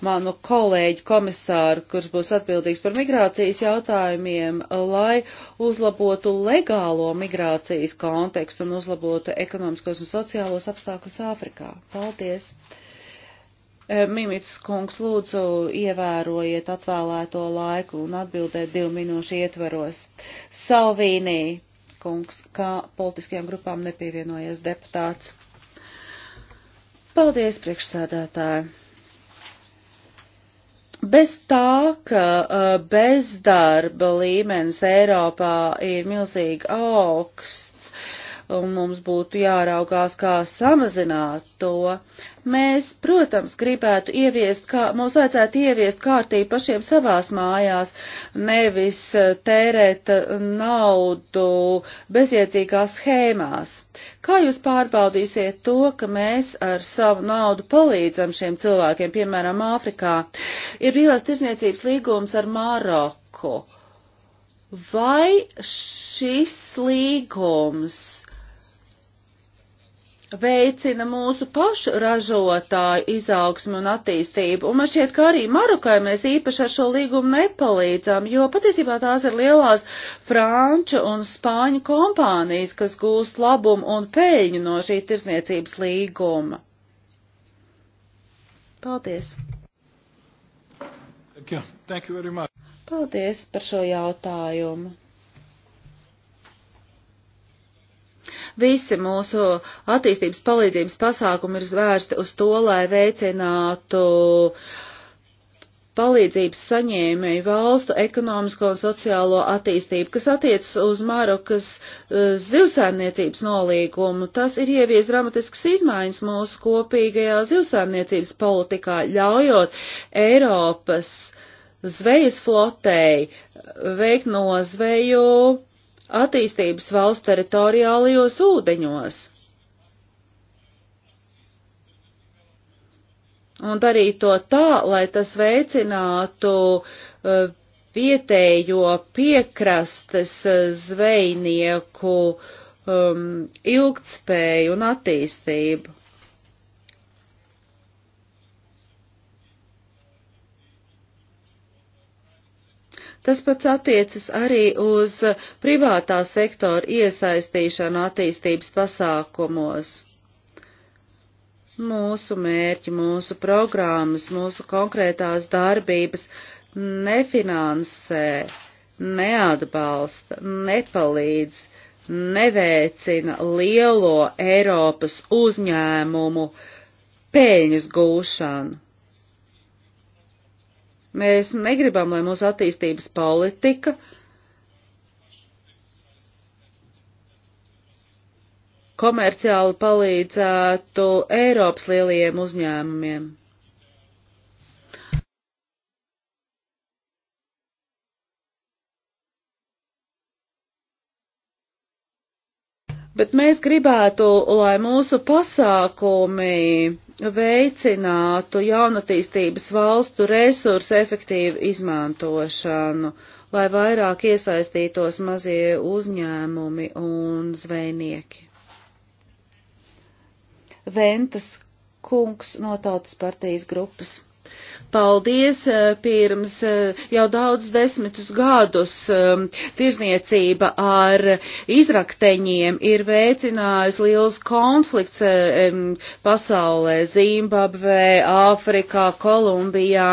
manu kolēģi komisāru, kurš būs atbildīgs par migrācijas jautājumiem, lai uzlabotu legālo migrācijas kontekstu un uzlabotu ekonomiskos un sociālos apstākļus Āfrikā. Paldies! E, Mimits kungs, lūdzu, ievērojiet atvēlēto laiku un atbildēt divu minūšu ietvaros. Salvīnī kungs, kā politiskajām grupām nepievienojies deputāts. Paldies, priekšsēdētāji! Bez tā, ka uh, bezdarba līmenis Eiropā ir milzīgi augsts, un mums būtu jāraugās, kā samazināt to. Mēs, protams, gribētu ieviest, kā, mums vajadzētu ieviest kārtību pašiem savās mājās, nevis eh, tērēt eh, naudu bezjēdzīgās schēmās. Kā jūs pārbaudīsiet to, ka mēs ar savu naudu palīdzam šiem cilvēkiem, piemēram, Āfrikā? Ir brīvās tirzniecības līgums ar Māroku vai šis līgums veicina mūsu pašu ražotāju izaugsmu un attīstību. Un man šķiet, ka arī Marokai mēs īpaši ar šo līgumu nepalīdzam, jo patiesībā tās ir lielās franču un spāņu kompānijas, kas gūst labumu un peļņu no šī tirzniecības līguma. Paldies! Thank you. Thank you very much. Paldies par šo jautājumu. Visi mūsu attīstības palīdzības pasākumi ir zvērsti uz to, lai veicinātu palīdzības saņēmēju valstu ekonomisko un sociālo attīstību, kas attiecas uz Marokas eh, zivsēmniecības nolīgumu. Tas ir ievies dramatisks izmaiņas mūsu kopīgajā zivsēmniecības politikā, ļaujot Eiropas uh, zvejas flotei veikt nozveju attīstības valsts teritoriālajos ūdeņos. Un darīt to tā, lai tas veicinātu uh, vietējo piekrastes uh, zvejnieku um, ilgtspēju un attīstību. Tas pats attiecas arī uz privātā sektora iesaistīšanu attīstības pasākumos. Mūsu mērķi, mūsu programmas, mūsu konkrētās darbības nefinansē, neatbalsta, nepalīdz, neveicina lielo Eiropas uzņēmumu peļņas gūšanu Mēs negribam, lai mūsu attīstības politika komerciāli palīdzētu Eiropas lielajiem uzņēmumiem. Bet mēs gribētu, lai mūsu pasākumi veicinātu jaunatīstības valstu resursu efektīvu izmantošanu, lai vairāk iesaistītos mazie uzņēmumi un zvejnieki. Ventas kungs no Tautas partijas grupas. Paldies! Eh, pirms eh, jau daudz desmitus gadus eh, tirzniecība ar izrakteņiem ir veicinājusi liels konflikts pasaulē - Zimbabvē, Āfrikā, Kolumbijā.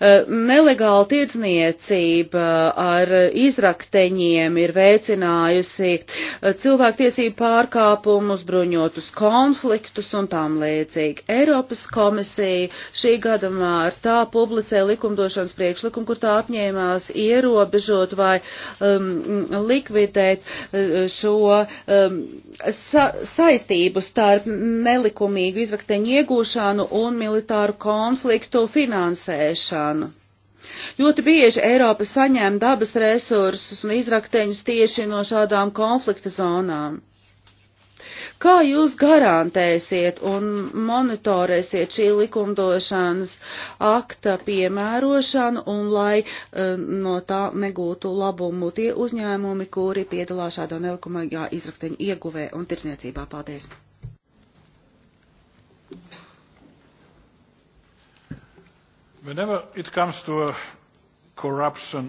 Nelegāla tirzniecība ar izrakteņiem ir veicinājusi cilvēktiesību pārkāpumus, bruņotus konfliktus un tam līdzīgi. Eiropas komisija šī gada mārta tā publicēja likumdošanas priekšlikumu, kur tā apņēmās ierobežot vai um, likvidēt uh, šo um, sa saistību starp nelikumīgu izrakteņu iegūšanu un militāru konfliktu finansēšanu. Ļoti bieži Eiropa saņem dabas resursus un izrakteņus tieši no šādām konflikta zonām. Kā jūs garantēsiet un monitorēsiet šī likumdošanas akta piemērošanu un lai e, no tā negūtu labumu tie uzņēmumi, kuri piedalās šādā nelikumīgā izrakteņu ieguvē un tirsniecībā? Paldies! Whenever it comes to corruption,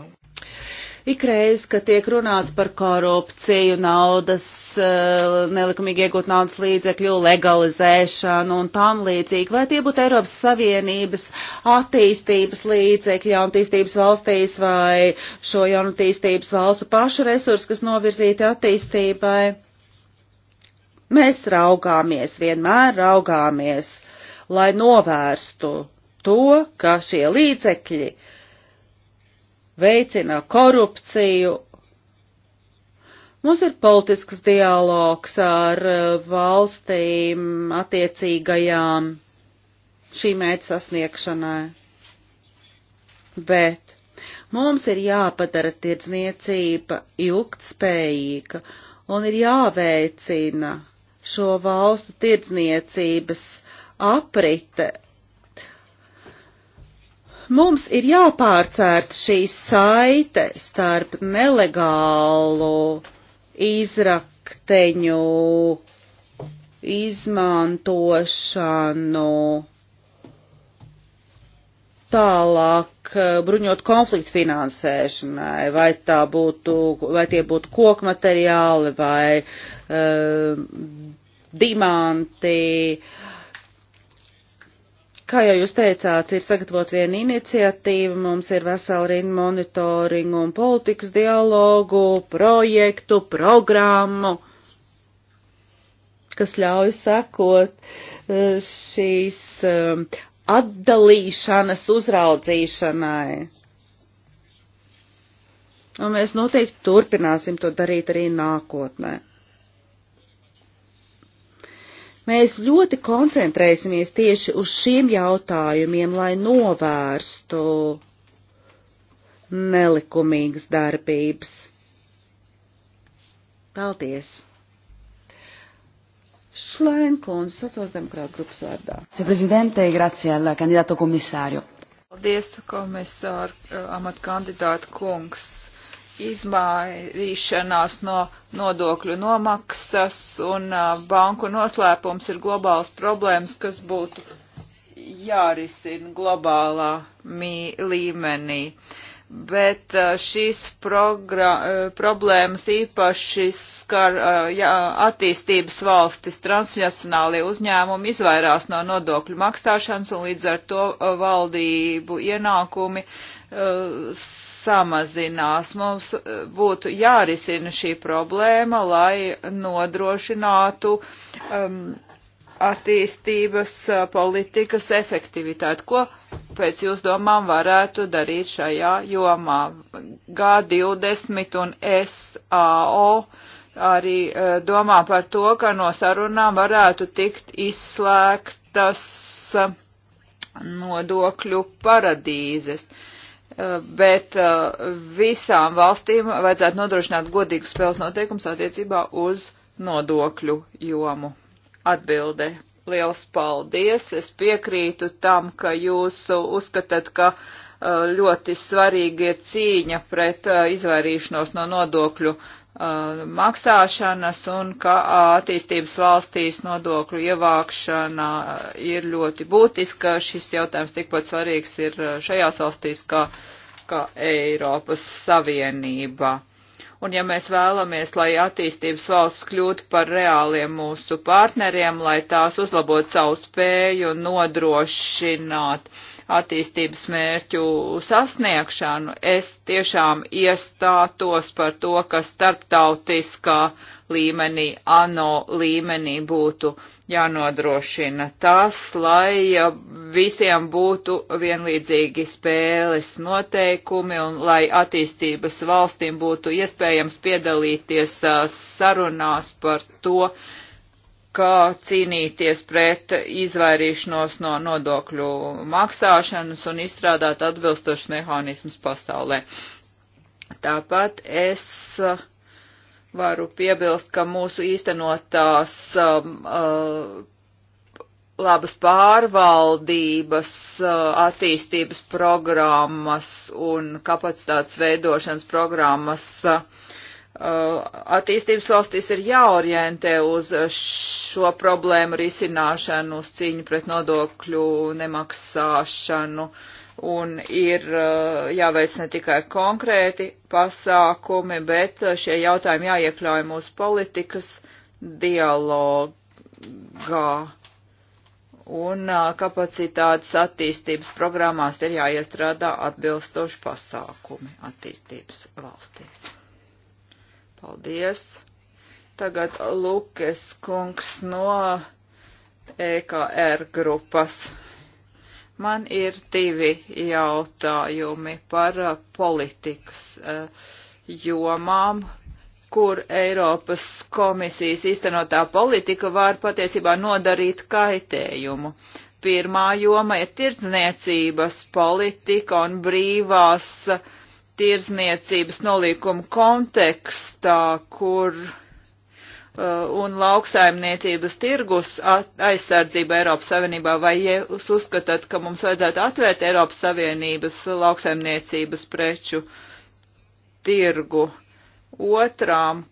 Ikreiz, kad tiek runāts par korupciju, naudas, eh, nelikumīgi iegūt naudas līdzekļu, legalizēšanu un tam līdzīgi, vai tie būtu Eiropas Savienības attīstības līdzekļi jaunatīstības valstīs vai šo jaunatīstības valstu pašu resursu, kas novirzīti attīstībai, mēs raugāmies, vienmēr raugāmies, lai novērstu to, ka šie līdzekļi, uh, veicina korupciju. Mums ir politisks dialogs ar eh, valstīm attiecīgajām šī mērķa sasniegšanai. Bet mums ir jāpadara tirdzniecība ilgtspējīga un ir jāveicina šo valstu tirdzniecības aprite Mums ir jāpārcērt šī saite starp nelegālu izrakteņu izmantošanu tālāk eh, bruņot konfliktu finansēšanai, vai tā būtu, vai tie būtu koku materiāli vai uh, eh, dimanti, uh, Kā jau jūs teicāt, ir sagatavot viena iniciatīva, mums ir vesela rinda monitoringu un politikas dialogu, projektu, programmu, kas ļauj sekot e, šīs e, atdalīšanas uzraudzīšanai. Un mēs noteikti turpināsim to darīt arī nākotnē. Mēs ļoti koncentrēsimies tieši uz šiem jautājumiem, lai novērstu nelikumīgas darbības. Paldies! Šlēnkons, sociāldemokrāta grupas vārdā. Prezidentei, grazie al kandidāto komisāru. Paldies, komisāru, eh, amatkandidāta kungs izmairīšanās no nodokļu nomaksas un banku noslēpums ir globāls problēmas, kas būtu jārisina globālā mī, līmenī. Bet šīs problēmas īpaši skar jā, attīstības valstis, transnacionālie uzņēmumi izvairās no nodokļu maksāšanas un līdz ar to valdību ienākumi samazinās. Mums eh, būtu jārisina šī problēma, lai nodrošinātu um, attīstības eh, politikas efektivitāti. Ko pēc jūs domām varētu darīt šajā jomā? G20 un SAO arī eh, domā par to, ka no sarunām varētu tikt izslēgtas nodokļu paradīzes. Uh, Eh, bet eh, visām valstīm vajadzētu nodrošināt godīgus spēles noteikums attiecībā uz nodokļu jomu. Atbilde. Liels paldies! Es piekrītu tam, ka jūs uzskatāt, ka eh, ļoti svarīgi ir cīņa pret izvairīšanos no nodokļu Uh, maksāšanas un ka attīstības valstīs nodokļu ievākšana uh, ir ļoti būtiska. Šis jautājums tikpat svarīgs ir uh, šajās valstīs kā, kā Eiropas Savienība. Un ja mēs vēlamies, lai attīstības valsts kļūtu par reāliem mūsu partneriem, lai tās uzlabotu savu spēju nodrošināt uh, attīstības mērķu sasniegšanu. Es tiešām iestātos par to, ka starptautiskā līmenī, ANO līmenī būtu jānodrošina tas, lai visiem būtu vienlīdzīgi spēles noteikumi un lai attīstības valstīm būtu iespējams piedalīties sarunās par to, uh, kā cīnīties pret izvairīšanos no nodokļu maksāšanas un izstrādāt atbilstošs mehānismus pasaulē. Tāpat es uh, varu piebilst, ka mūsu īstenotās um, uh, labas pārvaldības, uh, attīstības programmas un kapacitātes veidošanas programmas uh, Uh, attīstības valstīs ir jāorientē uz šo problēmu risināšanu, uz cīņu pret nodokļu nemaksāšanu, un ir uh, jāveic ne tikai konkrēti pasākumi, bet šie jautājumi jāiekļauj mūsu politikas dialogā. Un uh, kapacitātes attīstības programmās ir jāiestrādā atbilstoši pasākumi attīstības valstīs. Paldies. Tagad Lukes kungs no EKR grupas. Man ir divi jautājumi par uh, politikas uh, jomām, kur Eiropas komisijas īstenotā politika var patiesībā nodarīt kaitējumu. Pirmā joma ir tirdzniecības politika un brīvās uh, tirzniecības nolīkuma kontekstā, kur uh, un lauksaimniecības tirgus aizsardzība Eiropas Savienībā, vai jūs uzskatāt, ka mums vajadzētu atvērt Eiropas Savienības lauksaimniecības preču tirgu? Otrām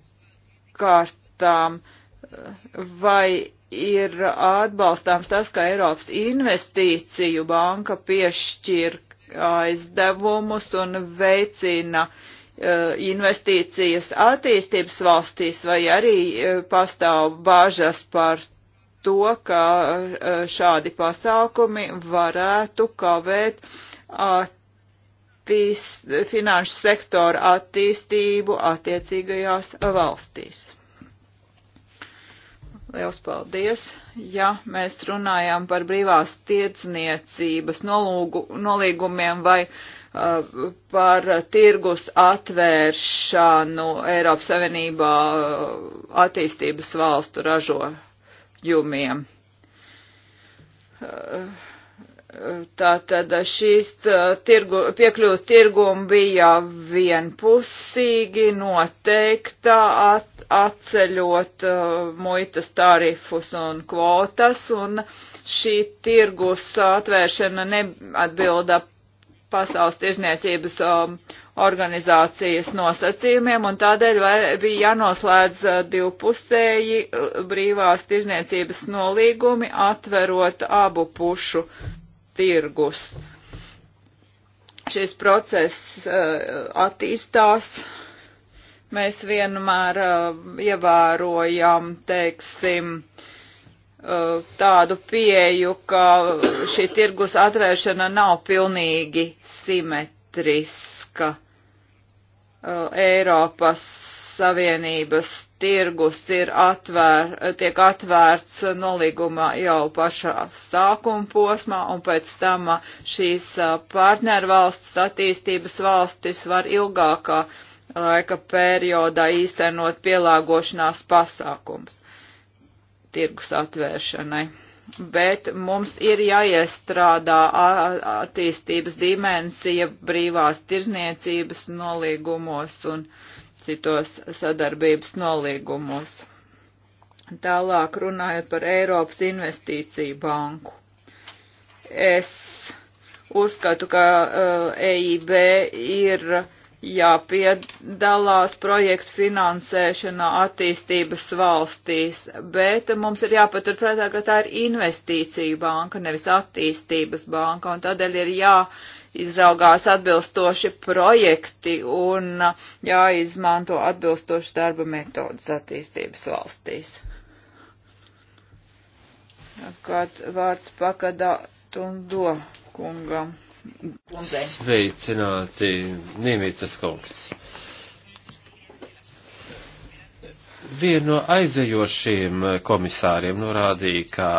kārtām, vai ir atbalstāms tas, ka Eiropas investīciju banka piešķir aizdevumus un veicina e, investīcijas attīstības valstīs, vai arī e, pastāv bāžas par to, ka e, šādi pasākumi varētu kavēt attīst, finanšu sektora attīstību attiecīgajās valstīs. Liels paldies! Ja mēs runājām par brīvās tiecniecības nolūgu, nolīgumiem vai uh, par tirgus atvēršanu Eiropas Savienībā uh, attīstības valstu ražojumiem. Uh, Tātad šīs tirgu, piekļūt tirgumu bija vienpusīgi noteikta at, atceļot uh, muitas tarifus un kvotas, un šī tirgus atvēršana neatbilda pasaules tirzniecības um, organizācijas nosacījumiem, un tādēļ vai, bija jānoslēdz uh, divpusēji uh, brīvās tirzniecības nolīgumi, atverot abu pušu tirgus. Šis process uh, attīstās. Mēs vienmēr uh, ievērojam, teiksim, uh, tādu pieju, ka šī tirgus atvēršana nav pilnīgi simetriska Eh, Eiropas Savienības tirgus ir atvēr, tiek atvērts nolīgumā jau pašā sākuma posmā, un pēc tam eh, šīs eh, partnervalsts, attīstības valstis var ilgākā laika periodā īstenot pielāgošanās pasākums tirgus atvēršanai bet mums ir jāiestrādā attīstības dimensija brīvās tirzniecības nolīgumos un citos sadarbības nolīgumos. Tālāk runājot par Eiropas investīciju banku. Es uzskatu, ka uh, EIB ir uh, jāpiedalās projektu finansēšanā attīstības valstīs, bet mums ir jāpaturprātā, ka tā ir investīcija banka, nevis attīstības banka, un tādēļ ir jāizraugās atbilstoši projekti un jāizmanto atbilstoši darba metodas attīstības valstīs. Kāds vārds pakada tundo kungam. Sveicināti, Nīmītas kungs. Viena no aizejošiem komisāriem norādīja, ka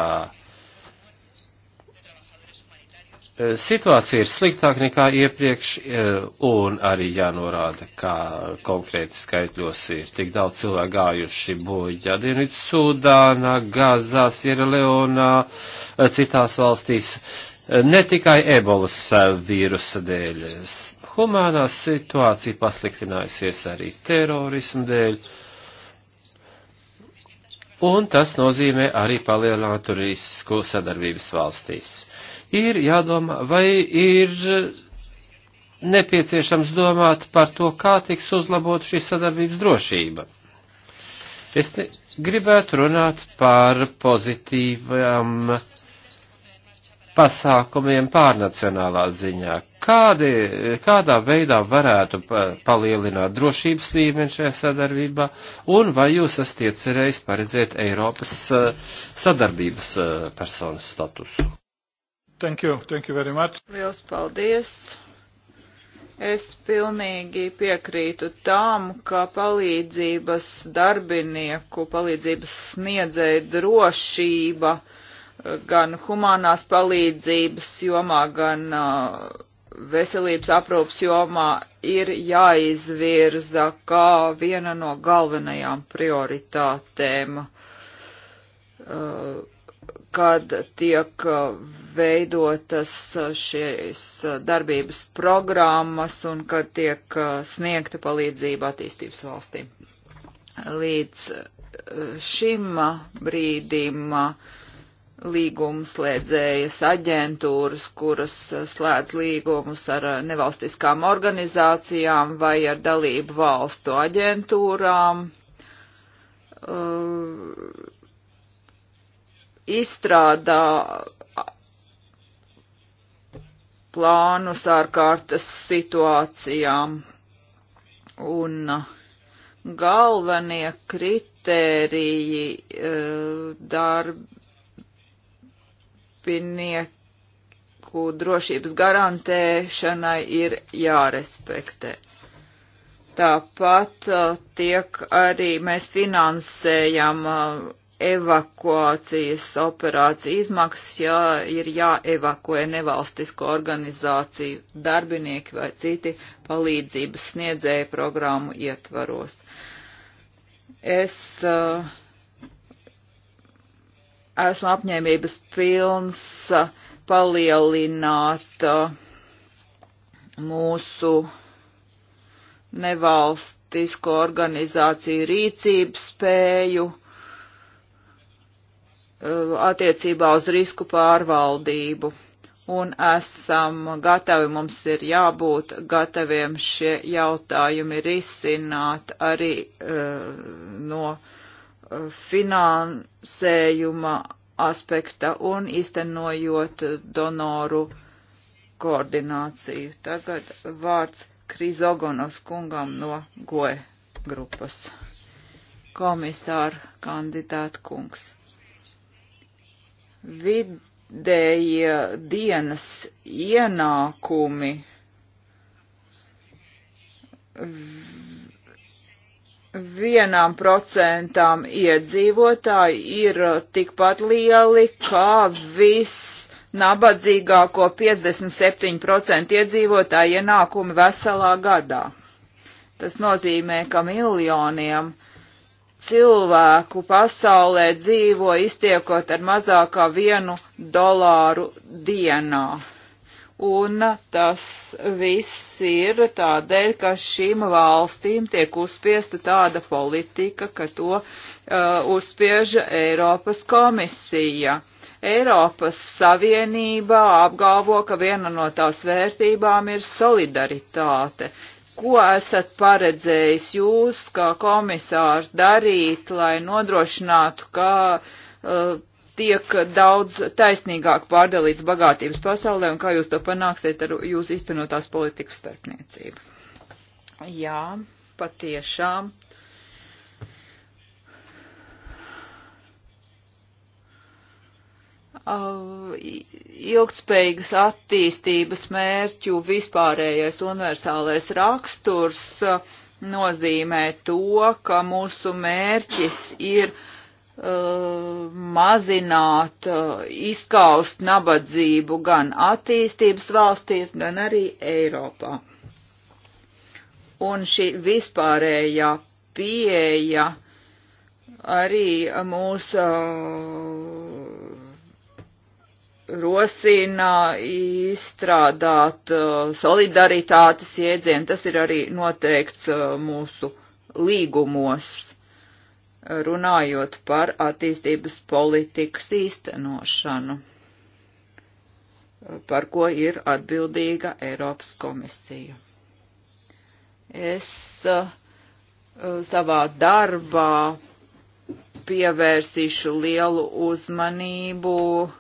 e, situācija ir sliktāka nekā iepriekš, e, un arī jānorāda, ka konkrēti skaitļos ir tik daudz cilvēku gājuši bojā Dienvidu Sudānā, Gazā, Sierra Leonā, e, citās valstīs, ne tikai ebolas eh, vīrusa dēļ. Humānā situācija pasliktinājusies arī terorismu dēļ, un tas nozīmē arī palielinātu risku sadarbības valstīs. Ir jādomā, vai ir nepieciešams domāt par to, kā tiks uzlabot šī sadarbības drošība. Es ne, gribētu runāt par pozitīvām um, pasākumiem pārnacionālā ziņā. Kādi, kādā veidā varētu pa, palielināt drošības līmeni šajā sadarbībā, un vai jūs esat iecerējis paredzēt Eiropas eh, sadarbības eh, personas statusu? Thank you, thank you very much. Liels paldies. Es pilnīgi piekrītu tam, ka palīdzības darbinieku, palīdzības sniedzēja drošība gan humanās palīdzības jomā, gan uh, veselības aprūpas jomā ir jāizvirza kā viena no galvenajām prioritātēm, uh, kad tiek uh, veidotas šīs darbības programmas un kad tiek sniegta palīdzība attīstības valstīm. Līdz šim brīdim uh, līgumslēdzējas aģentūras, kuras eh, slēdz līgumus ar eh, nevalstiskām organizācijām vai ar dalību valstu aģentūrām, uh, izstrādā plānus ārkārtas situācijām un galvenie kritēriji uh, darbi darbinieku drošības garantēšanai ir jārespektē. Tāpat uh, tiek arī mēs finansējam uh, evakuācijas operāciju izmaksas, ja ir jāevakuē nevalstisko organizāciju darbinieki vai citi palīdzības sniedzēja programmu ietvaros. Es uh, esmu apņēmības pilns uh, palielināt uh, mūsu nevalstisko organizāciju rīcības spēju uh, attiecībā uz risku pārvaldību. Un esam gatavi, mums ir jābūt gataviem šie jautājumi risināt arī uh, no uh, finansējuma aspekta un īstenojot donoru koordināciju. Tagad vārds Krizogonos kungam no GOE grupas. Komisāra kandidāta kungs. Vidējie dienas ienākumi vienām procentām iedzīvotāji ir tikpat lieli kā viss nabadzīgāko 57% iedzīvotāju ienākumi veselā gadā. Tas nozīmē, ka miljoniem cilvēku pasaulē dzīvo iztiekot ar mazākā vienu dolāru dienā Un tas viss ir tādēļ, ka šīm valstīm tiek uzspiesta tāda politika, ka to uh, uzspiež Eiropas komisija. Eiropas Savienība apgalvo, ka viena no tās vērtībām ir solidaritāte. Ko esat paredzējis jūs, kā komisārs, darīt, lai nodrošinātu, ka uh, tiek daudz taisnīgāk pārdalīts bagātības pasaulē un kā jūs to panāksiet ar jūsu iztenotās politikas starpniecību. Jā, patiešām. Ilgtspējīgas attīstības mērķu vispārējais universālais raksturs uh, nozīmē to, ka mūsu mērķis ir uh, Uh, mazināt, uh, izskaust nabadzību gan attīstības valstīs, gan arī Eiropā. Un šī vispārējā pieeja arī mūs uh, rosina izstrādāt solidaritātes iedzienu. Tas ir arī noteikts mūsu līgumos runājot par attīstības politikas īstenošanu, par ko ir atbildīga Eiropas komisija. Es uh, savā darbā pievērsīšu lielu uzmanību uh,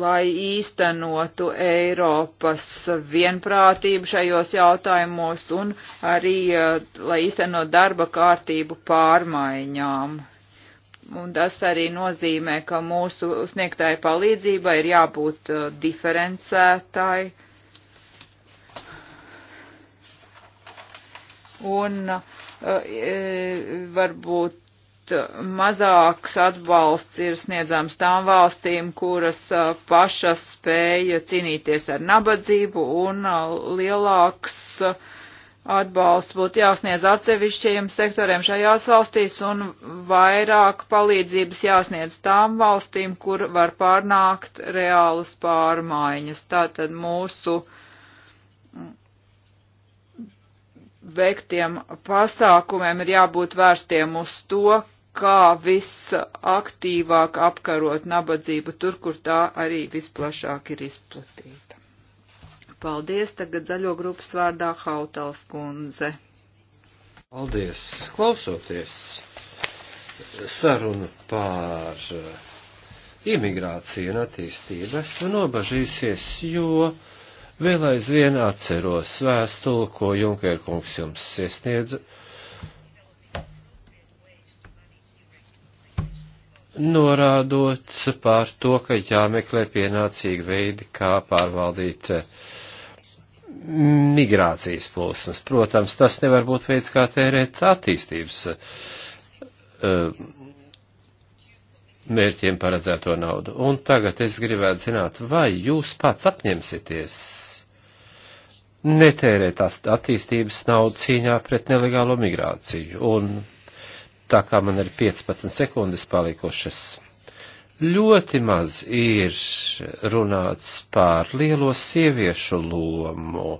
lai īstenotu Eiropas vienprātību šajos jautājumos un arī, eh, lai īstenot darba kārtību pārmaiņām. Un tas arī nozīmē, ka mūsu sniegtāja palīdzība ir jābūt eh, diferencētai. Un eh, e, varbūt Uh, mazāks atbalsts ir sniedzams tām valstīm, kuras uh, pašas spēja cīnīties ar nabadzību un uh, lielāks atbalsts būtu jāsniedz atsevišķajiem sektoriem šajās valstīs un vairāk palīdzības jāsniedz tām valstīm, kur var pārnākt reālas pārmaiņas. Tātad mūsu mm, veiktiem pasākumiem ir jābūt vērstiem uz to, kā visaktīvāk apkarot nabadzību tur, kur tā arī visplašāk ir izplatīta. Paldies, tagad zaļo grupas vārdā Hautals kundze. Paldies, klausoties sarunu pār imigrāciju un attīstību, esmu nobažīsies, jo vēl aizvien atceros vēstuli, ko Junkerkungs jums iesniedza norādot par to, ka jāmeklē pienācīgi veidi, kā pārvaldīt eh, migrācijas plūsmas. Protams, tas nevar būt veids, kā tērēt attīstības eh, mērķiem paredzēto naudu. Un tagad es gribētu zināt, vai jūs pats apņemsieties netērēt attīstības naudu cīņā pret nelegālo migrāciju un tā kā man ir 15 sekundes palikušas. Ļoti maz ir runāts par lielo sieviešu lomu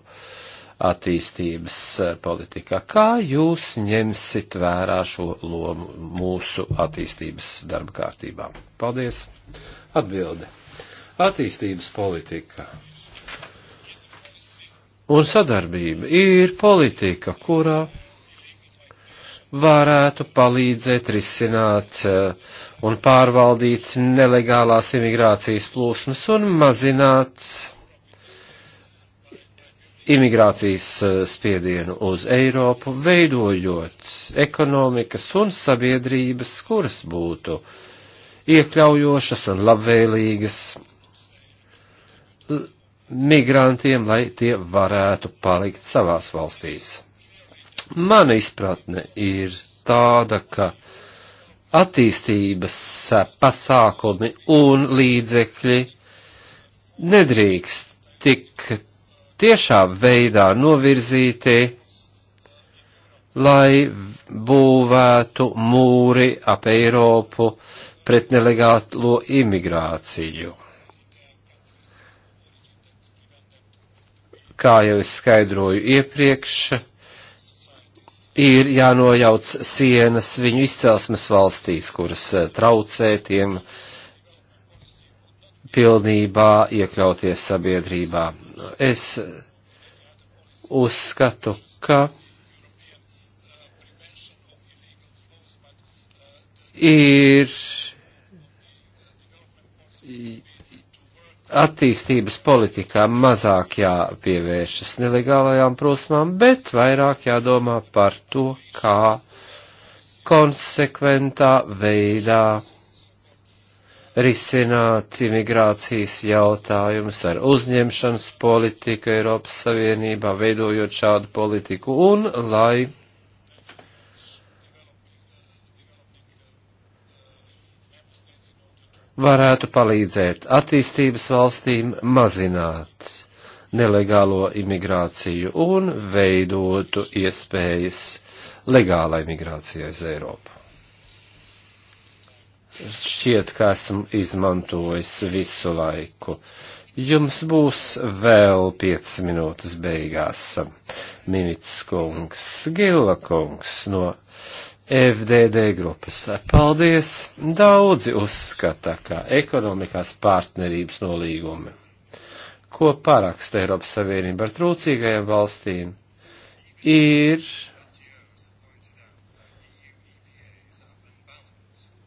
attīstības politikā. Kā jūs ņemsit vērā šo lomu mūsu attīstības darba kārtībā? Paldies! Atbilde. Attīstības politika un sadarbība ir politika, kurā varētu palīdzēt risināt eh, un pārvaldīt nelegālās imigrācijas plūsmas un mazināt imigrācijas eh, spiedienu uz Eiropu, veidojot ekonomikas un sabiedrības, kuras būtu iekļaujošas un labvēlīgas migrantiem, lai tie varētu palikt savās valstīs. Mana izpratne ir tāda, ka attīstības e, pasākumi un līdzekļi nedrīkst tik tiešā veidā novirzīti, lai būvētu mūri ap Eiropu pret nelegālo imigrāciju. Kā jau es skaidroju iepriekš, ir jānojauc sienas viņu izcelsmes valstīs, kuras eh, traucē tiem pilnībā iekļauties sabiedrībā. Es uzskatu, ka ir attīstības politikā mazāk jāpievēršas nelegālajām prasmām, bet vairāk jādomā par to, kā konsekventā veidā risināt imigrācijas jautājumus ar uzņemšanas politiku Eiropas Savienībā, veidojot šādu politiku un lai varētu palīdzēt attīstības valstīm mazināt nelegālo imigrāciju un veidotu iespējas legālai migrācijai uz Eiropu. Šķiet, ka esmu izmantojis visu laiku. Jums būs vēl 5 minūtes beigās, Mimits kungs, Gila kungs no FDD grupas. Paldies! Daudzi uzskata, ka ekonomikās partnerības nolīgumi, ko paraksta Eiropas Savienība ar trūcīgajām valstīm, ir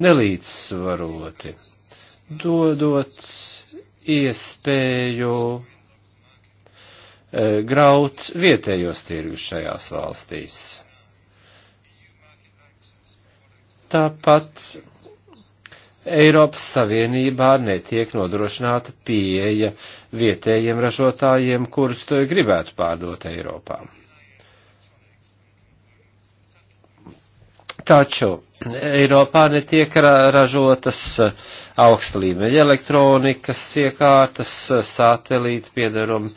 nelīdzsvaroti, dodot iespēju eh, graut vietējos tirgus šajās valstīs Tāpat Eiropas Savienībā netiek nodrošināta pieeja vietējiem ražotājiem, kurus to gribētu pārdot Eiropā. Taču Eiropā netiek ražotas augsta līmeņa elektronikas, iekārtas, satelīta piedarumi.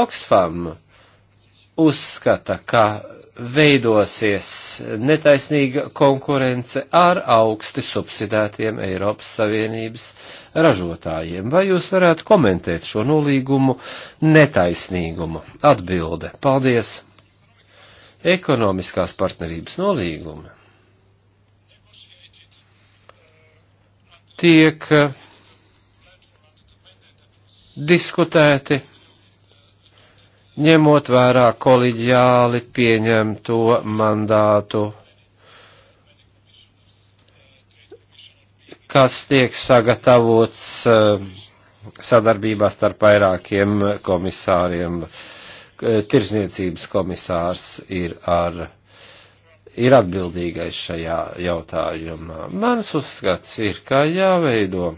Oxfam uzskata, ka veidosies netaisnīga konkurence ar augsti subsidētiem Eiropas Savienības ražotājiem. Vai jūs varētu komentēt šo nolīgumu netaisnīgumu? Atbilde. Paldies. Ekonomiskās partnerības nolīgumi tiek eh, diskutēti ņemot vērā koliģiāli pieņemto mandātu, kas tiek sagatavots eh, sadarbībā starp vairākiem komisāriem. Tirzniecības komisārs ir ar ir atbildīgais šajā jautājumā. Mans uzskats ir, ka jāveido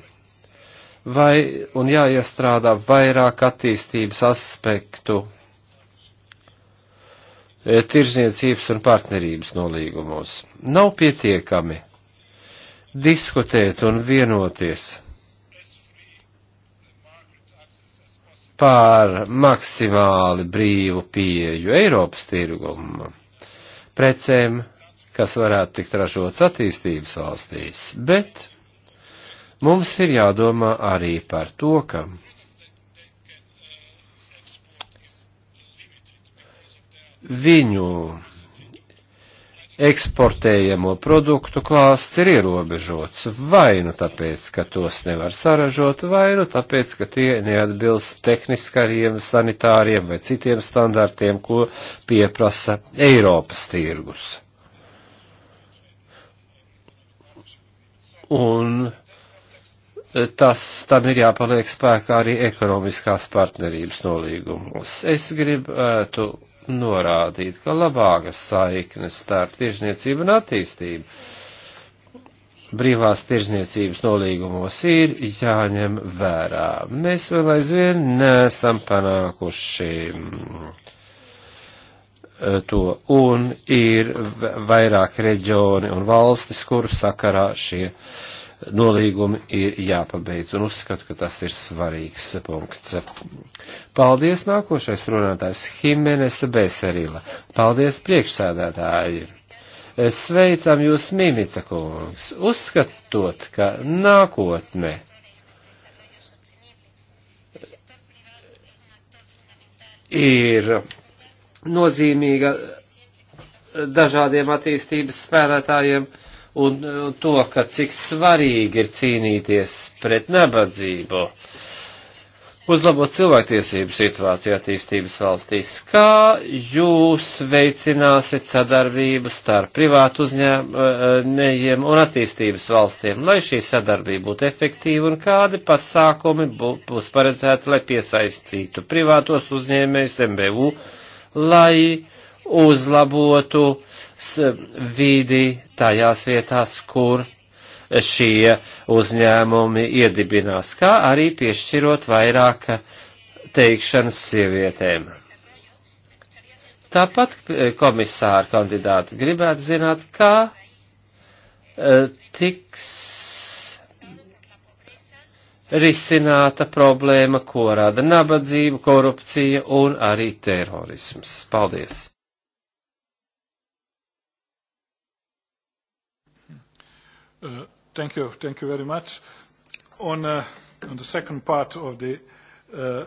vai, un jāiestrādā vairāk attīstības aspektu tirzniecības un partnerības nolīgumos. Nav pietiekami diskutēt un vienoties pār maksimāli brīvu pieju Eiropas tirgumu precēm, kas varētu tikt ražots attīstības valstīs, bet mums ir jādomā arī par to, ka viņu eksportējamo produktu klāsts ir ierobežots, vai nu tāpēc, ka tos nevar saražot, vai nu tāpēc, ka tie neatbilst tehniskajiem, sanitāriem vai citiem standartiem, ko pieprasa Eiropas tirgus. Un tas tam ir jāpaliek spēkā arī ekonomiskās partnerības nolīgumos. Es gribētu norādīt, ka labākas saiknes starp tirzniecību un attīstību brīvās tirzniecības nolīgumos ir jāņem vērā. Mēs vēl aizvien nesam panākuši mm, eh, to, un ir vairāk reģioni un valstis, kuru sakarā šie uh, nolīgumi ir jāpabeidz, un uzskatu, ka tas ir svarīgs punkts. Paldies, nākošais runātājs Himenes Beserila. Paldies, priekšsēdētāji! Sveicam jūs, Mimica kungs, uzskatot, ka nākotne ir nozīmīga dažādiem attīstības spēlētājiem un uh, to, ka cik svarīgi ir cīnīties pret nabadzību, uzlabot cilvēktiesību situāciju attīstības valstīs. Kā jūs veicināsiet sadarbību starp privātu uzņēmējiem un attīstības valstiem, lai šī sadarbība būtu efektīva un kādi pasākumi būs paredzēti, lai piesaistītu privātos uzņēmējus MBU, lai uzlabotu Eh, vīdi tajās vietās, kur šie uzņēmumi iedibinās, kā arī piešķirot vairāk teikšanas sievietēm. Tāpat eh, komisāra kandidāti gribētu zināt, kā eh, tiks risināta problēma, ko rada nabadzība, korupcija un arī terorisms. Paldies! Uh, thank you. Thank you very much. On, uh, on the second part of the uh,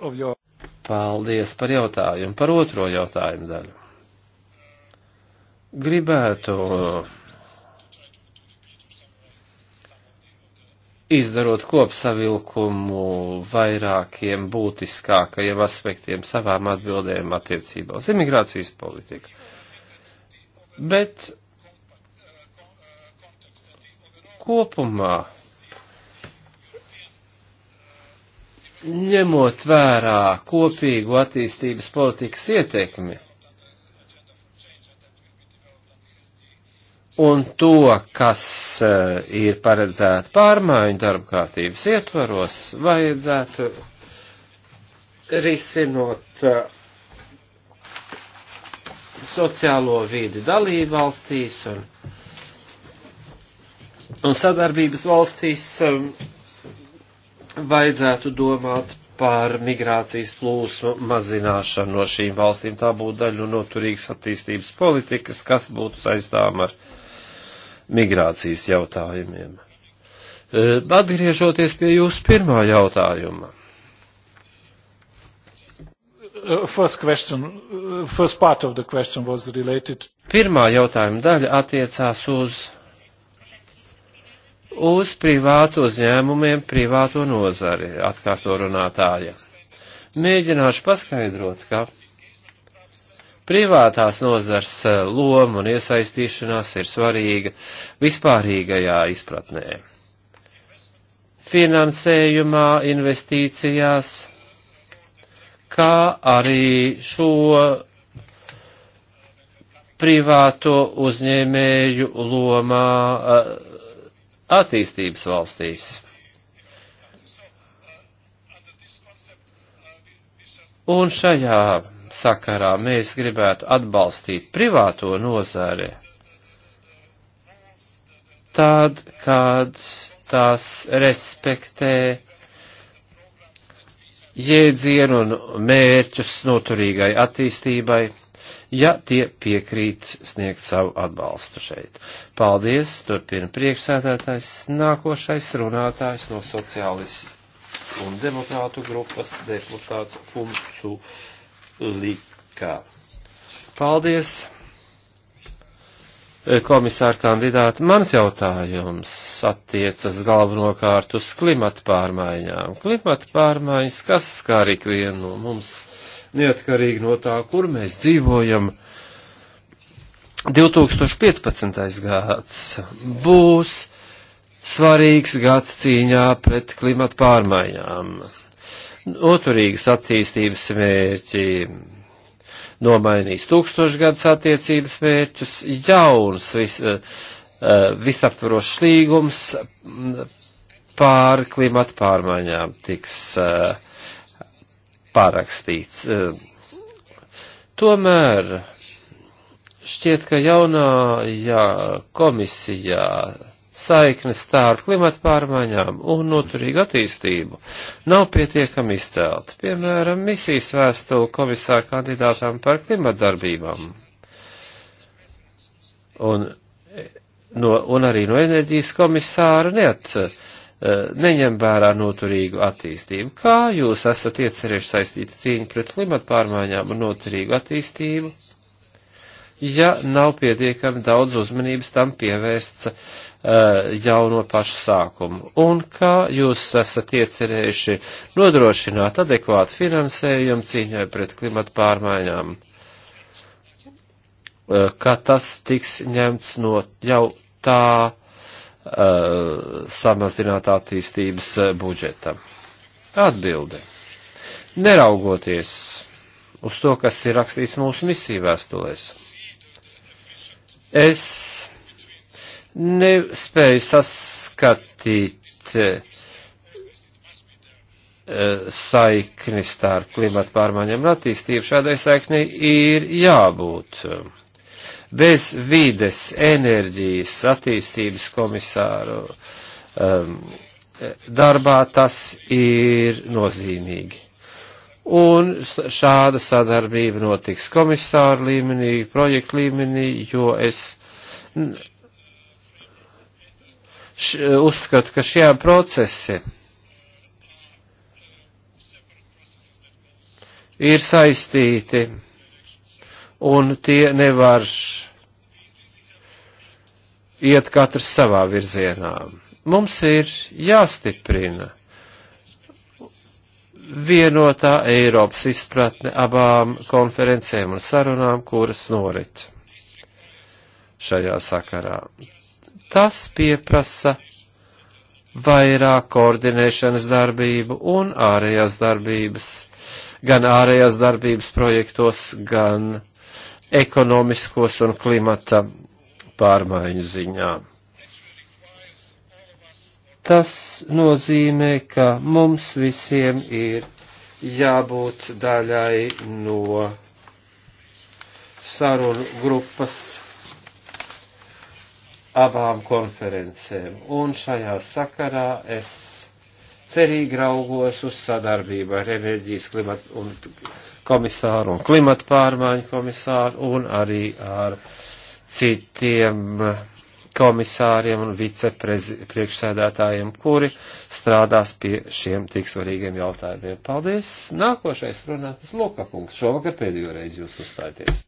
of your Paldies par jautājumu, par otro jautājumu daļu. Gribētu uh, izdarot kopsavilkumu vairākiem būtiskākajiem aspektiem savām atbildēm attiecībā uz imigrācijas politiku. Bet kopumā, ņemot vērā kopīgu attīstības politikas ietekmi un to, kas eh, ir paredzēta pārmaiņu darba kārtības ietvaros, vajadzētu risinot eh, sociālo vīdi dalību valstīs un un sadarbības valstīs um, vajadzētu domāt par migrācijas plūsmu mazināšanu no šīm valstīm. Tā būtu daļa no noturīgas attīstības politikas, kas būtu saistām ar migrācijas jautājumiem. E, atgriežoties pie jūsu pirmā jautājuma. Uh, first question, uh, first part of the question was related. Pirmā jautājuma daļa attiecās uz uz privātu uzņēmumiem, privāto nozari, atkārto runātāja. Mēģināšu paskaidrot, ka privātās nozars eh, loma un iesaistīšanās ir svarīga vispārīgajā izpratnē. Finansējumā, investīcijās, kā arī šo privāto uzņēmēju lomā uh, attīstības valstīs. Un šajā sakarā mēs gribētu atbalstīt privāto nozare tād, kād tās respektē jēdzienu un mērķus noturīgai attīstībai ja tie piekrīt sniegt savu atbalstu šeit. Paldies, turpina priekšsēdētājs, nākošais runātājs no sociālistu un demokrātu grupas deputāts Fumcu Likā. Paldies! komisāra kandidāti, mans jautājums attiecas galvenokārt uz klimata pārmaiņām. Klimata pārmaiņas, kas skar ikvienu no mums, neatkarīgi no tā, kur mēs dzīvojam. 2015. gads būs svarīgs gads cīņā pret klimatu pārmaiņām. Noturīgas attīstības mērķi nomainīs tūkstošgadus attiecības mērķus, jauns vis, eh, visaptvarošs līgums pār klimatu pārmaiņām tiks uh, parakstīts. Tomēr šķiet, ka jaunajā komisijā saikne starp klimata pārmaiņām un noturīgu attīstību nav pietiekami izcēlta. Piemēram, misijas vēstule komisāra kandidātām par klimata darbībām. Un, no, un arī no enerģijas komisāra neat Eh, neņem vērā noturīgu attīstību. Kā jūs esat iecerējuši saistīt cīņu pret klimatu pārmaiņām un noturīgu attīstību, ja nav pietiekami daudz uzmanības tam pievērsts uh, eh, jau no paša sākuma? Un kā jūs esat iecerējuši nodrošināt adekvātu finansējumu cīņai pret klimatu pārmaiņām? Uh, eh, kā tas tiks ņemts no jau tā uh, samazināt attīstības uh, budžeta. Atbilde. Neraugoties uz to, kas ir rakstīts mūsu misiju vēstulēs, es nespēju saskatīt uh, saikni starp klimata pārmaiņām un attīstību. Šādai saikni ir jābūt. Uh, bez vides, enerģijas, attīstības komisāru um, darbā tas ir nozīmīgi. Un šāda sadarbība notiks komisāru līmenī, projektu līmenī, jo es uzskatu, ka šie procesi ir saistīti un tie nevar iet katrs savā virzienā. Mums ir jāstiprina vienotā Eiropas izpratne abām konferencēm un sarunām, kuras norit šajā sakarā. Tas pieprasa vairāk koordinēšanas darbību un ārējās darbības, gan ārējās darbības projektos, gan ekonomiskos un klimata pārmaiņu ziņā. Tas nozīmē, ka mums visiem ir jābūt daļai no sarunu grupas abām konferencēm. Un šajā sakarā es cerīgi raugos uz sadarbību ar enerģijas klimatu un komisāru un klimata pārmaiņu komisāru un arī ar citiem komisāriem un vicepriekšsēdētājiem, kuri strādās pie šiem tik svarīgiem jautājumiem. Paldies! Nākošais runātājs Lokakungs. Šovakar pēdējo reizi jūs uzstāties.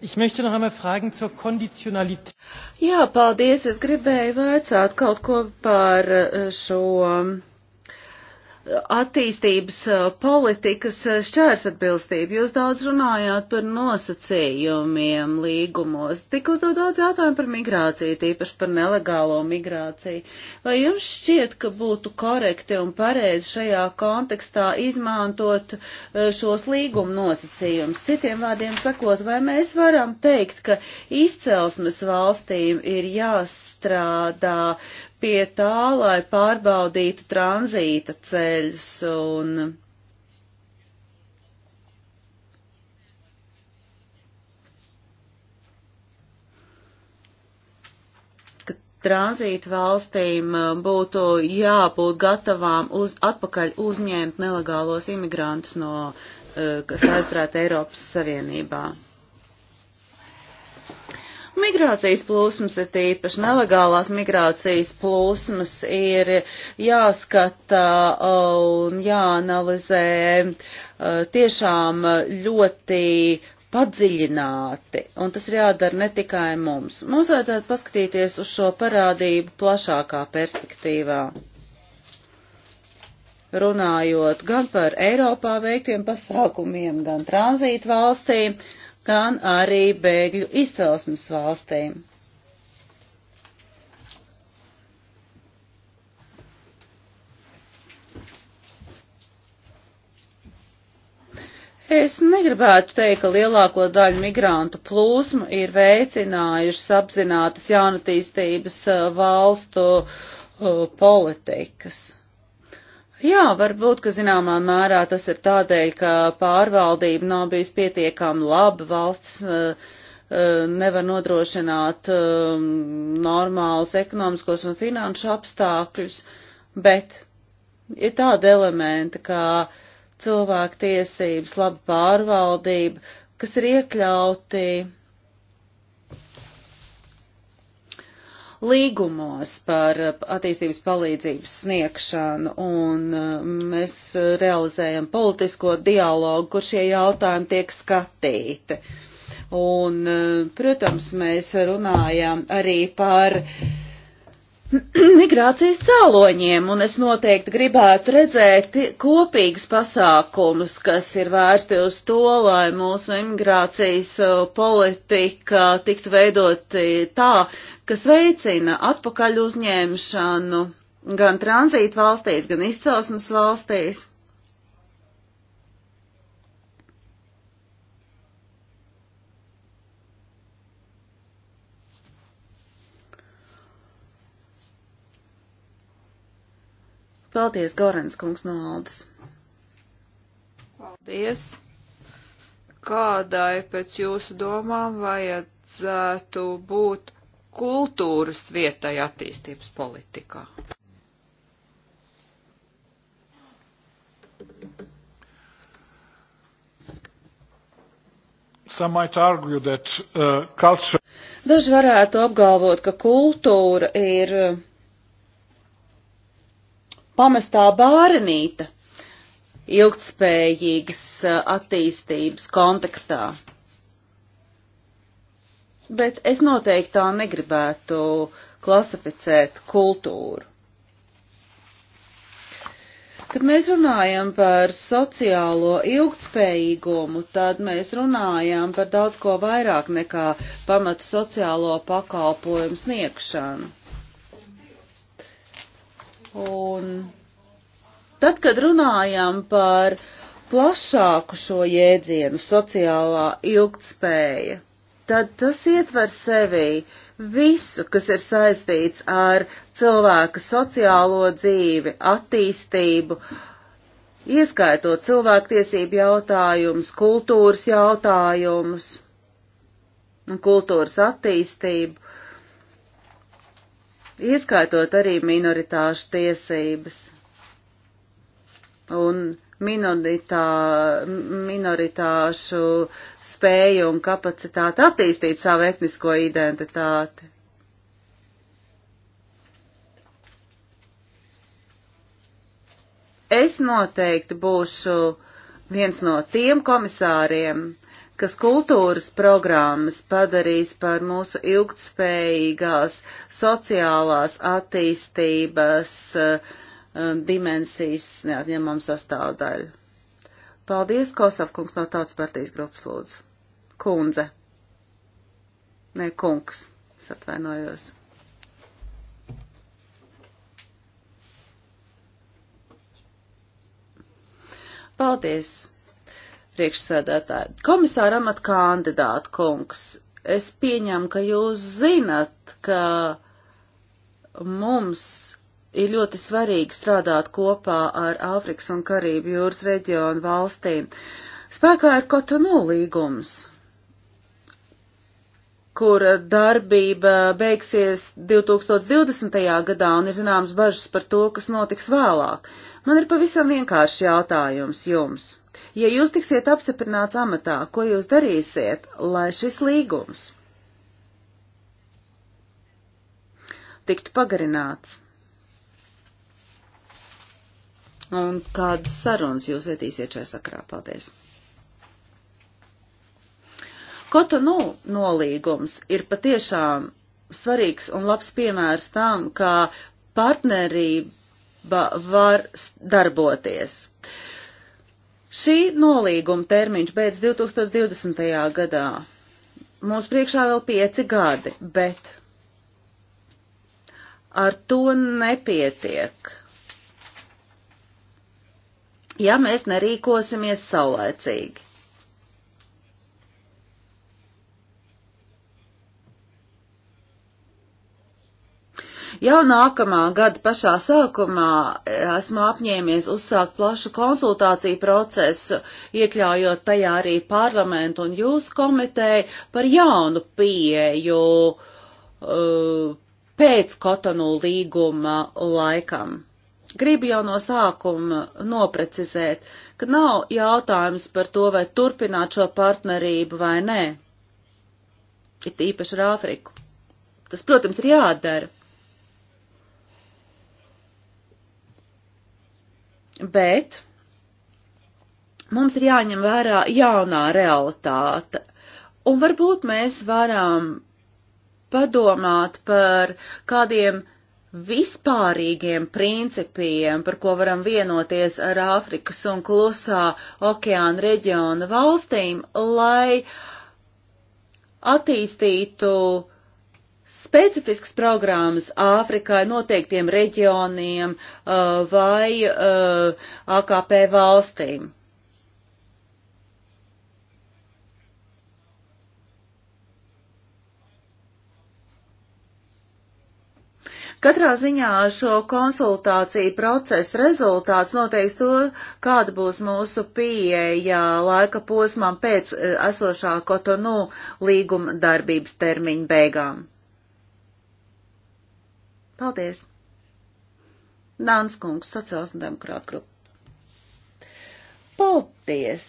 Ich möchte noch einmal fragen zur Konditionalität. Jā, paldies. Es gribēju vaicāt kaut ko par eh, šo attīstības politikas šķērs atbilstību. Jūs daudz runājāt par nosacījumiem līgumos. Tik uzdod daudz jautājumu par migrāciju, tīpaši par nelegālo migrāciju. Vai jums šķiet, ka būtu korekti un pareizi šajā kontekstā izmantot šos līguma nosacījumus? Citiem vārdiem sakot, vai mēs varam teikt, ka izcelsmes valstīm ir jāstrādā pie tā, lai pārbaudītu tranzīta ceļus un tranzīta valstīm uh, būtu jābūt gatavām uz, atpakaļ uzņemt nelegālos imigrantus no, uh, kas aizturētu Eiropas Savienībā. Migrācijas plūsmas ir tīpaši nelegālās migrācijas plūsmas ir jāskata uh, un jāanalizē uh, tiešām ļoti padziļināti, un tas ir jādara ne tikai mums. Mums vajadzētu paskatīties uz šo parādību plašākā perspektīvā. Runājot gan par Eiropā veiktiem pasākumiem, gan tranzītu valstīm, uh, gan arī bēgļu izcelsmes valstīm. Es negribētu teikt, ka lielāko daļu migrantu plūsmu ir veicinājušas apzinātas jaunatīstības uh, valstu uh, politikas. Jā, varbūt, ka zināmā mērā tas ir tādēļ, ka pārvaldība nav bijusi pietiekami laba, valsts uh, uh, nevar nodrošināt um, normālus ekonomiskos un finanšu apstākļus, bet ir tāda elementa, kā cilvēku tiesības, laba pārvaldība, kas ir iekļauti līgumos par attīstības palīdzības sniegšanu, un uh, mēs realizējam politisko dialogu, kur šie jautājumi tiek skatīti. Un, uh, protams, mēs runājam arī par uh, migrācijas cēloņiem, un es noteikti gribētu redzēt kopīgus pasākumus, kas ir vērsti uz to, lai mūsu imigrācijas uh, politika tiktu veidot tā, kas veicina atpakaļ uzņemšanu gan tranzītu valstīs, gan izcelsmes valstīs. Paldies, Gorens kungs no Aldas. Paldies. Kādai pēc jūsu domām vajadzētu būt kultūras vietai attīstības politikā? That, uh, culture... Daži varētu apgalvot, ka kultūra ir uh, pamestā bārenīta ilgtspējīgas eh, attīstības kontekstā. Bet es noteikti tā negribētu klasificēt kultūru. Kad mēs runājam par sociālo ilgtspējīgumu, tad mēs runājam par daudz ko vairāk nekā pamatu sociālo pakalpojumu sniegšanu. Un tad, kad runājam par plašāku šo jēdzienu sociālā ilgtspēja, tad tas ietver sevī visu, kas ir saistīts ar cilvēka sociālo dzīvi, attīstību, ieskaitot cilvēktiesību jautājumus, kultūras jautājumus un kultūras attīstību ieskaitot arī minoritāšu tiesības un minoritā, minoritāšu spēju un kapacitāti attīstīt savu etnisko identitāti. Es noteikti būšu viens no tiem komisāriem, kas kultūras programmas padarīs par mūsu ilgtspējīgās sociālās attīstības eh, dimensijas neatņemam sastāvdaļu. Paldies, Kosovkungs no Tautas partijas grupas lūdzu. Kundze. Nē, kungs, es atvainojos. Paldies! priekšsēdētāji. Komisāra amat kandidāta kungs, es pieņemu, ka jūs zinat, ka mums ir ļoti svarīgi strādāt kopā ar Āfrikas un Karību jūras reģionu valstīm. Spēkā ir Kotonu līgums, kur darbība beigsies 2020. gadā un ir zināms bažas par to, kas notiks vēlāk. Man ir pavisam vienkārši jautājums jums. Ja jūs tiksiet apstiprināts amatā, ko jūs darīsiet, lai šis līgums tiktu pagarināts? Un kādas sarunas jūs vedīsiet šajā sakrā? Paldies! Kotonu nolīgums ir patiešām svarīgs un labs piemērs tam, kā partnerība var darboties. Uh, Šī nolīguma termiņš beidz 2020. gadā. Mums priekšā vēl pieci gadi, bet ar to nepietiek. Ja mēs nerīkosimies saulēcīgi, Jau nākamā gada pašā sākumā e, esmu apņēmies uzsākt plašu konsultāciju procesu, iekļaujot tajā arī parlamentu un jūsu komiteju par jaunu pieju uh, e, pēc Kotonu līguma laikam. Gribu jau no sākuma noprecizēt, ka nav jautājums par to, vai turpināt šo partnerību vai nē. It īpaši ar Āfriku. Tas, protams, ir jādara. bet mums ir jāņem vērā jaunā realitāte. Un varbūt mēs varam padomāt par kādiem vispārīgiem principiem, par ko varam vienoties ar Āfrikas un klusā okeāna reģiona valstīm, lai attīstītu specifiskas programmas Āfrikai, noteiktiem reģioniem uh, vai uh, AKP valstīm. Katrā ziņā šo konsultāciju procesu rezultāts noteiks to, kāda būs mūsu pieeja laika posmām pēc eh, esošā Kotonu līguma darbības termiņa beigām. Paldies! Nāns kungs, sociāls un demokrāta grupa. Paldies!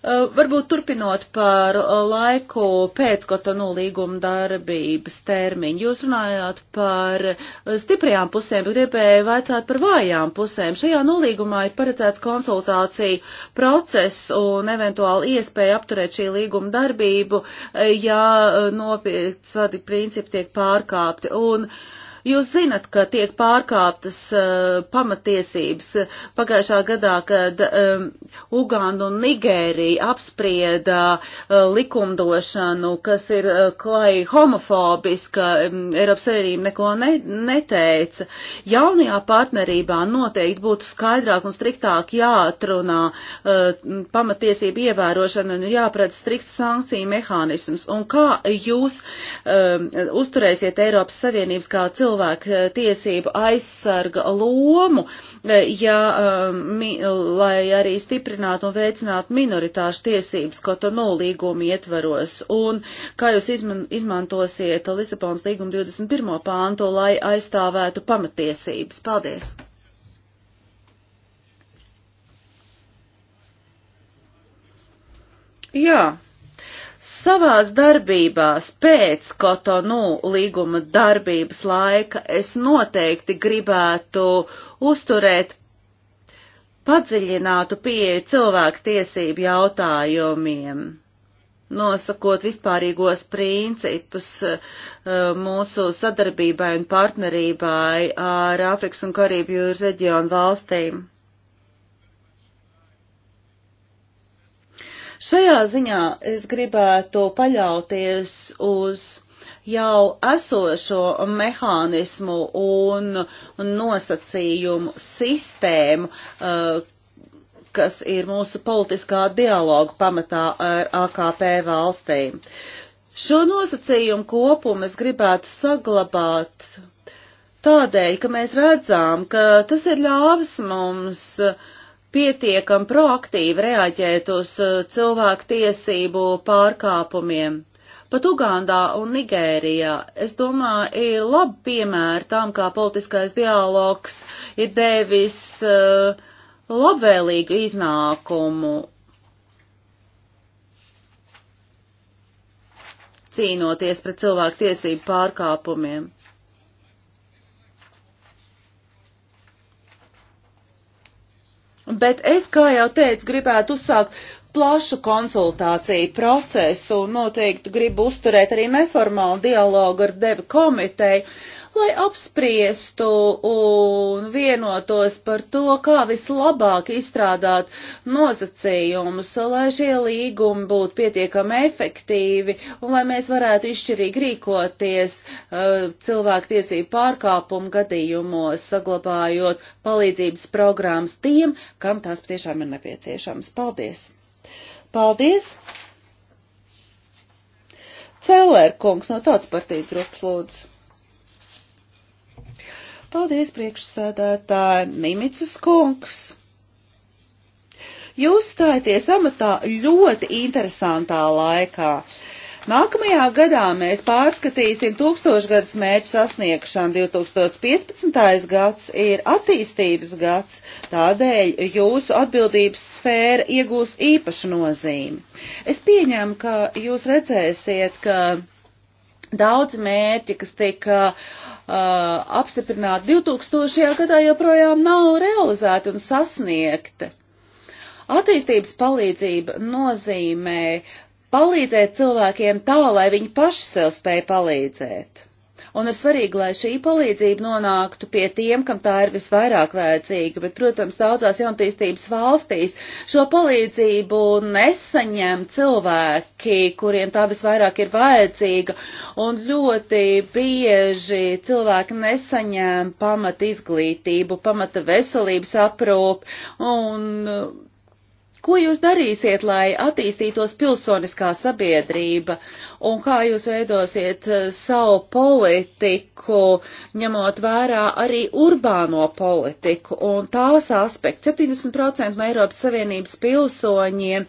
Eh, varbūt turpinot par eh, laiku pēc Kotonu līguma darbības termiņu, jūs runājāt par eh, stiprajām pusēm, bet gribēju vaicāt par vājām pusēm. Šajā nolīgumā ir paredzēts konsultāciju process un eventuāli iespēja apturēt šī līguma darbību, ja nopietni principi tiek pārkāpti. Un, uh, Jūs zinat, ka tiek pārkāptas uh, pamatiesības. Pagājušā gadā, kad um, Uganda un Nigērija apsprieda uh, likumdošanu, kas ir uh, klai homofobiska, um, Eiropas Savienība neko ne, neteica. Jaunajā partnerībā noteikti būtu skaidrāk un striktāk jāatrunā uh, pamatiesību ievērošana un jāpredz strikts sankciju mehānisms. Un kā jūs um, uzturēsiet Eiropas Savienības kā cilvēku? cilvēku eh, tiesību aizsarga lomu, eh, ja, eh, mi, lai arī stiprinātu un veicinātu minoritāšu tiesības, ko to nolīgumu ietveros. Un kā jūs izman, izmantosiet Lisabonas līguma 21. pāntu, lai aizstāvētu pamatiesības? Paldies! Jā. Yeah. Savās darbībās pēc Kotonu līguma darbības laika es noteikti gribētu uzturēt padziļinātu pieeju cilvēku tiesību jautājumiem, nosakot vispārīgos principus eh, mūsu sadarbībai un partnerībai ar Āfrikas un Karību jūras reģionu valstīm. Šajā ziņā es gribētu paļauties uz jau esošo mehānismu un nosacījumu sistēmu, eh, kas ir mūsu politiskā dialoga pamatā ar AKP valstīm. Šo nosacījumu kopumu es gribētu saglabāt tādēļ, ka mēs redzām, ka tas ir ļāvis mums uh, pietiekam proaktīvi reaģēt uz uh, cilvēku tiesību pārkāpumiem. Pat Ugandā un Nigērijā, es domāju, ir labi piemēri tam, kā politiskais dialogs ir devis uh, labvēlīgu iznākumu cīnoties pret cilvēku tiesību pārkāpumiem. bet es, kā jau teicu, gribētu uzsākt plašu konsultāciju procesu un noteikti gribu uzturēt arī neformālu dialogu ar devu komiteju lai apspriestu un vienotos par to, kā vislabāk izstrādāt nosacījumus, lai šie līgumi būtu pietiekami efektīvi un lai mēs varētu izšķirīgi rīkoties uh, eh, cilvēku tiesību pārkāpumu gadījumos, saglabājot palīdzības programmas tiem, kam tās patiešām ir nepieciešamas. Paldies! Paldies! Cēlērkungs no Tautas partijas grupas lūdzu. Paldies, priekšsēdētāji, Mimicas kungs! Jūs stājaties amatā ļoti interesantā laikā. Nākamajā gadā mēs pārskatīsim tūkstošgadus mērķu sasniegšanu. 2015. gads ir attīstības gads, tādēļ jūsu atbildības sfēra iegūs īpašu nozīmi. Es pieņemu, ka jūs redzēsiet, ka daudz mērķi, kas tika uh, Uh, apstiprināta 2000. gadā joprojām nav realizēta un sasniegta. Attīstības palīdzība nozīmē palīdzēt cilvēkiem tā, lai viņi paši sev spēj palīdzēt un ir svarīgi, lai šī palīdzība nonāktu pie tiem, kam tā ir visvairāk vajadzīga, bet, protams, daudzās jaunatīstības valstīs šo palīdzību nesaņem cilvēki, kuriem tā visvairāk ir vajadzīga, un ļoti bieži cilvēki nesaņem pamat izglītību, pamata veselības aprūp, un Ko jūs darīsiet, lai attīstītos pilsoniskā sabiedrība un kā jūs veidosiet eh, savu politiku, ņemot vērā arī urbāno politiku un tās aspektu? 70% no Eiropas Savienības pilsoņiem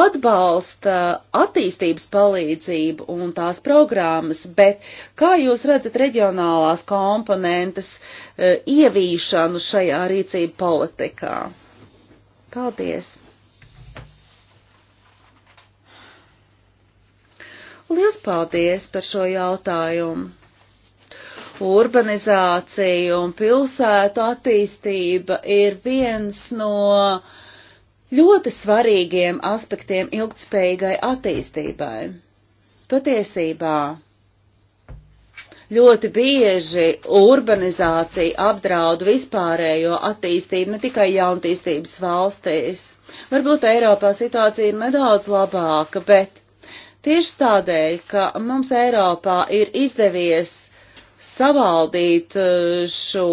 atbalsta attīstības palīdzību un tās programmas, bet kā jūs redzat reģionālās komponentes eh, ievīšanu šajā rīcību politikā? Paldies! Liels paldies par šo jautājumu! Urbanizācija un pilsētu attīstība ir viens no ļoti svarīgiem aspektiem ilgtspējīgai attīstībai. Patiesībā ļoti bieži urbanizācija apdraud vispārējo attīstību ne tikai jaunatīstības valstīs. Varbūt Eiropā situācija ir nedaudz labāka, bet Tieši tādēļ, ka mums Eiropā ir izdevies savaldīt e, šo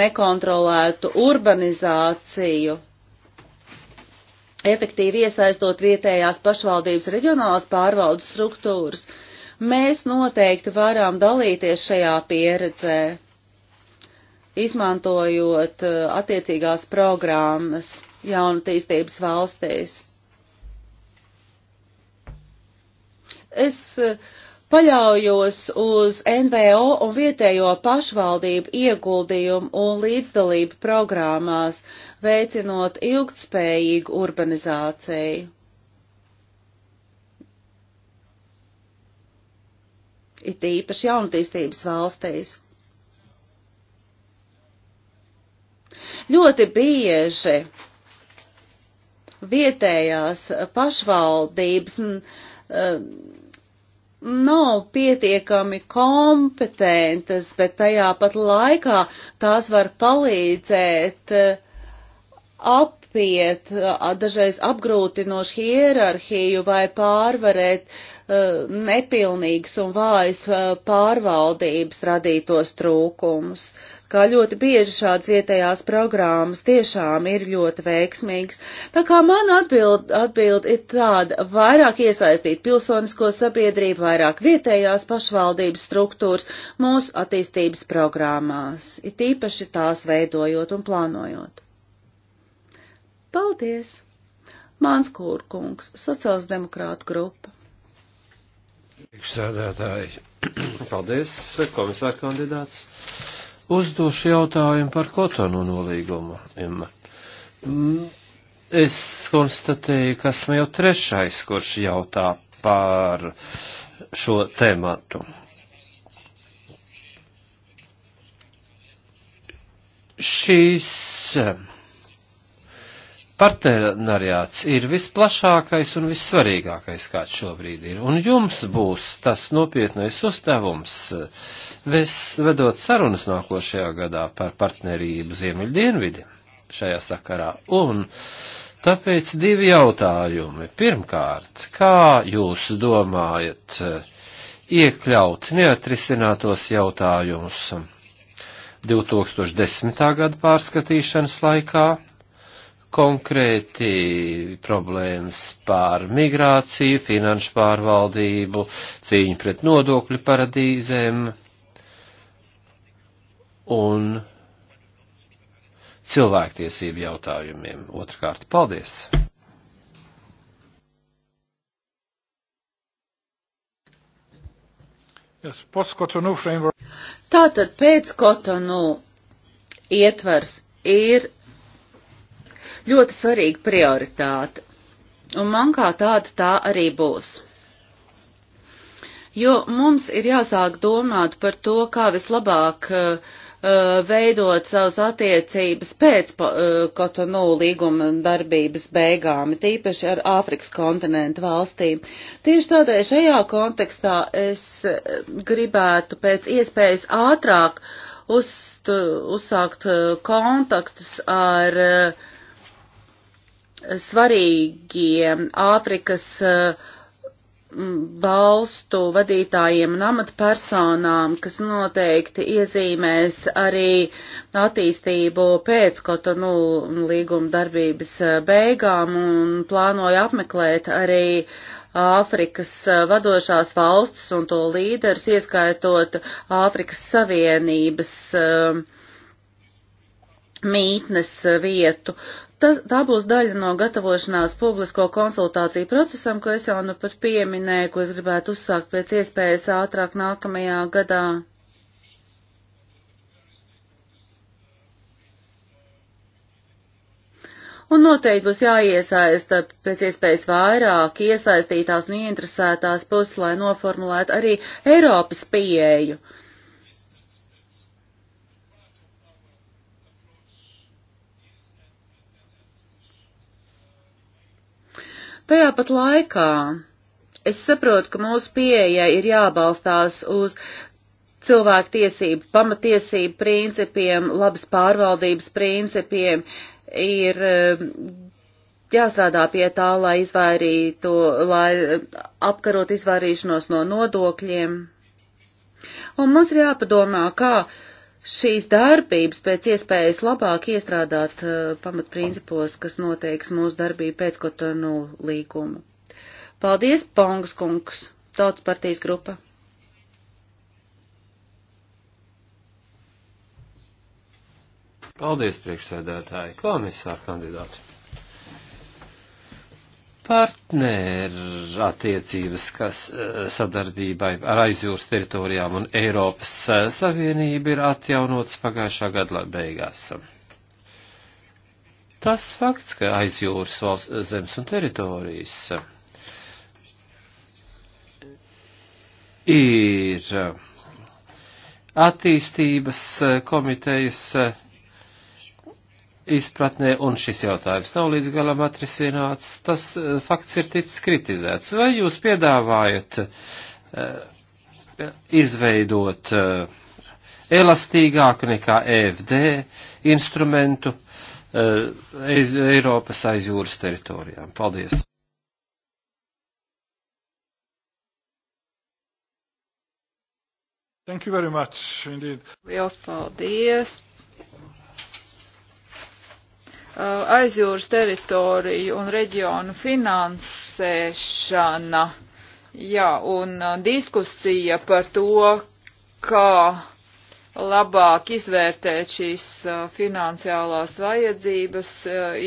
nekontrolētu urbanizāciju, efektīvi iesaistot vietējās pašvaldības reģionālās pārvaldes struktūras, mēs noteikti varam dalīties šajā pieredzē, izmantojot e, attiecīgās programmas jaunatīstības valstīs. Es eh, paļaujos uz NVO un vietējo pašvaldību ieguldījumu un līdzdalību programmās, veicinot ilgtspējīgu urbanizāciju. it īpaši jaunatīstības valstīs. Ļoti bieži vietējās pašvaldības m, m, eh, nav pietiekami kompetentas, bet tajā pat laikā tās var palīdzēt eh, apiet dažreiz apgrūtinošu hierarhiju vai pārvarēt uh, E, nepilnīgas un vājas e, pārvaldības radītos trūkumus, kā ļoti bieži šāds vietējās programmas tiešām ir ļoti veiksmīgs. Tā kā man atbild, atbild ir tāda vairāk iesaistīt pilsonisko sabiedrību, vairāk vietējās pašvaldības struktūras mūsu attīstības programmās, ir tīpaši tās veidojot un plānojot. Paldies! Mānskūrkungs, sociāldemokrāta grupa. Priekšsēdētāji, paldies, komisāra kandidāts. Uzdošu jautājumu par Kotonu nolīgumu. Mm, es konstatēju, ka esmu jau trešais, kurš jautā par šo tēmatu. Šīs Partneriāts ir visplašākais un vissvarīgākais, kāds šobrīd ir, un jums būs tas nopietnais uzdevums, ves, vedot sarunas nākošajā gadā par partnerību Ziemeļdienvidi šajā sakarā. Un tāpēc divi jautājumi. Pirmkārt, kā jūs domājat eh, iekļaut neatrisinātos jautājumus 2010. gada pārskatīšanas laikā? konkrēti problēmas pār migrāciju, finanšu pārvaldību, cīņu pret nodokļu paradīzēm un cilvēktiesību jautājumiem. Otrkārt, paldies! Yes, Tātad pēc Kotonu ietvers ir ļoti svarīga prioritāte. Un man kā tāda tā arī būs. Jo mums ir jāsāk domāt par to, kā vislabāk uh, veidot savas attiecības pēc eh, Kotonu līguma darbības beigām, tīpaši ar Āfrikas kontinentu valstīm. Tieši tādēļ šajā kontekstā es gribētu pēc iespējas ātrāk uzst, uzsākt kontaktus ar uh, svarīgiem Āfrikas eh, valstu vadītājiem un amatpersonām, kas noteikti iezīmēs arī attīstību pēc Kotonu līguma darbības eh, beigām un plānoja apmeklēt arī Āfrikas eh, vadošās valstis un to līderus, ieskaitot Āfrikas Savienības uh, mītnes vietu. Tas, tā būs daļa no gatavošanās publisko konsultāciju procesam, ko es jau nu pat pieminēju, ko es gribētu uzsākt pēc iespējas ātrāk nākamajā gadā. un noteikti būs jāiesaista pēc iespējas vairāk iesaistītās un ieinteresētās puses, lai noformulētu arī Eiropas pieeju. Uh, Tajā pat laikā es saprotu, ka mūsu pieeja ir jābalstās uz cilvēktiesību, pamatiesību principiem, labas pārvaldības principiem, ir um, jāstrādā pie tā, lai izvairītu, lai um, apkarot izvairīšanos no nodokļiem. Un mums ir jāpadomā, kā uh, šīs darbības pēc iespējas labāk iestrādāt uh, pamatprincipos, kas noteiks mūsu darbību pēc Kotonu līgumu. Paldies, Pongs kungs, Tautas partijas grupa. Paldies, priekšsēdētāji, komisāra kandidāti partneru attiecības, kas eh, sadarbībai ar aizjūras teritorijām un Eiropas eh, Savienību ir atjaunots pagājušā gada beigās. Tas fakts, ka aizjūras valsts eh, zemes un teritorijas ir attīstības komitejas izpratnē, un šis jautājums nav līdz galam atrisināts, tas e, fakts ir ticis kritizēts. Vai jūs piedāvājat e, izveidot e, elastīgāku nekā EFD instrumentu aiz Eiropas aizjūras teritorijām? Paldies! Thank you very much indeed. Liels paldies Uh, aizjūras teritoriju un reģionu finansēšana. Jā, un uh, diskusija par to, kā labāk izvērtēt šīs uh, finansiālās vajadzības,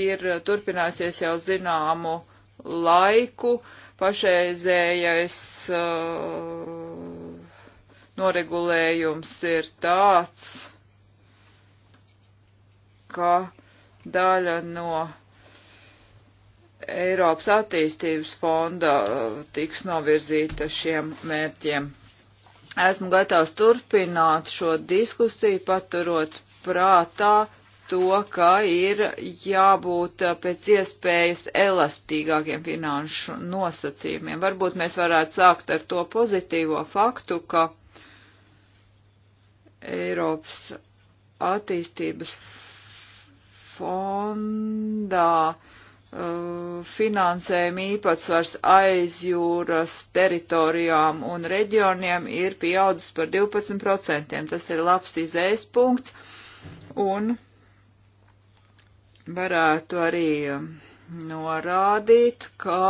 ir turpināsies jau zināmu laiku. Pašreizējais noregulējums ir tāds, ka daļa no Eiropas attīstības fonda uh, tiks novirzīta šiem mērķiem. Esmu gatavs turpināt šo diskusiju, paturot prātā to, ka ir jābūt uh, pēc iespējas elastīgākiem finanšu nosacījumiem. Varbūt mēs varētu sākt ar to pozitīvo faktu, ka Eiropas attīstības fondā uh, finansējuma īpatsvars aiz jūras teritorijām un reģioniem ir pieaudzis par 12%. Tas ir labs izējas punkts un varētu arī norādīt, ka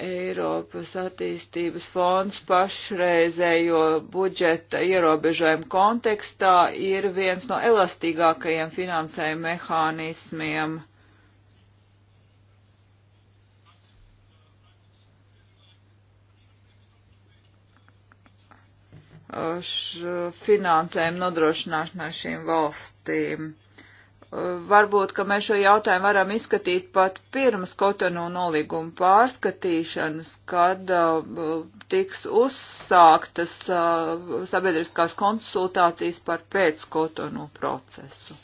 Eiropas attīstības fonds pašreizējo budžeta ierobežojumu kontekstā ir viens no elastīgākajiem finansējuma mehānismiem. finansējumu nodrošināšanai šīm valstīm varbūt, ka mēs šo jautājumu varam izskatīt pat pirms Kotonu nolīguma pārskatīšanas, kad uh, tiks uzsāktas uh, sabiedriskās konsultācijas par pēc Kotonu procesu.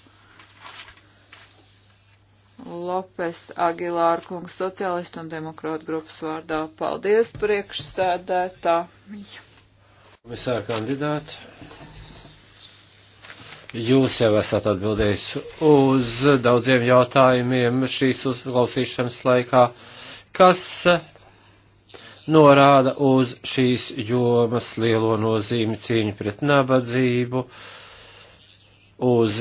Lopes Agilāra kungs, sociālistu un demokrātu grupas vārdā. Paldies priekšsēdētā. Komisāra kandidāti. Jūs jau esat atbildējis uz daudziem jautājumiem šīs uzklausīšanas laikā, kas norāda uz šīs jomas lielo nozīmi cīņu pret nabadzību, uz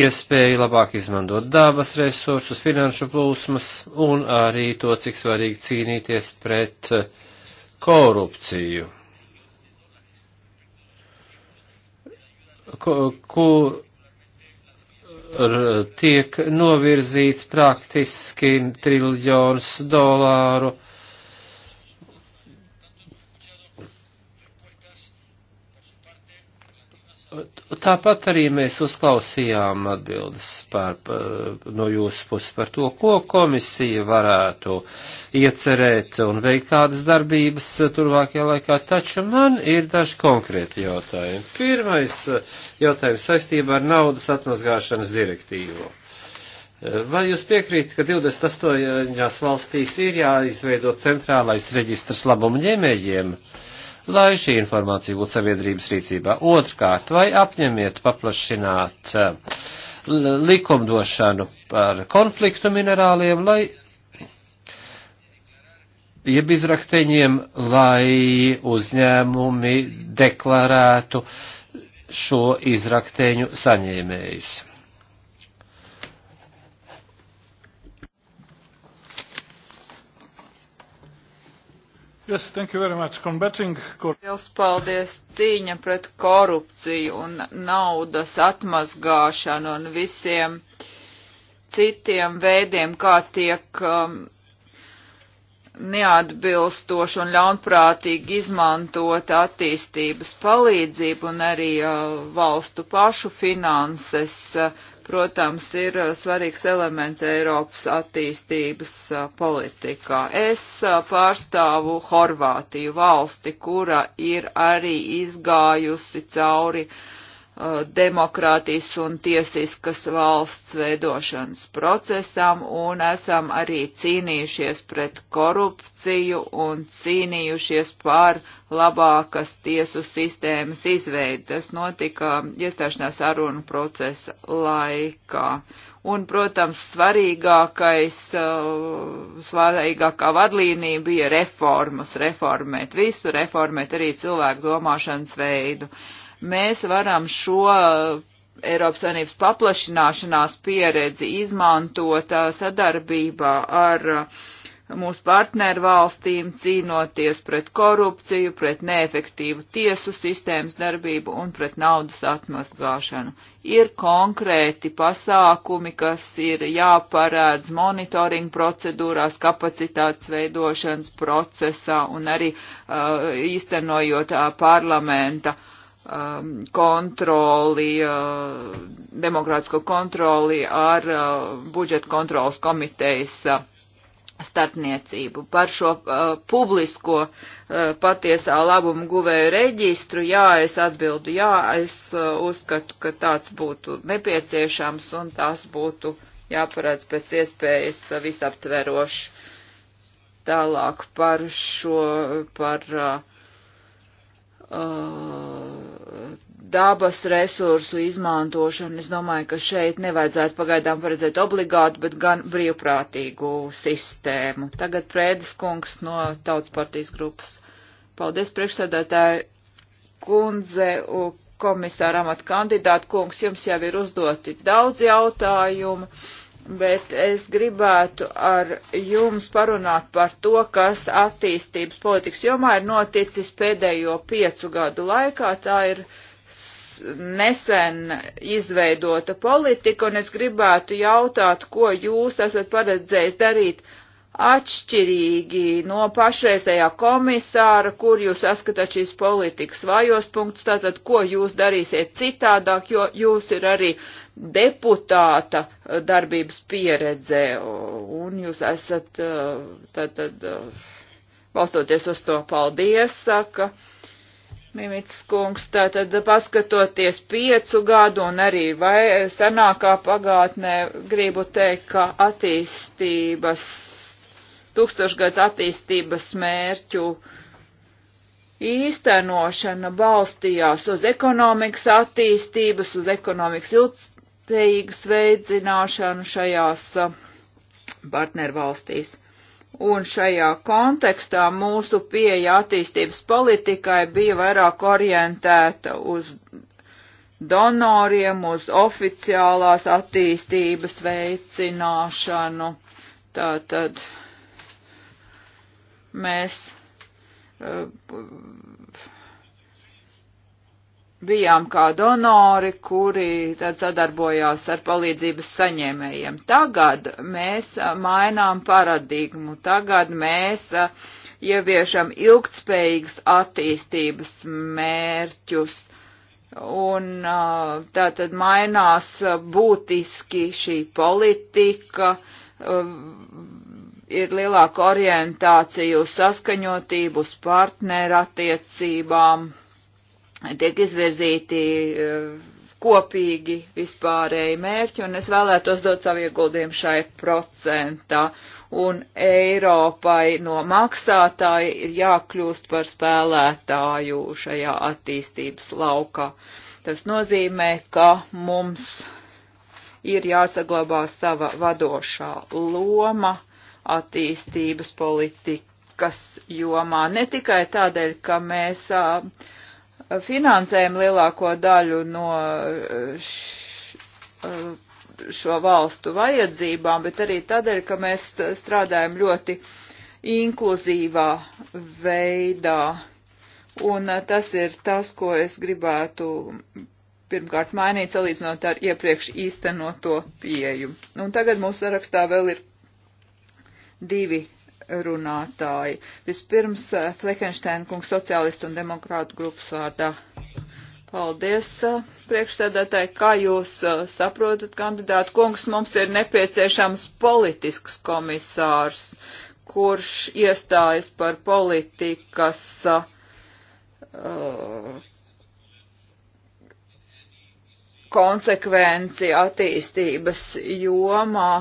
iespēju labāk izmantot dabas resursus, finanšu plūsmas un arī to, cik svarīgi cīnīties pret korupciju. kur tiek novirzīts praktiski triljons dolāru Tāpat arī mēs uzklausījām atbildes par, par, no jūsu puses par to, ko komisija varētu iecerēt un veikt kādas darbības turvākajā laikā, taču man ir daži konkrēti jautājumi. Pirmais jautājums saistībā ar naudas atmazgāšanas direktīvu. Vai jūs piekrītat, ka 28 valstīs ir jāizveido centrālais reģistrs labumu ņēmējiem? Uh, lai šī informācija būtu sabiedrības rīcībā. Otrkārt, vai apņemiet paplašināt eh, likumdošanu par konfliktu minerāliem, lai jeb izrakteņiem, lai uzņēmumi deklarētu šo izrakteņu saņēmējus. Yes, thank you very much. Combating Liels paldies cīņa pret korupciju un naudas atmazgāšanu un visiem citiem veidiem, kā tiek um, neatbilstoši un ļaunprātīgi izmantot attīstības palīdzību un arī uh, valstu pašu finanses uh, protams, ir uh, svarīgs elements Eiropas attīstības uh, politikā. Es uh, pārstāvu Horvātiju valsti, kura ir arī izgājusi cauri uh, Uh, demokrātijas un tiesiskas valsts veidošanas procesam un esam arī cīnījušies pret korupciju un cīnījušies pār labākas tiesu sistēmas izveidi. Tas notika iestāšanās arunu procesa laikā. Un, protams, svarīgākais, uh, svarīgākā vadlīnija bija reformas, reformēt visu, reformēt arī cilvēku domāšanas veidu. Uh, mēs varam šo uh, Eiropas Savienības paplašināšanās pieredzi izmantot uh, sadarbībā ar uh, mūsu partneru valstīm, cīnoties pret korupciju, pret neefektīvu tiesu sistēmas darbību un pret naudas atmazgāšanu. Ir konkrēti pasākumi, kas ir jāparādz monitoringa procedūrās, kapacitātes veidošanas procesā un arī uh, īstenojot uh, parlamenta uh, um, kontroli, uh, demokrātisko kontroli ar uh, budžeta kontrolas komitejas uh, starpniecību. Par šo uh, publisko uh, patiesā labumu guvēju reģistru, jā, es atbildu, jā, es uh, uzskatu, ka tāds būtu nepieciešams un tās būtu jāparāds pēc iespējas uh, visaptveroši. Tālāk par šo, par uh, uh, dabas resursu izmantošanu. Es domāju, ka šeit nevajadzētu pagaidām paredzēt obligātu, bet gan brīvprātīgu sistēmu. Tagad Prēdes kungs no Tautas partijas grupas. Paldies priekšsēdētāji kundze, komisāra amata kandidāta kungs, jums jau ir uzdoti daudz jautājumu, bet es gribētu ar jums parunāt par to, kas attīstības politikas jomā ir noticis pēdējo piecu gadu laikā. Tā ir uh, nesen izveidota politika, un es gribētu jautāt, ko jūs esat paredzējis darīt atšķirīgi no pašreizējā komisāra, kur jūs saskatāt šīs politikas vājos punktus, tātad ko jūs darīsiet citādāk, jo jūs ir arī deputāta darbības pieredze, un jūs esat, eh, tātad, eh, balstoties uz to, paldies, saka. Mimits kungs, tātad paskatoties piecu gadu un arī vai senākā pagātnē, gribu teikt, ka attīstības, tūkstošgads attīstības mērķu īstenošana balstījās uz ekonomikas attīstības, uz ekonomikas ilgspējīgas veidzināšanu šajās uh, partnervalstīs. Un šajā kontekstā mūsu pieeja attīstības politikai bija vairāk orientēta uz donoriem, uz oficiālās attīstības veicināšanu. Tātad mēs uh, bijām kā donori, kuri tad sadarbojās ar palīdzības saņēmējiem. Tagad mēs mainām paradigmu, tagad mēs ieviešam ilgtspējīgas attīstības mērķus. Un tā tad mainās būtiski šī politika, ir lielāka orientācija uz saskaņotību, uz partnerattiecībām. attiecībām tiek izvirzīti e, kopīgi vispārēji mērķi, un es vēlētos dot savu ieguldījumu šai procentā. Un Eiropai no maksātāja ir jākļūst par spēlētāju šajā attīstības laukā. Tas nozīmē, ka mums ir jāsaglabā sava vadošā loma attīstības politikas jomā, ne tikai tādēļ, ka mēs uh, finansējam lielāko daļu no eh, eh, šo valstu vajadzībām, bet arī tādēļ, ka mēs strādājam ļoti inkluzīvā veidā. Un eh, tas ir tas, ko es gribētu pirmkārt mainīt, salīdzinot ar iepriekš īstenoto pieju. Un tagad mūsu sarakstā vēl ir divi runātāji. Vispirms eh, Flekenšteina kungs sociālistu un demokrātu grupas vārdā. Paldies, eh, priekšsēdētāji. Kā jūs eh, saprotat, kandidātu kungs, mums ir nepieciešams politisks komisārs, kurš iestājas par politikas uh, konsekvenci attīstības jomā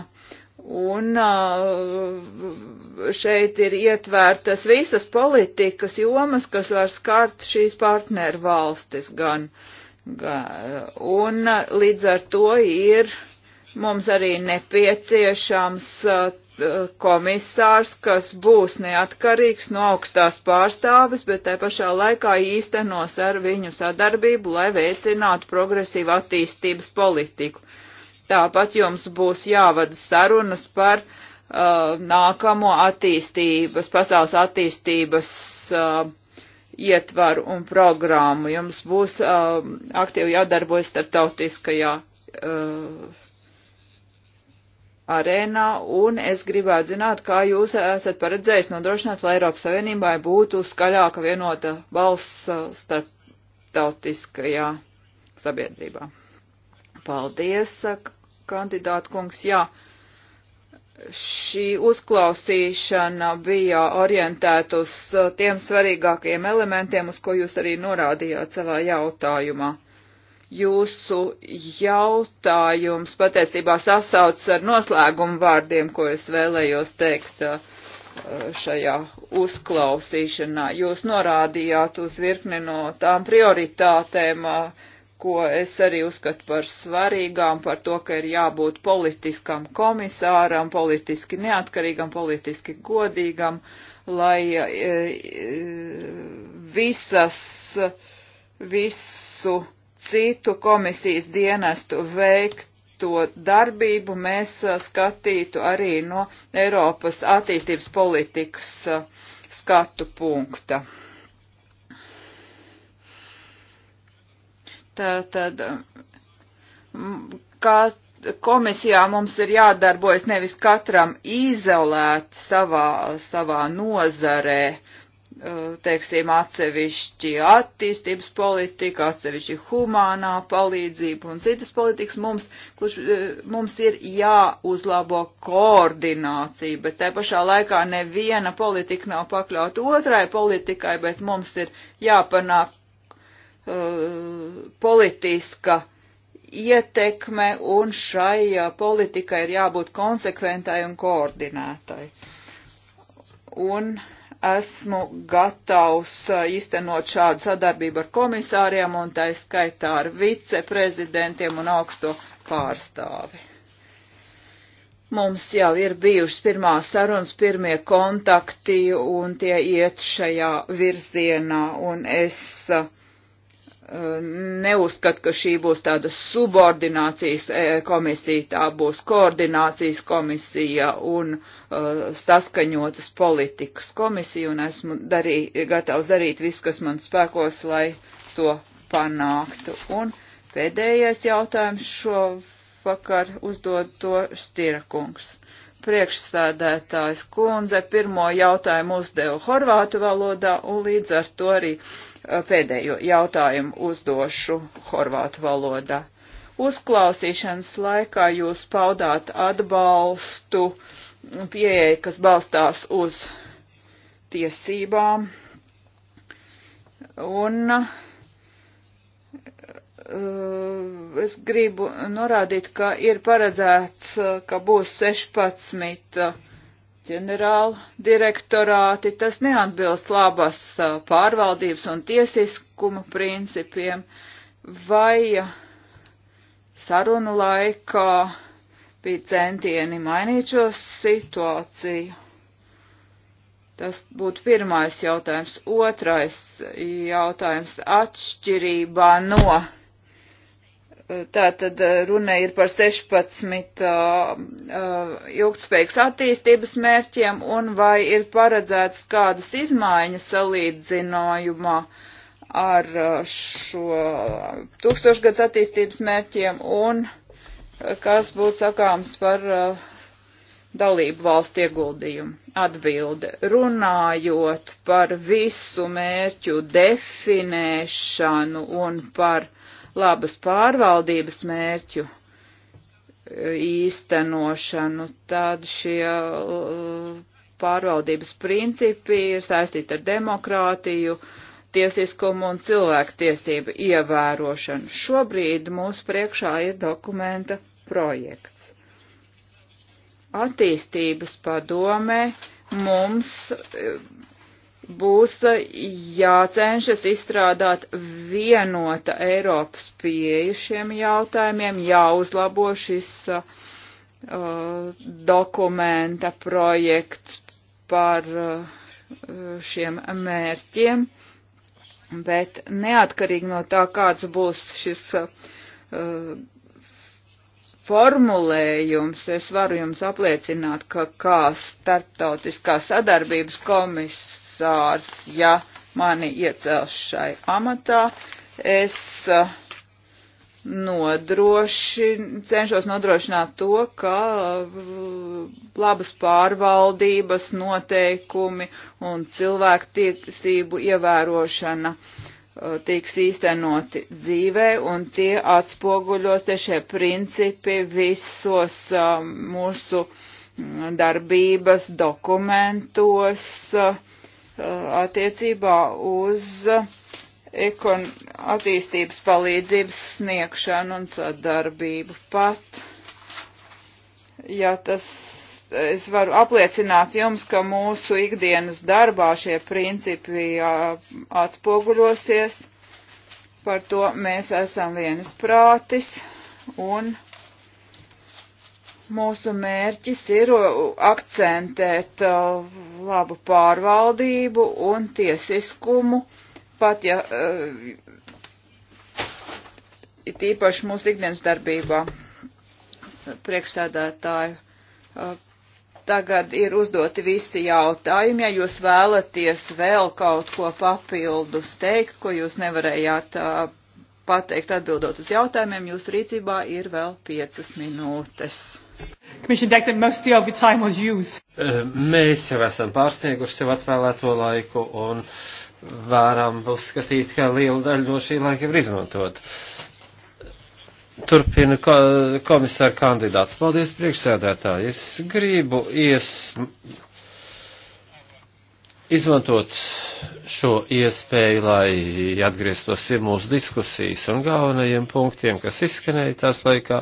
Un uh, šeit ir ietvērtas visas politikas jomas, kas var skart šīs partneru valstis gan. gan un uh, līdz ar to ir mums arī nepieciešams uh, komisārs, kas būs neatkarīgs no augstās pārstāvis, bet te pašā laikā īstenos ar viņu sadarbību, lai veicinātu progresīvu attīstības politiku Tāpat jums būs jāvada sarunas par uh, nākamo attīstības, pasaules attīstības uh, ietvaru un programmu. Jums būs uh, aktīvi jādarbojas starptautiskajā uh, arēnā, un es gribētu zināt, kā jūs esat paredzējis nodrošināt, lai Eiropas Savienībai būtu skaļāka vienota balss uh, starptautiskajā sabiedrībā. Paldies, saka kandidāta kungs, jā, šī uzklausīšana bija orientēta uz uh, tiem svarīgākajiem elementiem, uz ko jūs arī norādījāt savā jautājumā. Jūsu jautājums patiesībā sasaucas ar noslēgumu vārdiem, ko es vēlējos teikt uh, šajā uzklausīšanā. Jūs norādījāt uz virkni no tām prioritātēm, uh, ko es arī uzskatu par svarīgām, par to, ka ir jābūt politiskam komisāram, politiski neatkarīgam, politiski godīgam, lai e, e visas, visu citu komisijas dienestu veikt to darbību mēs e, skatītu arī no Eiropas attīstības politikas e, skatu punkta. Tātad, kā komisijā mums ir jādarbojas nevis katram izolēt savā, savā nozarē, e, teiksim, atsevišķi attīstības politika, atsevišķi humānā palīdzība un citas politikas mums, kurš e, mums ir jāuzlabo koordinācija, bet te pašā laikā neviena politika nav pakļauta otrai politikai, bet mums ir jāpanāk Uh, politiska ietekme un šai uh, politikai ir jābūt konsekventai un koordinētai. Un esmu gatavs īstenot uh, šādu sadarbību ar komisāriem un tā skaitā ar viceprezidentiem un augsto pārstāvi. Mums jau ir bijušas pirmās sarunas, pirmie kontakti, un tie iet šajā virzienā, un es uh, neuzskata, ka šī būs tāda subordinācijas e, komisija, tā būs koordinācijas komisija un uh, saskaņotas politikas komisija, un esmu darī, gatavs darīt visu, kas man spēkos, lai to panāktu. Un pēdējais jautājums šo vakar uzdod to Stirakungs. kungs priekšsēdētājs kundze pirmo jautājumu uzdeva horvātu valodā un līdz ar to arī pēdējo jautājumu uzdošu horvātu valodā. Uzklausīšanas laikā jūs paudāt atbalstu pieeja, kas balstās uz tiesībām un Eh, es gribu norādīt, ka ir paredzēts, eh, ka būs 16 eh, ģenerāla direktorāti. Tas neatbilst labas pārvaldības un tiesiskuma principiem vai sarunu laikā bija centieni mainīt šo situāciju. Tas būtu pirmais jautājums. Otrais jautājums - atšķirībā no Tātad eh, runa ir par 16 uh, eh, uh, eh, ilgspējīgas attīstības mērķiem un vai ir paredzēts kādas izmaiņas salīdzinājumā ar šo tūkstošgads attīstības mērķiem un kas būtu sakāms par uh, dalību valstu ieguldījumu. Atbilde. Runājot par visu mērķu definēšanu un par uh, labas pārvaldības mērķu e, īstenošanu, tad šie e, pārvaldības principi ir saistīti ar demokrātiju, tiesiskumu un cilvēktiesību ievērošanu. Šobrīd mūsu priekšā ir dokumenta projekts. Attīstības padomē mums e, būs jācenšas izstrādāt vienota Eiropas pieeja šiem jautājumiem, jāuzlabo šis uh, dokumenta projekts par uh, šiem mērķiem, bet neatkarīgi no tā, kāds būs šis uh, formulējums, es varu jums apliecināt, ka kā starptautiskā sadarbības komisija komisārs, ja mani iecels šai amatā, es eh, nodrošin, cenšos nodrošināt to, ka eh, labas pārvaldības noteikumi un cilvēku tiesību ievērošana eh, tiks īstenoti dzīvē, un tie atspoguļos tiešie principi visos mūsu mm, darbības dokumentos, uh, attiecībā uz uh, ekon attīstības palīdzības sniegšanu un sadarbību pat. Ja tas, es varu apliecināt jums, ka mūsu ikdienas darbā šie principi uh, atspoguļosies. Par to mēs esam vienas prātis un. Mūsu mērķis ir uh, akcentēt uh, labu pārvaldību un tiesiskumu, pat ja uh, it īpaši mūsu ikdienas darbībā priekšsēdētāju. Tagad ir uzdoti visi jautājumi. Ja jūs vēlaties vēl kaut ko papildus teikt, ko jūs nevarējāt pateikt atbildot uz jautājumiem. Jūsu rīcībā ir vēl piecas minūtes. Eh, mēs jau esam pārsnieguši sev atvēlēto laiku un varam uzskatīt, ka liela daļa no šī laika ir izmantot. Turpina komisāra kandidāts. Paldies, priekšsēdētāji. Es gribu ies izmantot šo iespēju, lai atgrieztos pie mūsu diskusijas un galvenajiem punktiem, kas izskanēja tās laikā,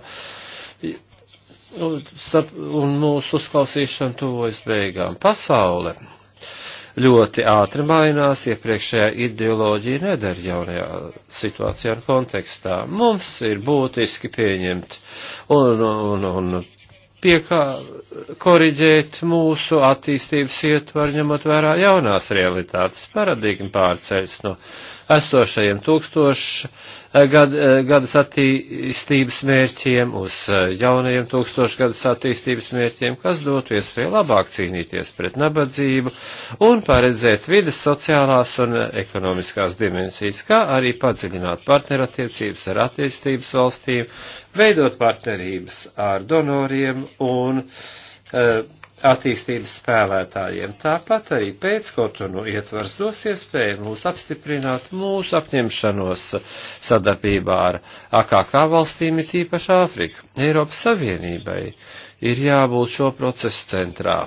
un mūsu uzklausīšana tuvojas beigām. Pasaule ļoti ātri mainās, iepriekšējā ideoloģija nedara jaunajā situācijā un kontekstā. Mums ir būtiski pieņemt un, un, un piekā, koriģēt mūsu attīstības ietvaru, ņemot vērā jaunās realitātes paradigmu pārceļas no esošajiem tūkstošu Eh, gad, eh, gadas attīstības mērķiem, uz eh, jaunajiem tūkstošgadas attīstības mērķiem, kas dotu iespēju labāk cīnīties pret nabadzību un paredzēt vidas sociālās un ekonomiskās dimensijas, kā arī padziļināt partnerattiecības ar attīstības valstīm, veidot partnerības ar donoriem un uh, attīstības spēlētājiem. Tāpat arī pēckotunu ietvars dos iespēju mūs apstiprināt mūsu apņemšanos sadarbībā ar AKK valstīm, it īpaši Āfriku. Eiropas Savienībai ir jābūt šo procesu centrā.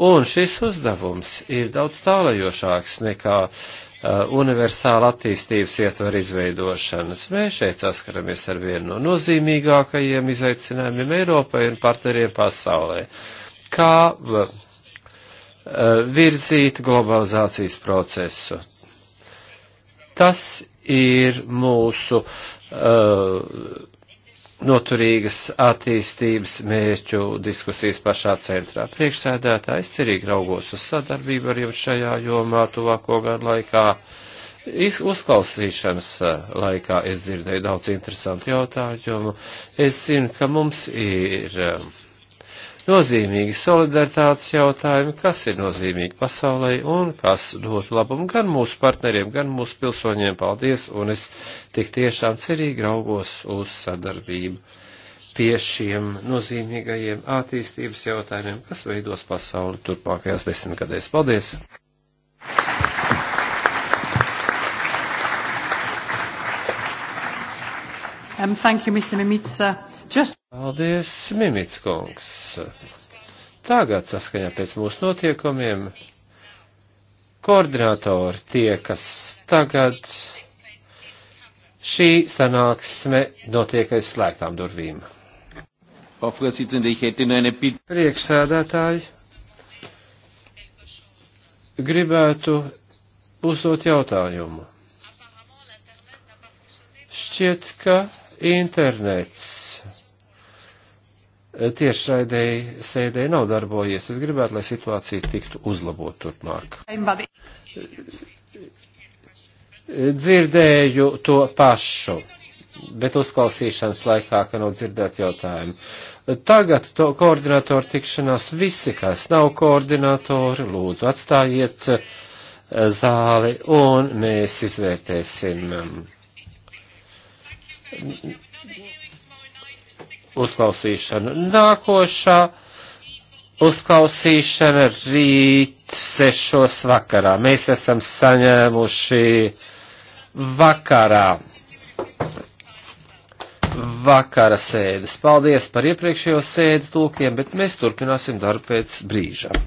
Un šis uzdevums ir daudz tālajošāks nekā uh, universāla attīstības ietver izveidošanas. Mēs šeit saskaramies ar vienu no nozīmīgākajiem izaicinājumiem Eiropai un partneriem pasaulē. Uh, kā eh, virzīt globalizācijas procesu. Tas ir mūsu uh, noturīgas attīstības mērķu diskusijas pašā centrā. Priekšsēdētājs cerīgi raugos uz sadarbību ar jums šajā jomā tuvāko gadu laikā. Iz, uzklausīšanas eh, laikā es dzirdēju daudz interesantu jautājumu. Es zinu, ka mums ir. Uh, nozīmīgi solidaritātes jautājumi, kas ir nozīmīgi pasaulē un kas dot labumu gan mūsu partneriem, gan mūsu pilsoņiem. Paldies, un es tik tiešām cerīgi raugos uz sadarbību pie šiem nozīmīgajiem attīstības jautājumiem, kas veidos pasauli turpmākajās desmitgadēs. Paldies! Um, thank you, Mr. Mimica. Just... Paldies, Mimits kungs. Tagad saskaņā pēc mūsu notiekumiem koordinatori tie, kas tagad šī sanāksme notiek aiz slēgtām durvīm. Priekšsēdētāji, gribētu uzdot jautājumu. Šķiet, ka internets tiešraidēji sēdē nav darbojies. Es gribētu, lai situācija tiktu uzlabot turpmāk. Dzirdēju to pašu, bet uzklausīšanas laikā, ka nav dzirdēt jautājumu. Tagad to koordinatoru tikšanās visi, kas nav koordinatori, lūdzu atstājiet eh, zāli un mēs izvērtēsim. Thank you uzklausīšanu. Nākošā uzklausīšana rīt sešos vakarā. Mēs esam saņēmuši vakarā vakara sēdes. Paldies par iepriekšējo sēdes tulkiem, bet mēs turpināsim darbu pēc brīža.